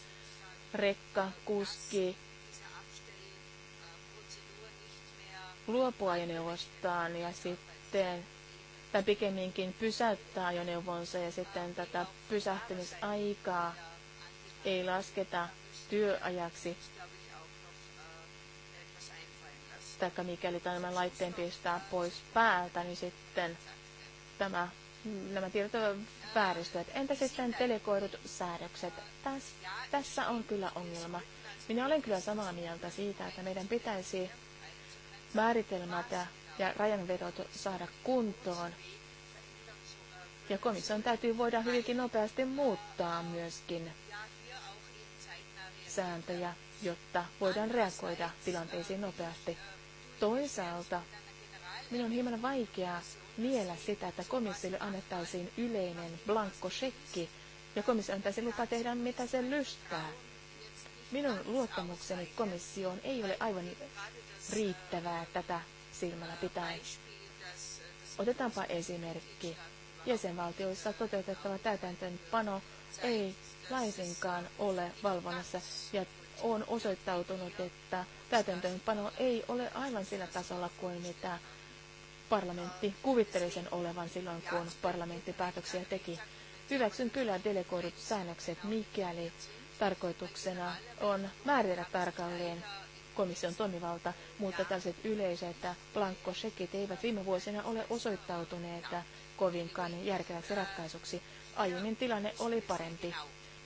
rekka, kuski luopua ajoneuvostaan ja sitten, tai pikemminkin pysäyttää ajoneuvonsa ja sitten tätä pysähtymisaikaa ei lasketa työajaksi. Taikka mikäli tämän laitteen pistää pois päältä, niin sitten tämä nämä tiedot vääristyvät. Entä sitten telekoidut säädökset? Täs, tässä on kyllä ongelma. Minä olen kyllä samaa mieltä siitä, että meidän pitäisi määritelmät ja, ja rajanvedot saada kuntoon. Ja komission täytyy voida hyvinkin nopeasti muuttaa myöskin sääntöjä, jotta voidaan reagoida tilanteisiin nopeasti. Toisaalta minun on hieman vaikeaa miellä sitä, että komissiolle annettaisiin yleinen blankkosekki ja komissio antaisi lupa tehdä mitä se lystää. Minun luottamukseni komissioon ei ole aivan riittävää tätä silmällä pitäen. Otetaanpa esimerkki. Jäsenvaltioissa toteutettava täytäntöönpano ei laisinkaan ole valvonnassa ja on osoittautunut, että täytäntöönpano ei ole aivan sillä tasolla kuin mitä parlamentti kuvitteli sen olevan silloin, kun parlamentti päätöksiä teki. Hyväksyn kyllä delegoidut säännökset, mikäli tarkoituksena on määritellä tarkalleen komission toimivalta, mutta tällaiset yleiset blankkosekit eivät viime vuosina ole osoittautuneet kovinkaan järkeväksi ratkaisuksi. Aiemmin tilanne oli parempi.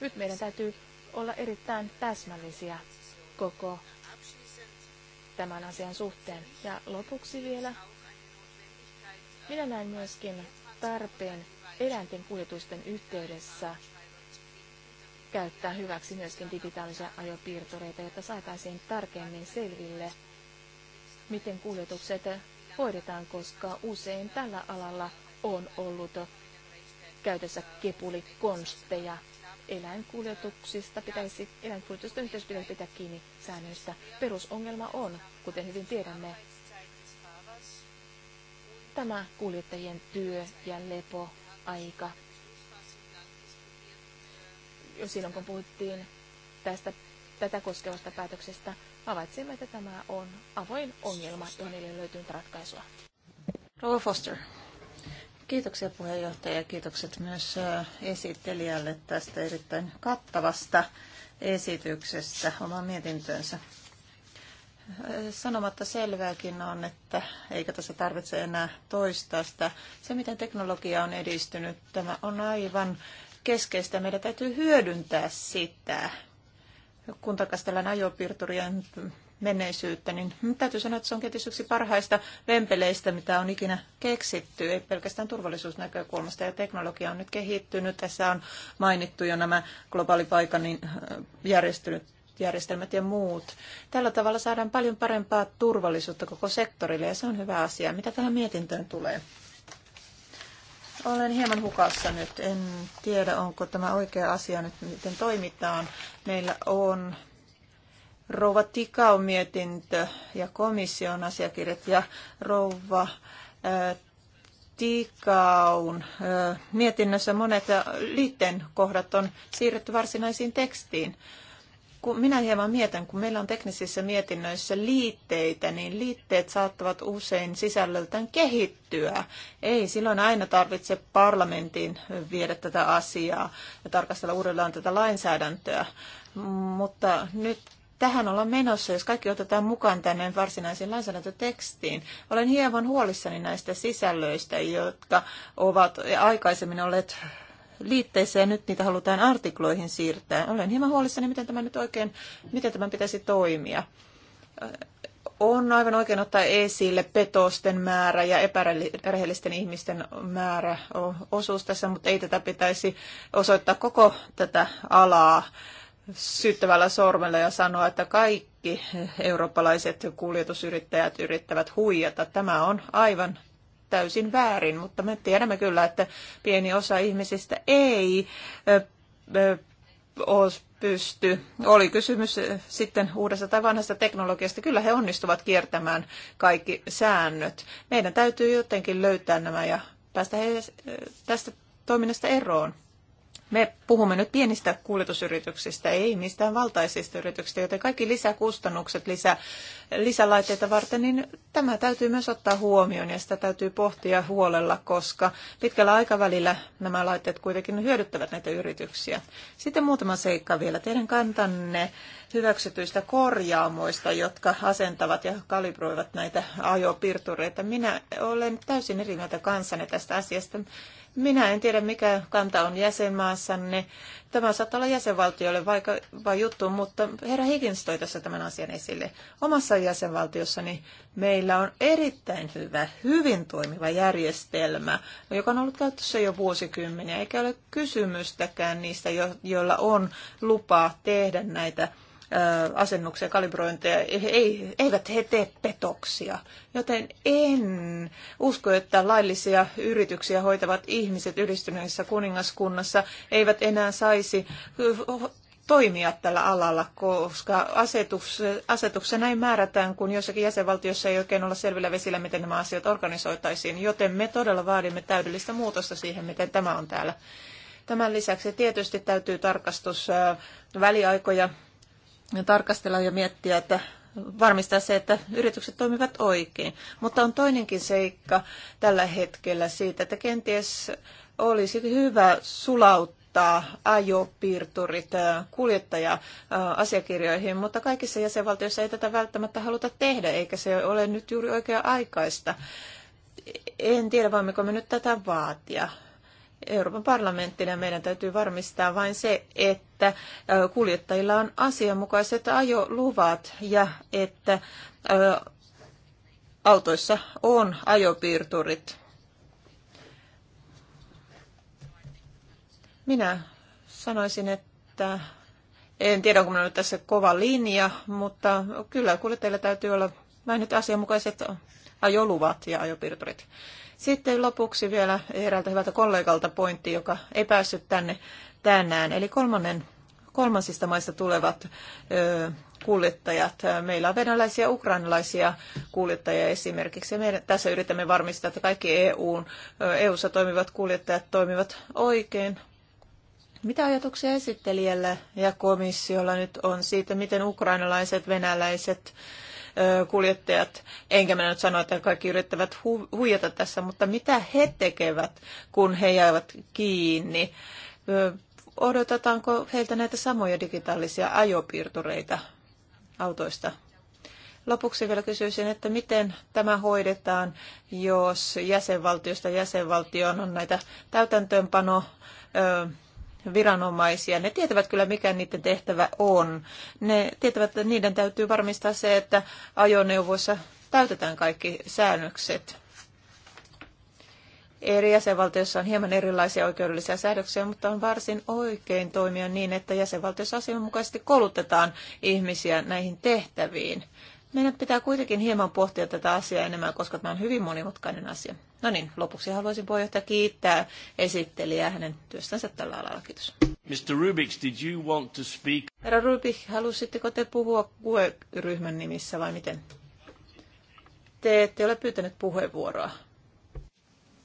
Nyt meidän täytyy olla erittäin täsmällisiä koko tämän asian suhteen. Ja lopuksi vielä minä näen myöskin tarpeen eläinten kuljetusten yhteydessä käyttää hyväksi myöskin digitaalisia ajopiirtureita, jotta saataisiin tarkemmin selville, miten kuljetukset hoidetaan, koska usein tällä alalla on ollut käytössä kepulikonsteja. Eläinkuljetuksista pitäisi, eläinkuljetusten yhteydessä pitäisi pitää kiinni säännöistä. Perusongelma on, kuten hyvin tiedämme, tämä kuljettajien työ ja lepoaika. aika? silloin kun puhuttiin tästä, tätä koskevasta päätöksestä, havaitsimme, että tämä on avoin ongelma, johon ei ole löytynyt ratkaisua. Rova Foster. Kiitoksia puheenjohtaja ja kiitokset myös äh, esittelijälle tästä erittäin kattavasta esityksestä oman mietintöönsä sanomatta selvääkin on, että eikä tässä tarvitse enää toistaa sitä. Se, miten teknologia on edistynyt, tämä on aivan keskeistä. Meidän täytyy hyödyntää sitä. Kun tarkastellaan ajopiirturien menneisyyttä, niin täytyy sanoa, että se on tietysti yksi parhaista vempeleistä, mitä on ikinä keksitty, ei pelkästään turvallisuusnäkökulmasta. Ja teknologia on nyt kehittynyt. Tässä on mainittu jo nämä globaali paikan äh, järjestynyt järjestelmät ja muut. Tällä tavalla saadaan paljon parempaa turvallisuutta koko sektorille ja se on hyvä asia. Mitä tähän mietintöön tulee? Olen hieman hukassa nyt. En tiedä, onko tämä oikea asia nyt, miten toimitaan. Meillä on rouva Tikau mietintö ja komission asiakirjat ja rouva Tikaun mietinnössä monet liitteen kohdat on siirretty varsinaisiin tekstiin kun minä hieman mietin, kun meillä on teknisissä mietinnöissä liitteitä, niin liitteet saattavat usein sisällöltään kehittyä. Ei silloin aina tarvitse parlamentin viedä tätä asiaa ja tarkastella uudelleen tätä lainsäädäntöä. Mutta nyt tähän ollaan menossa, jos kaikki otetaan mukaan tänne varsinaisiin lainsäädäntötekstiin. Olen hieman huolissani näistä sisällöistä, jotka ovat aikaisemmin olleet liitteissä ja nyt niitä halutaan artikloihin siirtää. Olen hieman huolissani, miten tämä nyt oikein, miten tämän pitäisi toimia. On aivan oikein ottaa esille petosten määrä ja epärehellisten ihmisten määrä osuus tässä, mutta ei tätä pitäisi osoittaa koko tätä alaa syyttävällä sormella ja sanoa, että kaikki eurooppalaiset kuljetusyrittäjät yrittävät huijata. Tämä on aivan täysin väärin, mutta me tiedämme kyllä, että pieni osa ihmisistä ei pysty. Oli kysymys sitten uudesta tai vanhasta teknologiasta. Kyllä he onnistuvat kiertämään kaikki säännöt. Meidän täytyy jotenkin löytää nämä ja päästä he tästä toiminnasta eroon. Me puhumme nyt pienistä kuljetusyrityksistä, ei mistään valtaisista yrityksistä, joten kaikki lisäkustannukset, lisä, lisälaitteita varten, niin tämä täytyy myös ottaa huomioon ja sitä täytyy pohtia huolella, koska pitkällä aikavälillä nämä laitteet kuitenkin hyödyttävät näitä yrityksiä. Sitten muutama seikka vielä. Teidän kantanne hyväksytyistä korjaamoista, jotka asentavat ja kalibroivat näitä ajopirtureita. Minä olen täysin eri mieltä kanssanne tästä asiasta. Minä en tiedä, mikä kanta on jäsenmaassanne. Tämä saattaa olla jäsenvaltiolle vaikka vai juttu, mutta herra Higgins toi tässä tämän asian esille. Omassa jäsenvaltiossani meillä on erittäin hyvä, hyvin toimiva järjestelmä, joka on ollut käytössä jo vuosikymmeniä, eikä ole kysymystäkään niistä, joilla on lupaa tehdä näitä asennuksia, kalibrointeja, ei, eivät he tee petoksia. Joten en usko, että laillisia yrityksiä hoitavat ihmiset yhdistyneessä kuningaskunnassa eivät enää saisi toimia tällä alalla, koska asetus, asetuksena ei määrätään, kun jossakin jäsenvaltiossa ei oikein olla selvillä vesillä, miten nämä asiat organisoitaisiin, joten me todella vaadimme täydellistä muutosta siihen, miten tämä on täällä. Tämän lisäksi tietysti täytyy tarkastus väliaikoja tarkastella ja miettiä, että varmistaa se, että yritykset toimivat oikein. Mutta on toinenkin seikka tällä hetkellä siitä, että kenties olisi hyvä sulauttaa ajopiirturit äh, kuljettaja-asiakirjoihin, mutta kaikissa jäsenvaltioissa ei tätä välttämättä haluta tehdä, eikä se ole nyt juuri oikea aikaista. En tiedä, voimmeko me nyt tätä vaatia. Euroopan parlamenttina meidän täytyy varmistaa vain se, että kuljettajilla on asianmukaiset ajoluvat ja että autoissa on ajopiirturit. Minä sanoisin, että en tiedä, onko minulla tässä kova linja, mutta kyllä kuljettajilla täytyy olla vain nyt asianmukaiset ajoluvat ja ajopiirturit. Sitten lopuksi vielä eräältä hyvältä kollegalta pointti, joka ei päässyt tänne tänään, eli kolmannen, kolmansista maista tulevat ö, kuljettajat. Meillä on venäläisiä ukrainalaisia kuljettajia esimerkiksi. Me tässä yritämme varmistaa, että kaikki EUn, EU-ssa toimivat kuljettajat toimivat oikein. Mitä ajatuksia esittelijällä ja komissiolla nyt on siitä, miten ukrainalaiset, venäläiset, kuljettajat, enkä minä nyt sano, että kaikki yrittävät hu- huijata tässä, mutta mitä he tekevät, kun he jäävät kiinni? Odotetaanko heiltä näitä samoja digitaalisia ajopiirtureita autoista? Lopuksi vielä kysyisin, että miten tämä hoidetaan, jos jäsenvaltiosta jäsenvaltioon on näitä täytäntöönpano viranomaisia. Ne tietävät kyllä, mikä niiden tehtävä on. Ne tietävät, että niiden täytyy varmistaa se, että ajoneuvoissa täytetään kaikki säännökset. Eri jäsenvaltioissa on hieman erilaisia oikeudellisia säädöksiä, mutta on varsin oikein toimia niin, että jäsenvaltioissa asianmukaisesti koulutetaan ihmisiä näihin tehtäviin. Meidän pitää kuitenkin hieman pohtia tätä asiaa enemmän, koska tämä on hyvin monimutkainen asia. No niin, lopuksi haluaisin puheenjohtaja kiittää esittelijää hänen työstänsä tällä alalla. Kiitos. Mr. Rubik, did you want to speak? Herra Rubik, halusitteko te puhua QE-ryhmän nimissä vai miten? Te ette ole pyytänyt puheenvuoroa.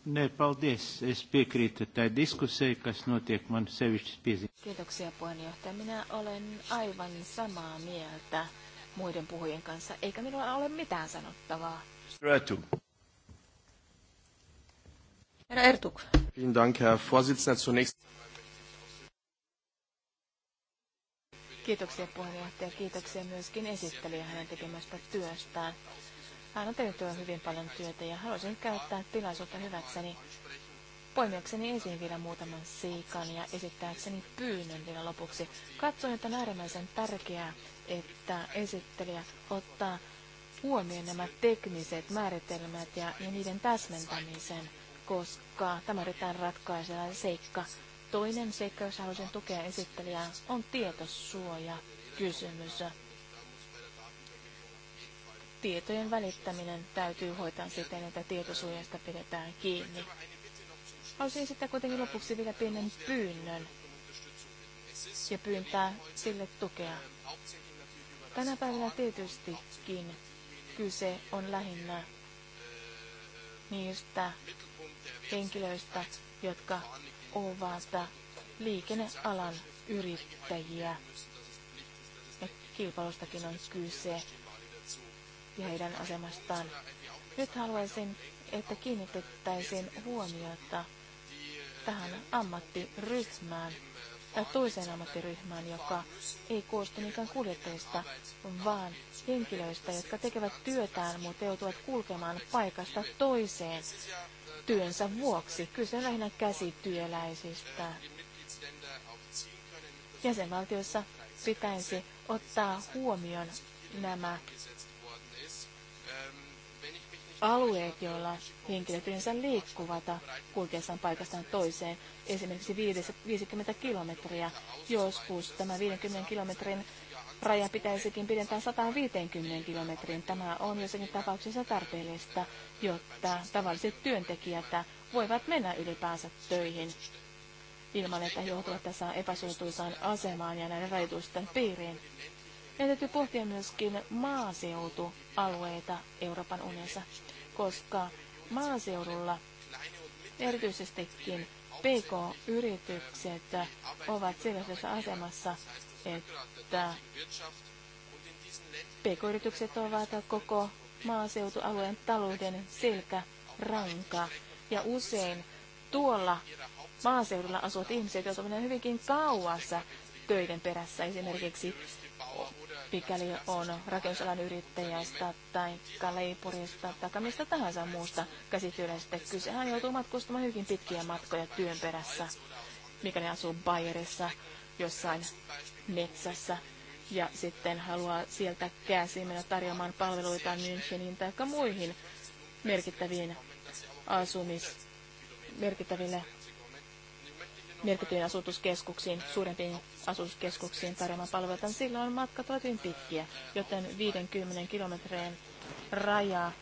Ne, paldies. tai notiek man Kiitoksia puheenjohtaja. Minä olen aivan samaa mieltä muiden puhujien kanssa, eikä minulla ole mitään sanottavaa. Rötu. Herra Ertug. Vielen Dank, Herr Vorsitzender. Zunächst Kiitoksia puheenjohtaja, kiitoksia myöskin esittelijä hänen tekemästä työstään. Hän on tehnyt hyvin paljon työtä ja haluaisin käyttää tilaisuutta hyväkseni poimiakseni esiin vielä muutaman seikan ja esittääkseni pyynnön vielä lopuksi. Katsoin, että on äärimmäisen tärkeää, että esittelijä ottaa huomioon nämä tekniset määritelmät ja, ja niiden täsmentämisen, koska tämä yritetään ratkaisella seikka. Toinen seikka, jos haluaisin tukea esittelijää, on tietosuoja kysymys. Tietojen välittäminen täytyy hoitaa siten, että tietosuojasta pidetään kiinni. Haluaisin sitten kuitenkin lopuksi vielä pienen pyynnön ja pyyntää sille tukea. Tänä päivänä tietystikin kyse on lähinnä niistä henkilöistä, jotka ovat liikennealan yrittäjiä. Ja kilpailustakin on kyse ja heidän asemastaan. Nyt haluaisin, että kiinnitettäisiin huomiota tähän ammattiryhmään, tai äh, toiseen ammattiryhmään, joka ei koostu niinkään kuljettajista, vaan henkilöistä, jotka tekevät työtään, mutta joutuvat kulkemaan paikasta toiseen työnsä vuoksi. Kyse on lähinnä käsityöläisistä. Jäsenvaltiossa pitäisi ottaa huomioon nämä alueet, joilla henkilöt yleensä liikkuvat kulkeessaan paikastaan toiseen, esimerkiksi 50 kilometriä. Joskus tämä 50 kilometrin raja pitäisikin pidentää 150 kilometriin. Tämä on jossakin tapauksessa tarpeellista, jotta tavalliset työntekijät voivat mennä ylipäänsä töihin ilman, että he joutuvat tässä epäsuotuisaan asemaan ja näiden rajoitusten piiriin. Meidän täytyy pohtia myöskin maaseutualueita Euroopan unionissa koska maaseudulla erityisestikin PK-yritykset ovat sellaisessa asemassa, että PK-yritykset ovat koko maaseutualueen talouden selkäranka. ranka. Ja usein tuolla maaseudulla asuvat ihmiset joutuvat hyvinkin kauas töiden perässä esimerkiksi mikäli on rakennusalan yrittäjästä tai leipurista tai mistä tahansa muusta käsityöläisestä kyse. Hän joutuu matkustamaan hyvin pitkiä matkoja työn perässä, mikäli asuu Bayerissa jossain metsässä ja sitten haluaa sieltä käsiin mennä tarjoamaan palveluita Münchenin tai muihin merkittäviin asumis, merkittäville merkityin asutuskeskuksiin, suurempiin asutuskeskuksiin tarjoamaan palveluita, niin silloin matkat ovat hyvin pitkiä, joten 50 kilometrin raja,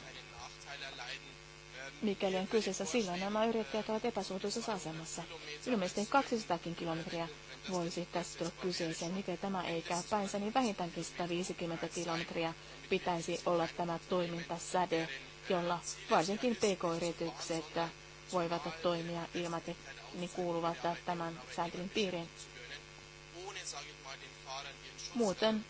mikäli on kyseessä, silloin nämä yrittäjät ovat epäsuotuisessa asemassa. Ilmeisesti 200 kilometriä voisi tässä tulla kyseeseen, mikä tämä ei käy päinsä, niin vähintäänkin 150 kilometriä pitäisi olla tämä toimintasäde, jolla varsinkin pk-yritykset voivat toimia ilman, niin kuuluvat tämän sääntelyn piiriin. Muuten,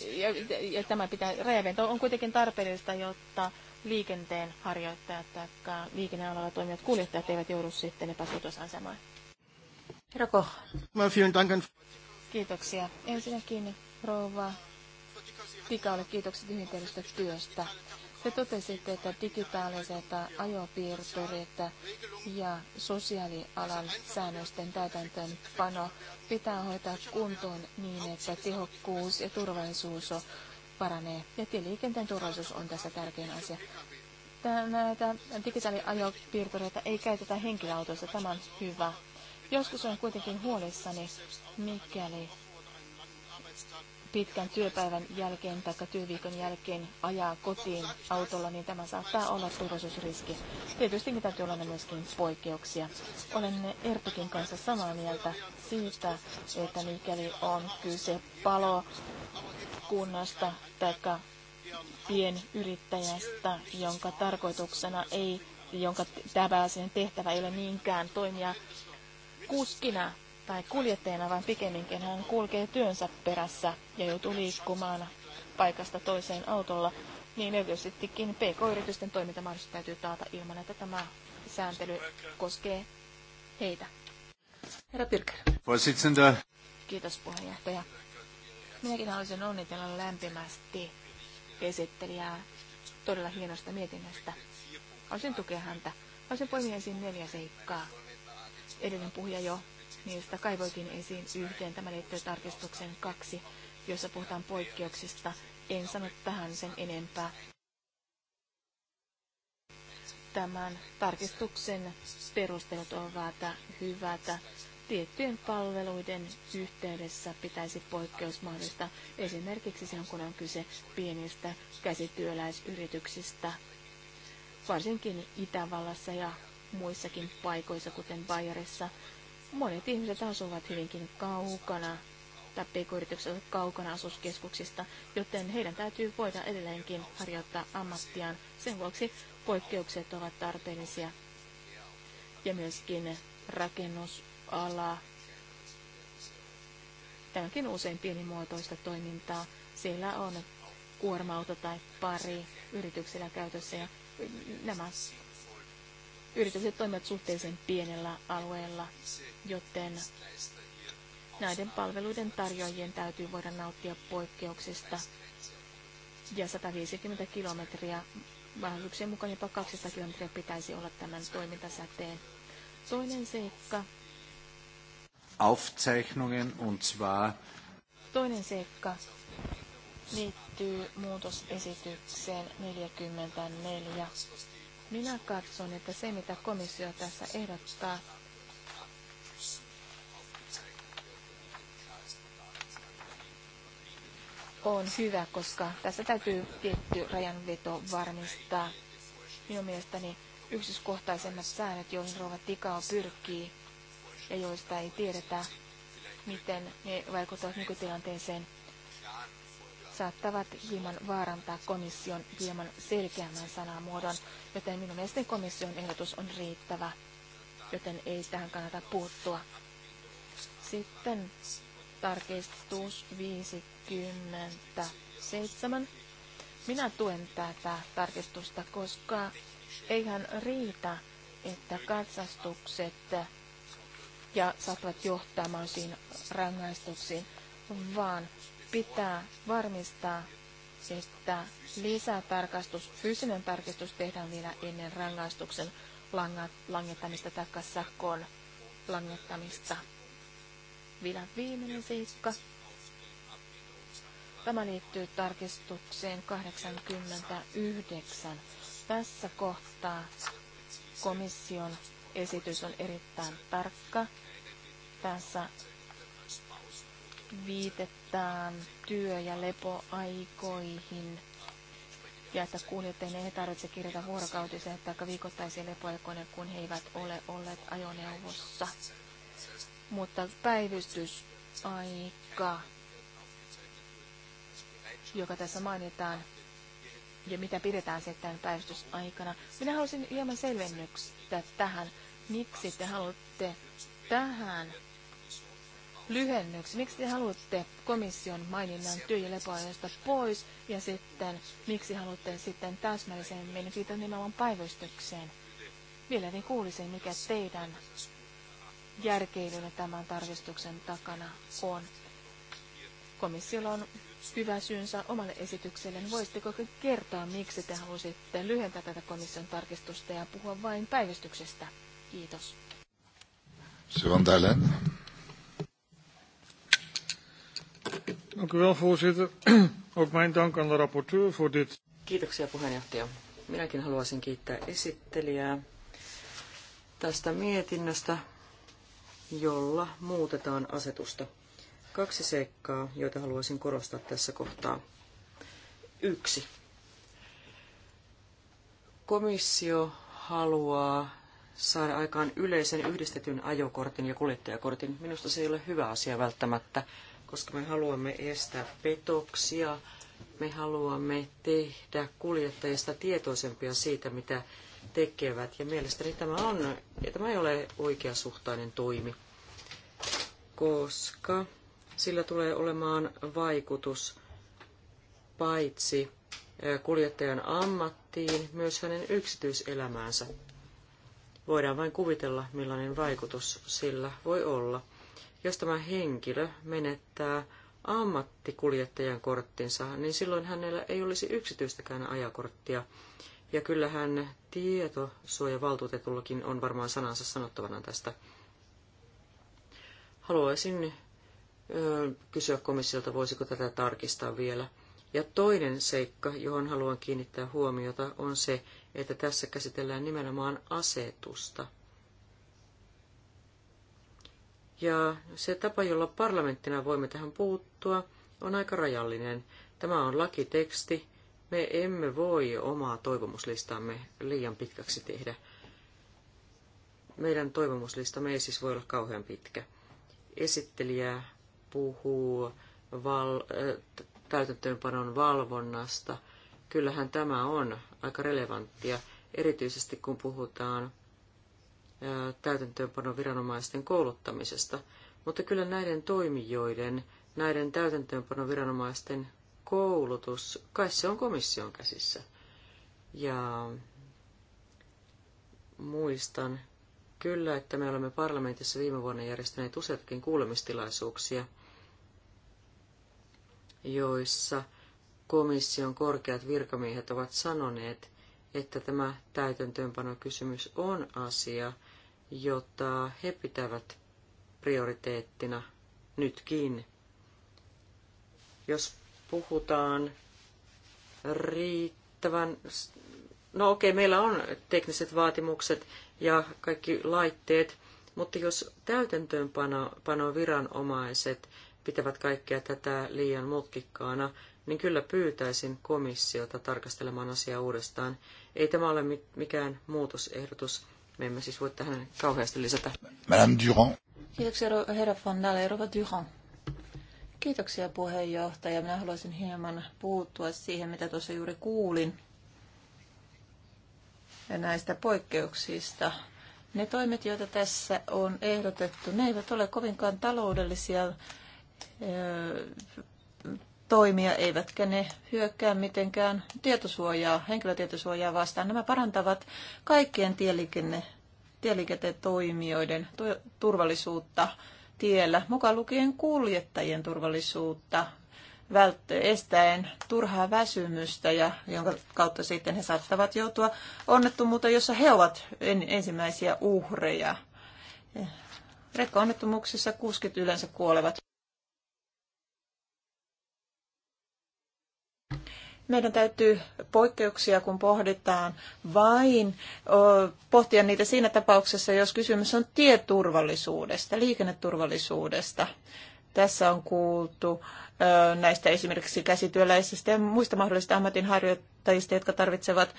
ja, ja tämä pitää, rajaveto on kuitenkin tarpeellista, jotta liikenteen harjoittajat tai liikennealalla toimijat kuljettajat eivät joudu sitten epäsuotuisasemaan. Herra Koch. Kiitoksia. Ensinnäkin rouva Pikalle kiitokset hyvin työstä. Te totesitte, että digitaaliset ajopiirturit ja sosiaalialan säännösten täytäntöönpano pitää hoitaa kuntoon niin, että tehokkuus ja turvallisuus paranee. Ja tieliikenteen turvallisuus on tässä tärkein asia. Näitä digitaaliajopiirtureita ei käytetä henkilöautoissa. Tämä on hyvä. Joskus on kuitenkin huolissani, mikäli pitkän työpäivän jälkeen tai työviikon jälkeen ajaa kotiin autolla, niin tämä saattaa olla turvallisuusriski. Tietysti täytyy olla myöskin poikkeuksia. Olen Ertukin kanssa samaa mieltä siitä, että mikäli on kyse palo kunnasta tai pienyrittäjästä, jonka tarkoituksena ei jonka tämä tehtävä ei ole niinkään toimia kuskina tai kuljettajana, vaan pikemminkin hän kulkee työnsä perässä ja joutuu liikkumaan paikasta toiseen autolla, niin erityisestikin PK-yritysten toimintamahdollisuus täytyy taata ilman, että tämä sääntely koskee heitä. Herra Pirker. Kiitos puheenjohtaja. Minäkin haluaisin onnitella lämpimästi esittelijää todella hienosta mietinnöstä. Haluaisin tukea häntä. Haluaisin poimia esiin neljä seikkaa. Edellinen puhuja jo niistä kaivoikin esiin yhteen. Tämä liittyy tarkistuksen kaksi, jossa puhutaan poikkeuksista. En sano tähän sen enempää. Tämän tarkistuksen perustelut ovat hyvät. Tiettyjen palveluiden yhteydessä pitäisi poikkeus mahdollista esimerkiksi silloin, kun on kyse pienistä käsityöläisyrityksistä, varsinkin Itävallassa ja muissakin paikoissa, kuten Bayerissa, Monet ihmiset asuvat hyvinkin kaukana tai pk kaukana asuskeskuksista, joten heidän täytyy voida edelleenkin harjoittaa ammattiaan. Sen vuoksi poikkeukset ovat tarpeellisia. Ja myöskin rakennusala. Tämäkin usein pienimuotoista toimintaa. Siellä on kuorma-auto tai pari yrityksellä käytössä ja nämä Yritykset toimivat suhteellisen pienellä alueella, joten näiden palveluiden tarjoajien täytyy voida nauttia poikkeuksista ja 150 kilometriä, mahdollisuuksien mukaan jopa 200 kilometriä pitäisi olla tämän toimintasäteen. Toinen seikka. Aufzeichnungen und zwar. Toinen seikka liittyy muutosesitykseen 44. Minä katson, että se mitä komissio tässä ehdottaa, on hyvä, koska tässä täytyy tietty rajanveto varmistaa. Minun mielestäni yksityiskohtaisemmat säännöt, joihin Rova Tikao pyrkii ja joista ei tiedetä, miten ne vaikuttavat nykytilanteeseen, saattavat hieman vaarantaa komission hieman selkeämmän sanamuodon, joten minun mielestäni komission ehdotus on riittävä, joten ei tähän kannata puuttua. Sitten tarkistus 57. Minä tuen tätä tarkistusta, koska eihän riitä, että katsastukset ja saattavat johtaa siinä rangaistuksiin, vaan pitää varmistaa se, että lisätarkastus, fyysinen tarkastus tehdään vielä ennen rangaistuksen langettamista tai sakkoon langettamista. Vielä viimeinen seikka. Tämä liittyy tarkistukseen 89. Tässä kohtaa komission esitys on erittäin tarkka. Tässä viitetään työ- ja lepoaikoihin ja että kuljettajien ei tarvitse kirjata vuorokautiseen tai viikoittaisiin lepoaikoille, kun he eivät ole olleet ajoneuvossa. Mutta päivystysaika, joka tässä mainitaan, ja mitä pidetään sitten päivystysaikana. Minä haluaisin hieman selvennyksiä tähän, miksi te haluatte tähän lyhennyksi? Miksi te haluatte komission maininnan työ- ja pois ja sitten miksi haluatte sitten täsmällisemmin siitä nimenomaan päivystykseen? Mielelläni kuulisin, mikä teidän järkeilynä tämän tarkistuksen takana on. Komissiolla on hyvä syynsä omalle esitykselleen. Voisitteko kertoa, miksi te halusitte lyhentää tätä komission tarkistusta ja puhua vain päivystyksestä? Kiitos. Se on tällainen. Dank u wel, voorzitter. Ook mijn dank aan de rapporteur voor dit. Kiitoksia puheenjohtaja. Minäkin haluaisin kiittää esittelijää tästä mietinnöstä, jolla muutetaan asetusta. Kaksi seikkaa, joita haluaisin korostaa tässä kohtaa. Yksi. Komissio haluaa saada aikaan yleisen yhdistetyn ajokortin ja kuljettajakortin. Minusta se ei ole hyvä asia välttämättä koska me haluamme estää petoksia, me haluamme tehdä kuljettajista tietoisempia siitä, mitä tekevät. Ja mielestäni tämä, on, tämä ei ole oikeasuhtainen toimi, koska sillä tulee olemaan vaikutus paitsi kuljettajan ammattiin, myös hänen yksityiselämäänsä. Voidaan vain kuvitella, millainen vaikutus sillä voi olla. Jos tämä henkilö menettää ammattikuljettajan korttinsa, niin silloin hänellä ei olisi yksityistäkään ajakorttia. Ja kyllähän tietosuojavaltuutetullakin on varmaan sanansa sanottavana tästä. Haluaisin ö, kysyä komissiolta, voisiko tätä tarkistaa vielä. Ja toinen seikka, johon haluan kiinnittää huomiota, on se, että tässä käsitellään nimenomaan asetusta. Ja se tapa, jolla parlamenttina voimme tähän puuttua, on aika rajallinen. Tämä on lakiteksti. Me emme voi omaa toivomuslistamme liian pitkäksi tehdä. Meidän toivomuslistamme ei siis voi olla kauhean pitkä. Esittelijä puhuu val- täytäntöönpanon valvonnasta. Kyllähän tämä on aika relevanttia, erityisesti kun puhutaan täytäntöönpanoviranomaisten kouluttamisesta, mutta kyllä näiden toimijoiden, näiden täytäntöönpanoviranomaisten koulutus, kai se on komission käsissä. Ja muistan kyllä, että me olemme parlamentissa viime vuonna järjestäneet useitakin kuulemistilaisuuksia, joissa komission korkeat virkamiehet ovat sanoneet, että tämä täytäntöönpanokysymys on asia – jota he pitävät prioriteettina nytkin. Jos puhutaan riittävän... No okei, okay, meillä on tekniset vaatimukset ja kaikki laitteet, mutta jos täytäntöönpano viranomaiset pitävät kaikkea tätä liian mutkikkaana, niin kyllä pyytäisin komissiota tarkastelemaan asiaa uudestaan. Ei tämä ole mikään muutosehdotus. Me emme siis voi tähän kauheasti lisätä. Madame Durand. Kiitoksia herra von Dalle, Rova Durand. Kiitoksia puheenjohtaja. Minä haluaisin hieman puuttua siihen, mitä tuossa juuri kuulin ja näistä poikkeuksista. Ne toimet, joita tässä on ehdotettu, ne eivät ole kovinkaan taloudellisia toimia, eivätkä ne hyökkää mitenkään tietosuojaa, henkilötietosuojaa vastaan. Nämä parantavat kaikkien tieliikenne, tieliikenteen toimijoiden turvallisuutta tiellä, mukaan lukien kuljettajien turvallisuutta, välttö, estäen turhaa väsymystä, ja jonka kautta sitten he saattavat joutua onnettomuuteen, jossa he ovat ensimmäisiä uhreja. Rekko-onnettomuuksissa kuskit yleensä kuolevat. meidän täytyy poikkeuksia, kun pohditaan, vain pohtia niitä siinä tapauksessa, jos kysymys on tieturvallisuudesta, liikenneturvallisuudesta. Tässä on kuultu näistä esimerkiksi käsityöläisistä ja muista mahdollisista ammatinharjoittajista, jotka tarvitsevat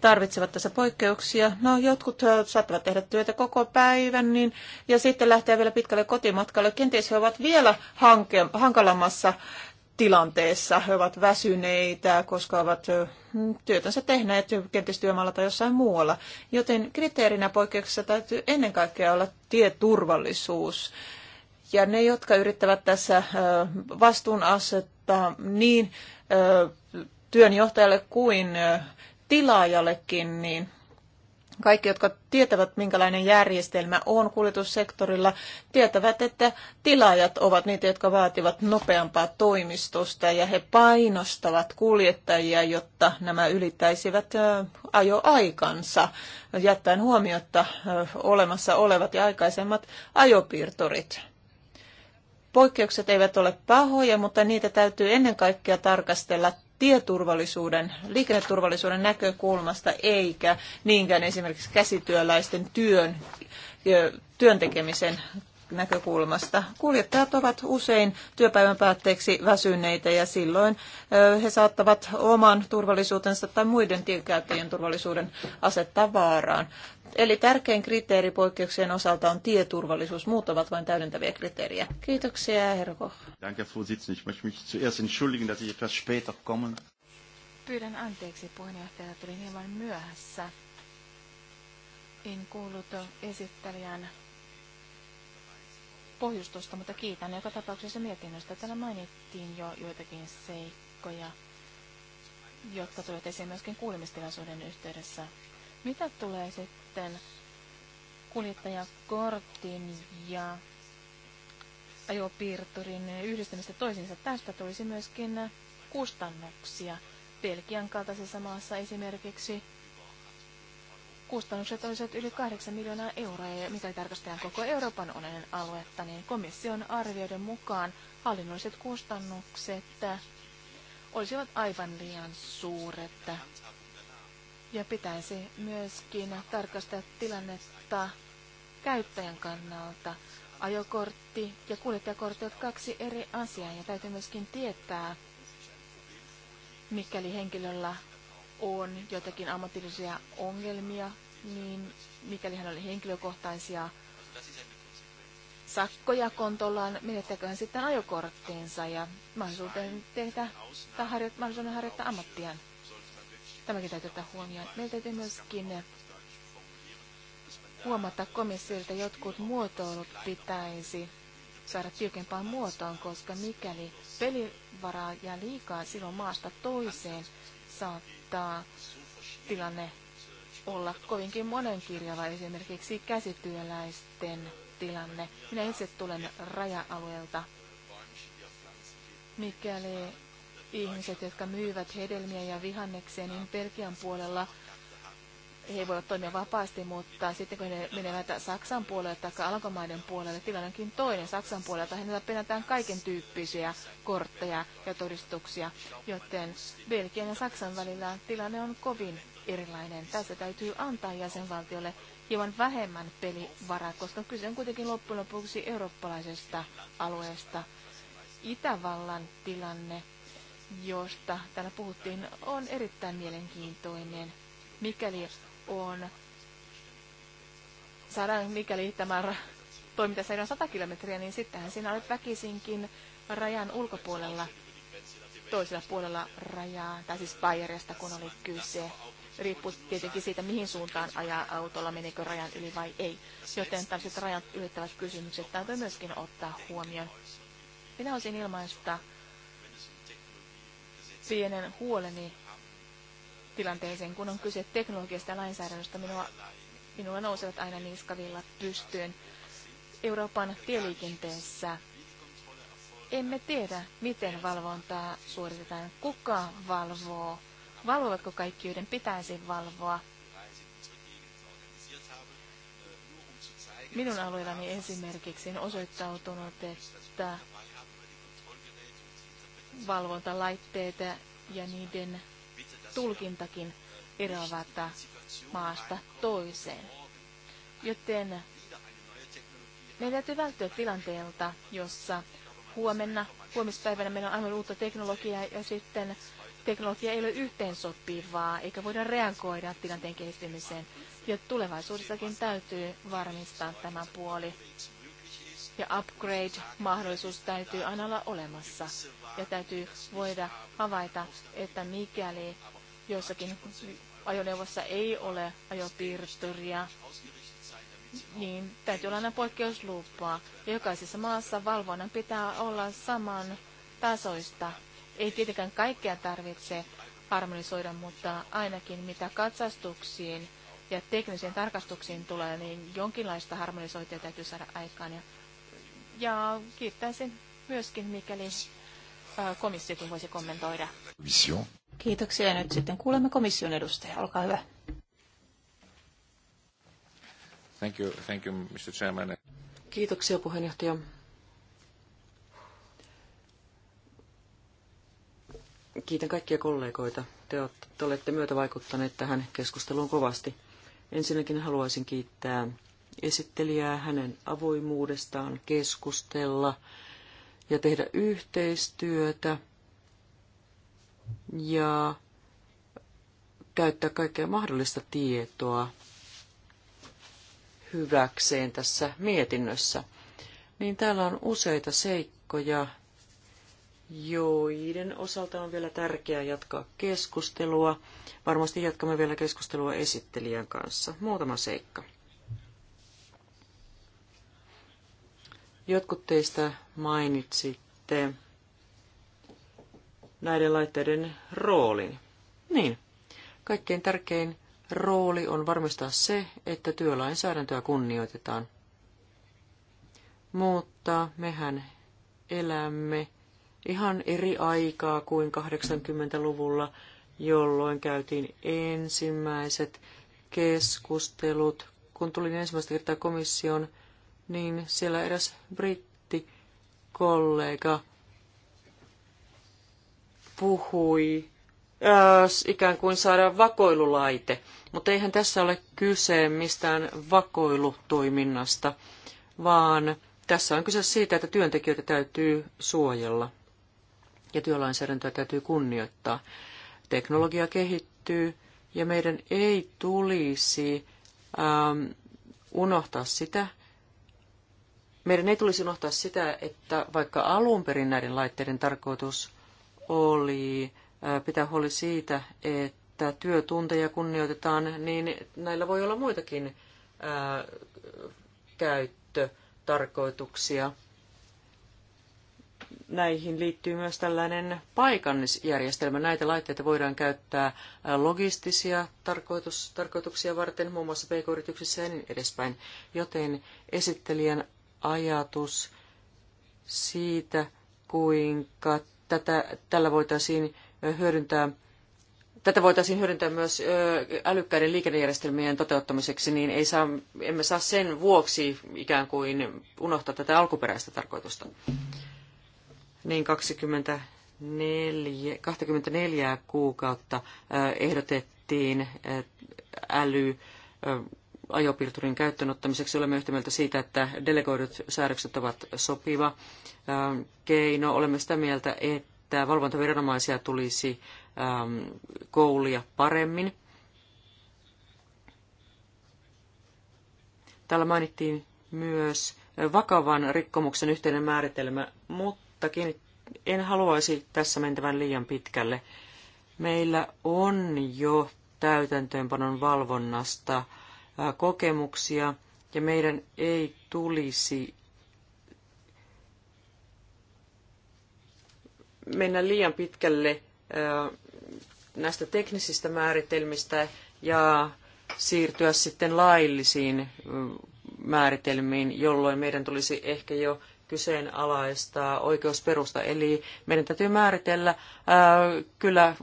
tarvitsevat tässä poikkeuksia. No, jotkut saattavat tehdä työtä koko päivän niin, ja sitten lähteä vielä pitkälle kotimatkalle. Kenties he ovat vielä hanke, hankalammassa tilanteessa. He ovat väsyneitä, koska ovat työtänsä tehneet kenties työmaalla tai jossain muualla. Joten kriteerinä poikkeuksessa täytyy ennen kaikkea olla tieturvallisuus. Ja ne, jotka yrittävät tässä vastuun asettaa niin työnjohtajalle kuin tilaajallekin, niin kaikki, jotka tietävät, minkälainen järjestelmä on kuljetussektorilla, tietävät, että tilaajat ovat niitä, jotka vaativat nopeampaa toimistosta ja he painostavat kuljettajia, jotta nämä ylittäisivät ajoaikansa, jättäen huomiotta olemassa olevat ja aikaisemmat ajopiirturit. Poikkeukset eivät ole pahoja, mutta niitä täytyy ennen kaikkea tarkastella tieturvallisuuden, liikenneturvallisuuden näkökulmasta, eikä niinkään esimerkiksi käsityöläisten työn, työn tekemisen näkökulmasta. Kuljettajat ovat usein työpäivän päätteeksi väsyneitä ja silloin he saattavat oman turvallisuutensa tai muiden tienkäyttäjien turvallisuuden asettaa vaaraan. Eli tärkein kriteeri poikkeuksien osalta on tieturvallisuus. Muut ovat vain täydentäviä kriteerejä. Kiitoksia, herra Koch. Danke, Vorsitzende. Ich möchte mich zuerst entschuldigen, dass ich etwas später komme. Pyydän anteeksi, puheenjohtaja, tulin hieman myöhässä. En kuullut esittelijän pohjustusta, mutta kiitän joka tapauksessa mietinnöstä. Täällä mainittiin jo joitakin seikkoja, jotka tulivat esiin myöskin kuulemistilaisuuden yhteydessä mitä tulee sitten kuljettajakortin ja ajopiirturin yhdistämistä toisiinsa. Tästä tulisi myöskin kustannuksia. Belgian kaltaisessa maassa esimerkiksi kustannukset olisivat yli 8 miljoonaa euroa, ja mikäli tarkastetaan koko Euroopan onnen aluetta, niin komission arvioiden mukaan hallinnolliset kustannukset olisivat aivan liian suuret ja pitäisi myöskin tarkastaa tilannetta käyttäjän kannalta. Ajokortti ja kuljettajakortti ovat kaksi eri asiaa ja täytyy myöskin tietää, mikäli henkilöllä on jotakin ammatillisia ongelmia, niin mikäli hän oli henkilökohtaisia sakkoja kontollaan, menettäkö hän sitten ajokorttiinsa ja mahdollisuuden tehdä tai harjoittaa, mahdollisuuden harjoittaa ammattiaan. Tämäkin täytyy ottaa huomioon. Meillä täytyy myöskin huomata komissiolta jotkut muotoilut pitäisi saada tiukempaan muotoon, koska mikäli pelivaraa ja liikaa silloin maasta toiseen saattaa tilanne olla kovinkin monenkirjava, esimerkiksi käsityöläisten tilanne. Minä itse tulen raja-alueelta. Mikäli ihmiset, jotka myyvät hedelmiä ja vihanneksia, niin Belgian puolella he voivat toimia vapaasti, mutta sitten kun he menevät Saksan puolelle tai Alankomaiden puolelle, tilanne onkin toinen Saksan puolelta. Hänellä penätään kaiken tyyppisiä kortteja ja todistuksia, joten Belgian ja Saksan välillä tilanne on kovin erilainen. Tässä täytyy antaa jäsenvaltiolle hieman vähemmän pelivaraa, koska kyse on kuitenkin loppujen lopuksi eurooppalaisesta alueesta. Itävallan tilanne josta täällä puhuttiin, on erittäin mielenkiintoinen, mikäli on saadaan, mikäli tämä toimintasäädön 100 kilometriä, niin sittenhän sinä olet väkisinkin rajan ulkopuolella, toisella puolella rajaa, tai siis Bayerista, kun oli kyse. Riippuu tietenkin siitä, mihin suuntaan ajaa autolla, menikö rajan yli vai ei. Joten tämmöiset rajat ylittävät kysymykset täytyy myöskin ottaa huomioon. Minä olisin ilmaista pienen huoleni tilanteeseen, kun on kyse teknologiasta ja lainsäädännöstä. Minua, minulla nousevat aina niskavilla pystyyn. Euroopan tieliikenteessä emme tiedä, miten valvontaa suoritetaan, kuka valvoo, valvovatko kaikki, joiden pitäisi valvoa. Minun alueellani esimerkiksi on osoittautunut, että valvontalaitteita ja niiden tulkintakin eroavat maasta toiseen. Joten meidän täytyy välttyä tilanteelta, jossa huomenna, huomispäivänä meillä on aivan uutta teknologiaa ja sitten teknologia ei ole yhteensopivaa, eikä voida reagoida tilanteen kehittymiseen. Ja tulevaisuudessakin täytyy varmistaa tämä puoli ja upgrade-mahdollisuus täytyy aina olla olemassa. Ja täytyy voida havaita, että mikäli jossakin ajoneuvossa ei ole ajopiirturia, niin täytyy olla aina poikkeuslupaa. jokaisessa maassa valvonnan pitää olla saman tasoista. Ei tietenkään kaikkea tarvitse harmonisoida, mutta ainakin mitä katsastuksiin ja teknisiin tarkastuksiin tulee, niin jonkinlaista harmonisointia täytyy saada aikaan. Ja ja kiittäisin myöskin, mikäli komissiokin voisi kommentoida. Kiitoksia. Kiitoksia. Nyt sitten kuulemme komission edustaja. Olkaa hyvä. Thank you, thank you, Mr. Chairman. Kiitoksia puheenjohtaja. Kiitän kaikkia kollegoita. Te, olette myötä vaikuttaneet tähän keskusteluun kovasti. Ensinnäkin haluaisin kiittää esittelijää hänen avoimuudestaan keskustella ja tehdä yhteistyötä ja käyttää kaikkea mahdollista tietoa hyväkseen tässä mietinnössä. Niin täällä on useita seikkoja, joiden osalta on vielä tärkeää jatkaa keskustelua. Varmasti jatkamme vielä keskustelua esittelijän kanssa. Muutama seikka. Jotkut teistä mainitsitte näiden laitteiden roolin. Niin, kaikkein tärkein rooli on varmistaa se, että työlainsäädäntöä kunnioitetaan. Mutta mehän elämme ihan eri aikaa kuin 80-luvulla, jolloin käytiin ensimmäiset keskustelut, kun tulin ensimmäistä kertaa komission niin siellä eräs kollega puhui äh, ikään kuin saada vakoilulaite. Mutta eihän tässä ole kyse mistään vakoilutoiminnasta, vaan tässä on kyse siitä, että työntekijöitä täytyy suojella ja työlainsäädäntöä täytyy kunnioittaa. Teknologia kehittyy ja meidän ei tulisi ähm, unohtaa sitä, meidän ei tulisi unohtaa sitä, että vaikka alun perin näiden laitteiden tarkoitus oli pitää huoli siitä, että työtunteja kunnioitetaan, niin näillä voi olla muitakin ää, käyttötarkoituksia. Näihin liittyy myös tällainen paikannisjärjestelmä. Näitä laitteita voidaan käyttää logistisia tarkoitus, tarkoituksia varten, muun muassa pk-yrityksissä ja niin edespäin. Joten esittelijän ajatus siitä, kuinka tätä, tällä voitaisiin hyödyntää Tätä voitaisiin hyödyntää myös älykkäiden liikennejärjestelmien toteuttamiseksi, niin ei saa, emme saa sen vuoksi ikään kuin unohtaa tätä alkuperäistä tarkoitusta. Niin 24, 24 kuukautta ehdotettiin äly ajopiirturin käyttöönottamiseksi. Olemme yhtä mieltä siitä, että delegoidut säädökset ovat sopiva ähm, keino. Olemme sitä mieltä, että valvontaviranomaisia tulisi ähm, koulia paremmin. Täällä mainittiin myös vakavan rikkomuksen yhteinen määritelmä, mutta en haluaisi tässä mentävän liian pitkälle. Meillä on jo täytäntöönpanon valvonnasta kokemuksia ja meidän ei tulisi mennä liian pitkälle näistä teknisistä määritelmistä ja siirtyä sitten laillisiin määritelmiin, jolloin meidän tulisi ehkä jo kyseenalaistaa oikeusperusta. Eli meidän täytyy määritellä ää, kyllä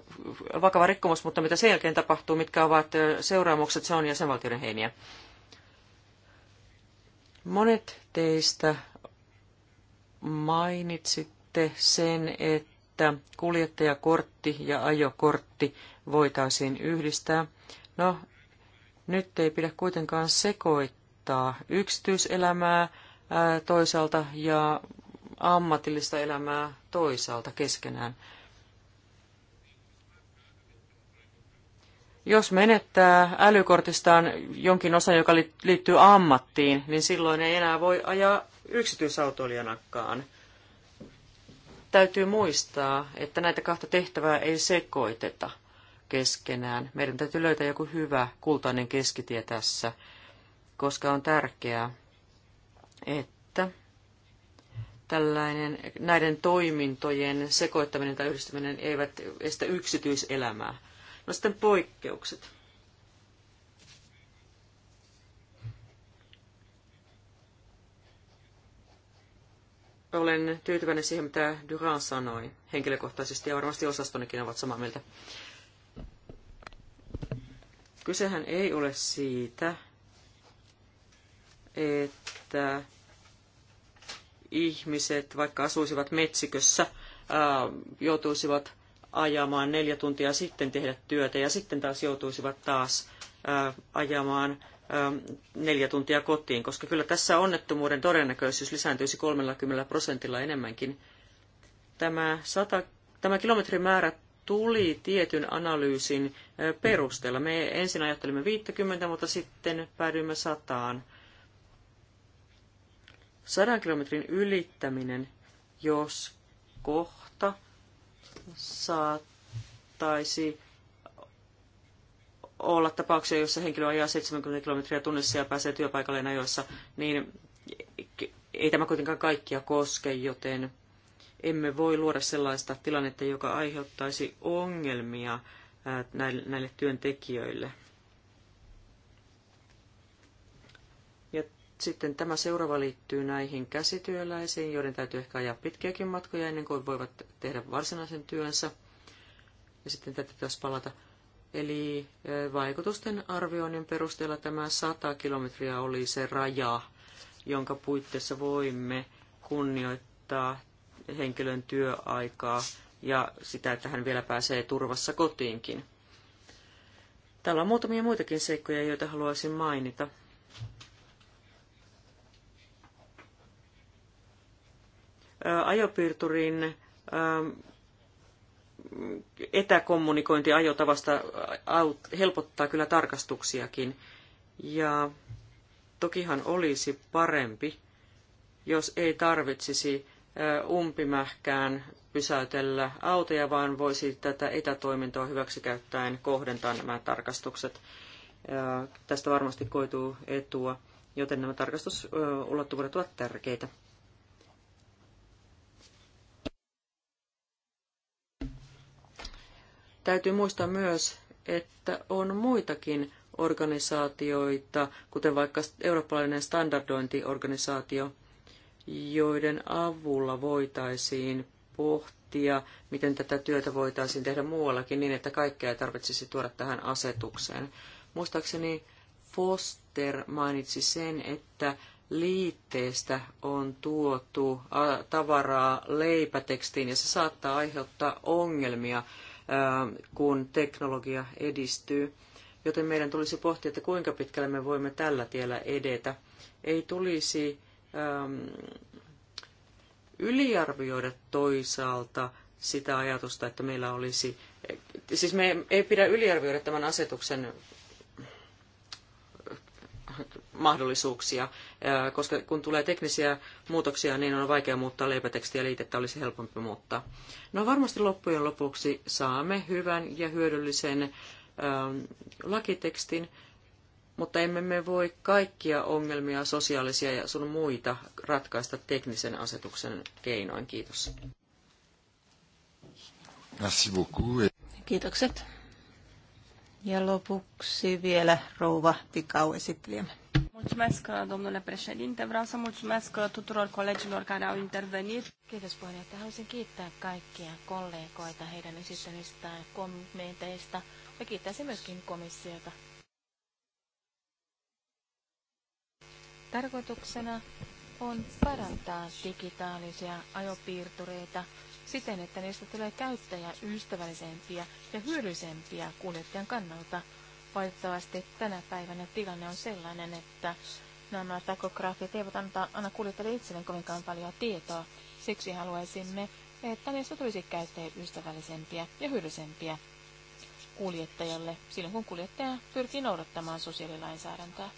vakava rikkomus, mutta mitä sen jälkeen tapahtuu, mitkä ovat seuraamukset, se on jäsenvaltioiden heiniä. Monet teistä mainitsitte sen, että kuljettajakortti ja ajokortti voitaisiin yhdistää. No, nyt ei pidä kuitenkaan sekoittaa yksityiselämää toisaalta ja ammatillista elämää toisaalta keskenään. Jos menettää älykortistaan jonkin osan, joka liittyy ammattiin, niin silloin ei enää voi ajaa yksityisautoilijanakkaan. Täytyy muistaa, että näitä kahta tehtävää ei sekoiteta keskenään. Meidän täytyy löytää joku hyvä kultainen keskitie tässä, koska on tärkeää, että tällainen, näiden toimintojen sekoittaminen tai yhdistäminen eivät estä yksityiselämää. No sitten poikkeukset. Olen tyytyväinen siihen, mitä Duran sanoi henkilökohtaisesti, ja varmasti osastonikin ovat samaa mieltä. Kysehän ei ole siitä, että ihmiset, vaikka asuisivat metsikössä, joutuisivat ajamaan neljä tuntia sitten tehdä työtä ja sitten taas joutuisivat taas ajamaan neljä tuntia kotiin, koska kyllä tässä onnettomuuden todennäköisyys lisääntyisi 30 prosentilla enemmänkin. Tämä, 100, tämä kilometrimäärä tuli tietyn analyysin perusteella. Me ensin ajattelimme 50, mutta sitten päädyimme sataan. 100 kilometrin ylittäminen, jos kohta saattaisi olla tapauksia, jossa henkilö ajaa 70 kilometriä tunnissa ja pääsee työpaikalleen ajoissa, niin ei tämä kuitenkaan kaikkia koske, joten emme voi luoda sellaista tilannetta, joka aiheuttaisi ongelmia näille työntekijöille. Sitten tämä seuraava liittyy näihin käsityöläisiin, joiden täytyy ehkä ajaa pitkiäkin matkoja ennen kuin voivat tehdä varsinaisen työnsä. Ja sitten tätä pitäisi palata. Eli vaikutusten arvioinnin perusteella tämä 100 kilometriä oli se raja, jonka puitteissa voimme kunnioittaa henkilön työaikaa ja sitä, että hän vielä pääsee turvassa kotiinkin. Täällä on muutamia muitakin seikkoja, joita haluaisin mainita. ajopiirturin etäkommunikointi ajotavasta helpottaa kyllä tarkastuksiakin. Ja tokihan olisi parempi, jos ei tarvitsisi umpimähkään pysäytellä autoja, vaan voisi tätä etätoimintoa hyväksikäyttäen kohdentaa nämä tarkastukset. Tästä varmasti koituu etua, joten nämä tarkastusulottuvuudet ovat tärkeitä. Täytyy muistaa myös, että on muitakin organisaatioita, kuten vaikka eurooppalainen standardointiorganisaatio, joiden avulla voitaisiin pohtia, miten tätä työtä voitaisiin tehdä muuallakin niin, että kaikkea ei tarvitsisi tuoda tähän asetukseen. Muistaakseni Foster mainitsi sen, että liitteestä on tuotu tavaraa leipätekstiin ja se saattaa aiheuttaa ongelmia kun teknologia edistyy. Joten meidän tulisi pohtia, että kuinka pitkälle me voimme tällä tiellä edetä. Ei tulisi yliarvioida toisaalta sitä ajatusta, että meillä olisi... Siis me ei pidä yliarvioida tämän asetuksen mahdollisuuksia, koska kun tulee teknisiä muutoksia, niin on vaikea muuttaa leipätekstiä liitettä, olisi helpompi muuttaa. No varmasti loppujen lopuksi saamme hyvän ja hyödyllisen lakitekstin, mutta emme me voi kaikkia ongelmia, sosiaalisia ja sun muita ratkaista teknisen asetuksen keinoin. Kiitos. Merci beaucoup. Kiitokset. Ja lopuksi vielä rouva Pikau esittelijämme. Mulțumesc, domnule președinte. Vreau să mulțumesc tuturor colegilor care au intervenit. Kiitos puheenjohtaja. Haluaisin kiittää kaikkia kollegoita heidän esittämistään kommenteista ja kiittäisin myöskin komissiota. Tarkoituksena on parantaa digitaalisia ajopiirtureita siten, että niistä tulee käyttäjäystävällisempiä ja hyödyllisempiä kuljettajan kannalta – Valitettavasti tänä päivänä tilanne on sellainen, että nämä takograafit eivät anta, anna kuljettajille itselleen kovinkaan paljon tietoa. Siksi haluaisimme, että niistä tulisi ystävällisempiä ja hyödyllisempiä kuljettajalle silloin, kun kuljettaja pyrkii noudattamaan sosiaalilainsäädäntöä.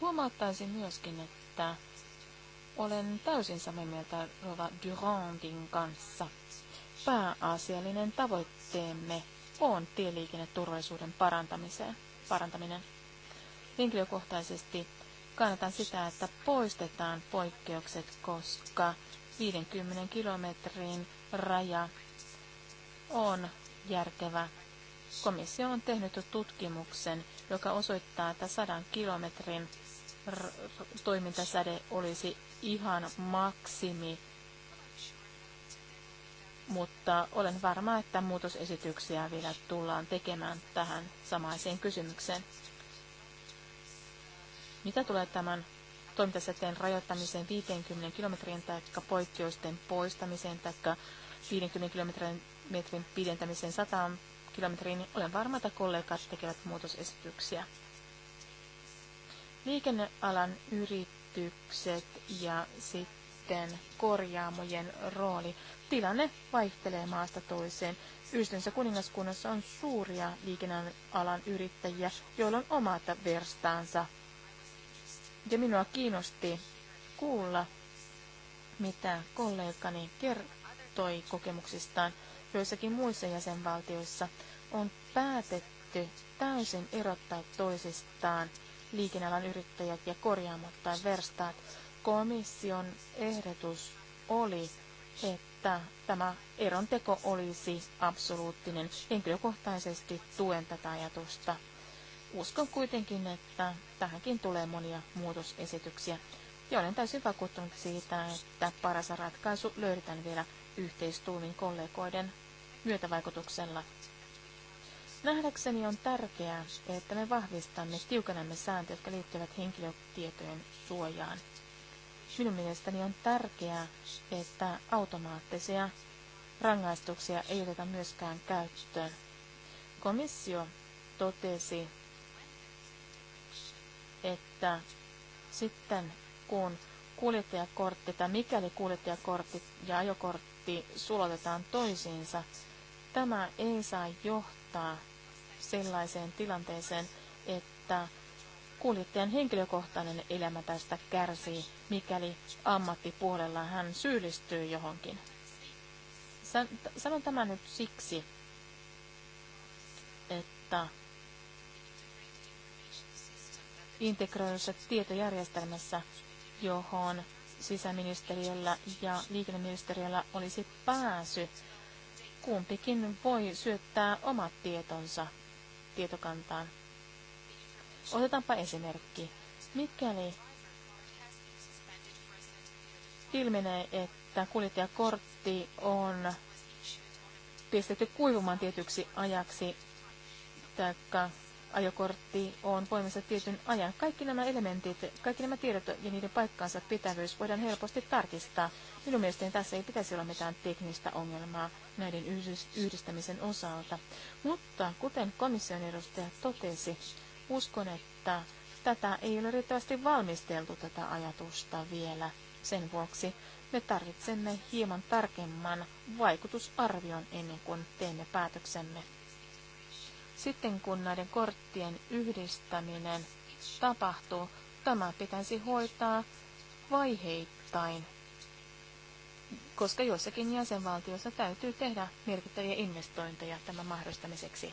Huomauttaisin myöskin, että olen täysin samaa mieltä Rova Durandin kanssa. Pääasiallinen tavoitteemme on tieliikenneturvallisuuden parantamiseen, parantaminen. Henkilökohtaisesti kannatan sitä, että poistetaan poikkeukset, koska 50 kilometrin raja on järkevä. Komissio on tehnyt tutkimuksen, joka osoittaa, että 100 kilometrin toimintasäde olisi ihan maksimi mutta olen varma, että muutosesityksiä vielä tullaan tekemään tähän samaiseen kysymykseen. Mitä tulee tämän toimintasäteen rajoittamiseen 50 kilometrin tai poikkeusten poistamiseen tai 50 kilometrin metrin pidentämiseen 100 kilometriin, niin olen varma, että kollegat tekevät muutosesityksiä. Liikennealan yritykset ja sitten korjaamojen rooli tilanne vaihtelee maasta toiseen. Yhdistyneessä kuningaskunnassa on suuria liikennealan yrittäjiä, joilla on omat verstaansa. Ja minua kiinnosti kuulla, mitä kollegani kertoi kokemuksistaan joissakin muissa jäsenvaltioissa. On päätetty täysin erottaa toisistaan liikennealan yrittäjät ja korjaamot tai verstaat. Komission ehdotus oli, että että tämä eronteko olisi absoluuttinen. Henkilökohtaisesti tuen tätä ajatusta. Uskon kuitenkin, että tähänkin tulee monia muutosesityksiä. Ja olen täysin vakuuttunut siitä, että paras ratkaisu löydetään vielä yhteistuumin kollegoiden myötävaikutuksella. Nähdäkseni on tärkeää, että me vahvistamme tiukennamme sääntöjä, jotka liittyvät henkilötietojen suojaan. Minun mielestäni on tärkeää, että automaattisia rangaistuksia ei oteta myöskään käyttöön. Komissio totesi, että sitten kun kuljettajakortti tai mikäli kuljettajakortti ja ajokortti sulotetaan toisiinsa, tämä ei saa johtaa sellaiseen tilanteeseen, että kuljettajan henkilökohtainen elämä tästä kärsii, mikäli ammattipuolella hän syyllistyy johonkin. Sanon tämän nyt siksi, että integroidussa tietojärjestelmässä, johon sisäministeriöllä ja liikenneministeriöllä olisi pääsy, kumpikin voi syöttää omat tietonsa tietokantaan Otetaanpa esimerkki. Mikäli ilmenee, että kuljettajakortti on pistetty kuivumaan tietyksi ajaksi, tai ajokortti on voimassa tietyn ajan. Kaikki nämä elementit, kaikki nämä tiedot ja niiden paikkaansa pitävyys voidaan helposti tarkistaa. Minun mielestäni tässä ei pitäisi olla mitään teknistä ongelmaa näiden yhdistämisen osalta. Mutta kuten komission edustaja totesi, Uskon, että tätä ei ole riittävästi valmisteltu tätä ajatusta vielä. Sen vuoksi me tarvitsemme hieman tarkemman vaikutusarvion ennen kuin teemme päätöksemme. Sitten kun näiden korttien yhdistäminen tapahtuu, tämä pitäisi hoitaa vaiheittain, koska jossakin jäsenvaltiossa täytyy tehdä merkittäviä investointeja tämän mahdollistamiseksi.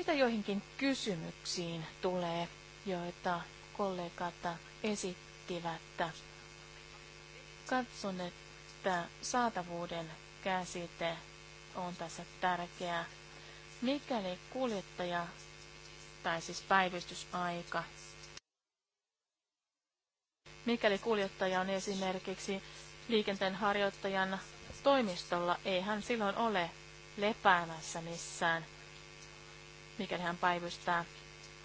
Mitä joihinkin kysymyksiin tulee, joita kollegat esittivät? Katson, että saatavuuden käsite on tässä tärkeä. Mikäli kuljettaja, tai siis päivystysaika, mikäli kuljettaja on esimerkiksi liikenteen harjoittajan toimistolla, ei hän silloin ole lepäämässä missään – mikäli hän päivystää.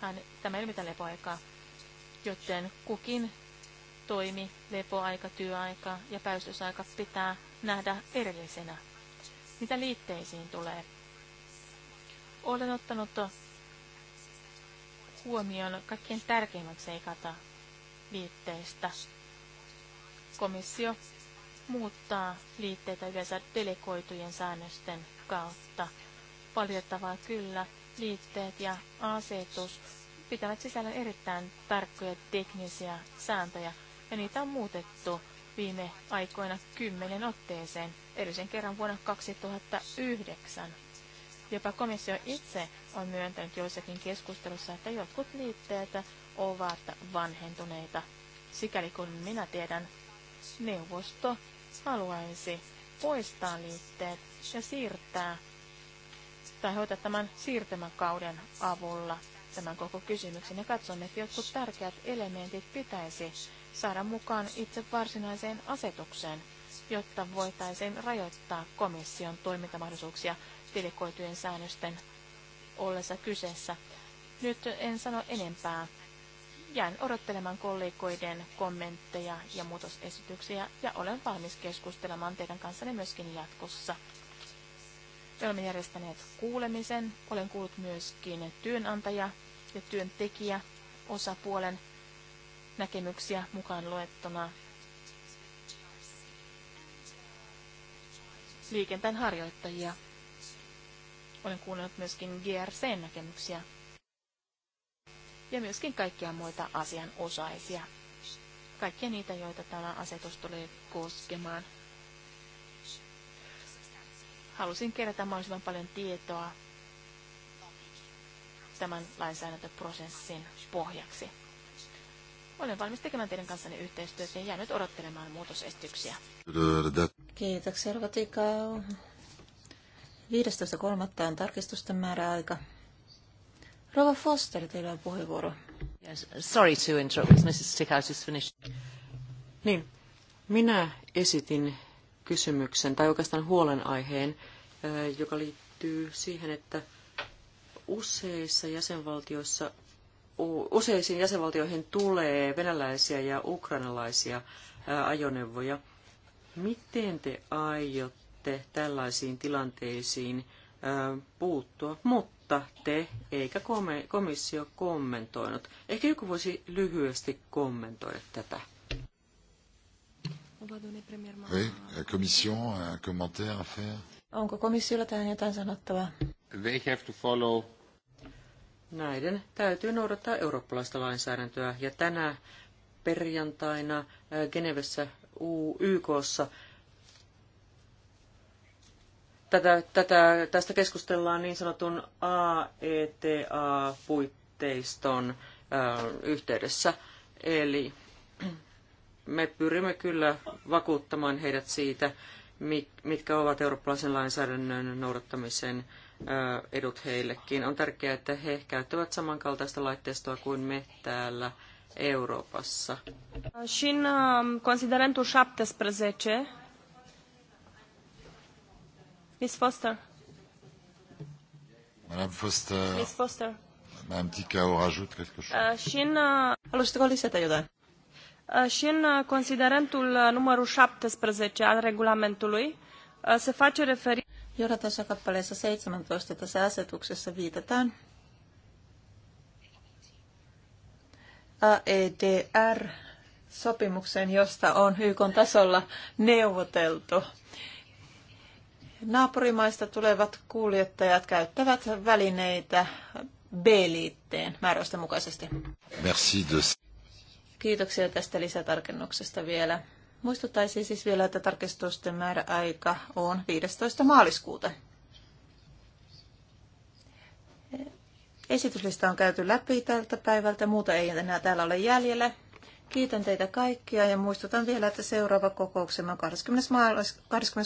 Hän, tämä ei ole mitään lepoaikaa, joten kukin toimi, lepoaika, työaika ja päivystysaika pitää nähdä erillisenä. Mitä liitteisiin tulee? Olen ottanut huomioon kaikkein tärkeimmät seikat liitteistä. Komissio muuttaa liitteitä yleensä delegoitujen säännösten kautta. Valitettavaa kyllä, liitteet ja asetus pitävät sisällä erittäin tarkkoja teknisiä sääntöjä, ja niitä on muutettu viime aikoina kymmenen otteeseen, edellisen kerran vuonna 2009. Jopa komissio itse on myöntänyt joissakin keskustelussa, että jotkut liitteet ovat vanhentuneita. Sikäli kun minä tiedän, neuvosto haluaisi poistaa liitteet ja siirtää tai hoitaa tämän siirtymäkauden avulla tämän koko kysymyksen ja katsomme, että jotkut tärkeät elementit pitäisi saada mukaan itse varsinaiseen asetukseen, jotta voitaisiin rajoittaa komission toimintamahdollisuuksia delegoitujen säännösten ollessa kyseessä. Nyt en sano enempää. Jään odottelemaan kollegoiden kommentteja ja muutosesityksiä ja olen valmis keskustelemaan teidän kanssanne myöskin jatkossa Olemme järjestäneet kuulemisen. Olen kuullut myöskin työnantaja- ja työntekijä osapuolen näkemyksiä mukaan luettuna liikenteen harjoittajia. Olen kuunnellut myöskin GRCn näkemyksiä ja myöskin kaikkia muita asianosaisia. Kaikkia niitä, joita tämä asetus tulee koskemaan halusin kerätä mahdollisimman paljon tietoa tämän lainsäädäntöprosessin pohjaksi. Olen valmis tekemään teidän kanssanne yhteistyötä ja nyt odottelemaan muutosestyksiä. Kiitoksia, Elva 15.3. on tarkistusten määräaika. Rova Foster, teillä on puheenvuoro. Yes, sorry to interrupt, Mrs. Stickhouse is finished. Niin, minä esitin kysymyksen, tai oikeastaan huolenaiheen, joka liittyy siihen, että useissa jäsenvaltioissa, useisiin jäsenvaltioihin tulee venäläisiä ja ukrainalaisia ajoneuvoja. Miten te aiotte tällaisiin tilanteisiin puuttua, mutta te eikä komissio kommentoinut. Ehkä joku voisi lyhyesti kommentoida tätä. Oui, la commission, un commentaire à faire. Onko komissiolla tähän jotain sanottavaa? They have to follow. Näiden täytyy noudattaa eurooppalaista lainsäädäntöä ja tänä perjantaina äh, Genevessä YKssa tätä, tätä, tästä keskustellaan niin sanotun AETA-puitteiston äh, yhteydessä. Eli me pyrimme kyllä vakuuttamaan heidät siitä, mitkä ovat eurooppalaisen lainsäädännön noudattamisen edut heillekin. On tärkeää, että he käyttävät samankaltaista laitteistoa kuin me täällä Euroopassa. Shin, în um, considerentul 17, Miss Foster. Madame Foster. Miss Foster. Madame Ticao rajoute quelque uh, chose. Uh, și în... Uh, Haluaisitko lisätä jotain? Uh, și în uh, considerentul uh, numărul 17 al regulamentului se face referire... Johdatassa kappaleessa 17 tässä asetuksessa viitataan AEDR-sopimukseen, josta on YK tasolla neuvoteltu. Naapurimaista tulevat kuljettajat käyttävät välineitä B-liitteen määräysten mukaisesti. Merci de... Kiitoksia tästä lisätarkennuksesta vielä. Muistuttaisin siis vielä, että tarkistusten määräaika on 15. maaliskuuta. Esityslista on käyty läpi tältä päivältä, muuta ei enää täällä ole jäljellä. Kiitän teitä kaikkia ja muistutan vielä, että seuraava kokouksemme on 20.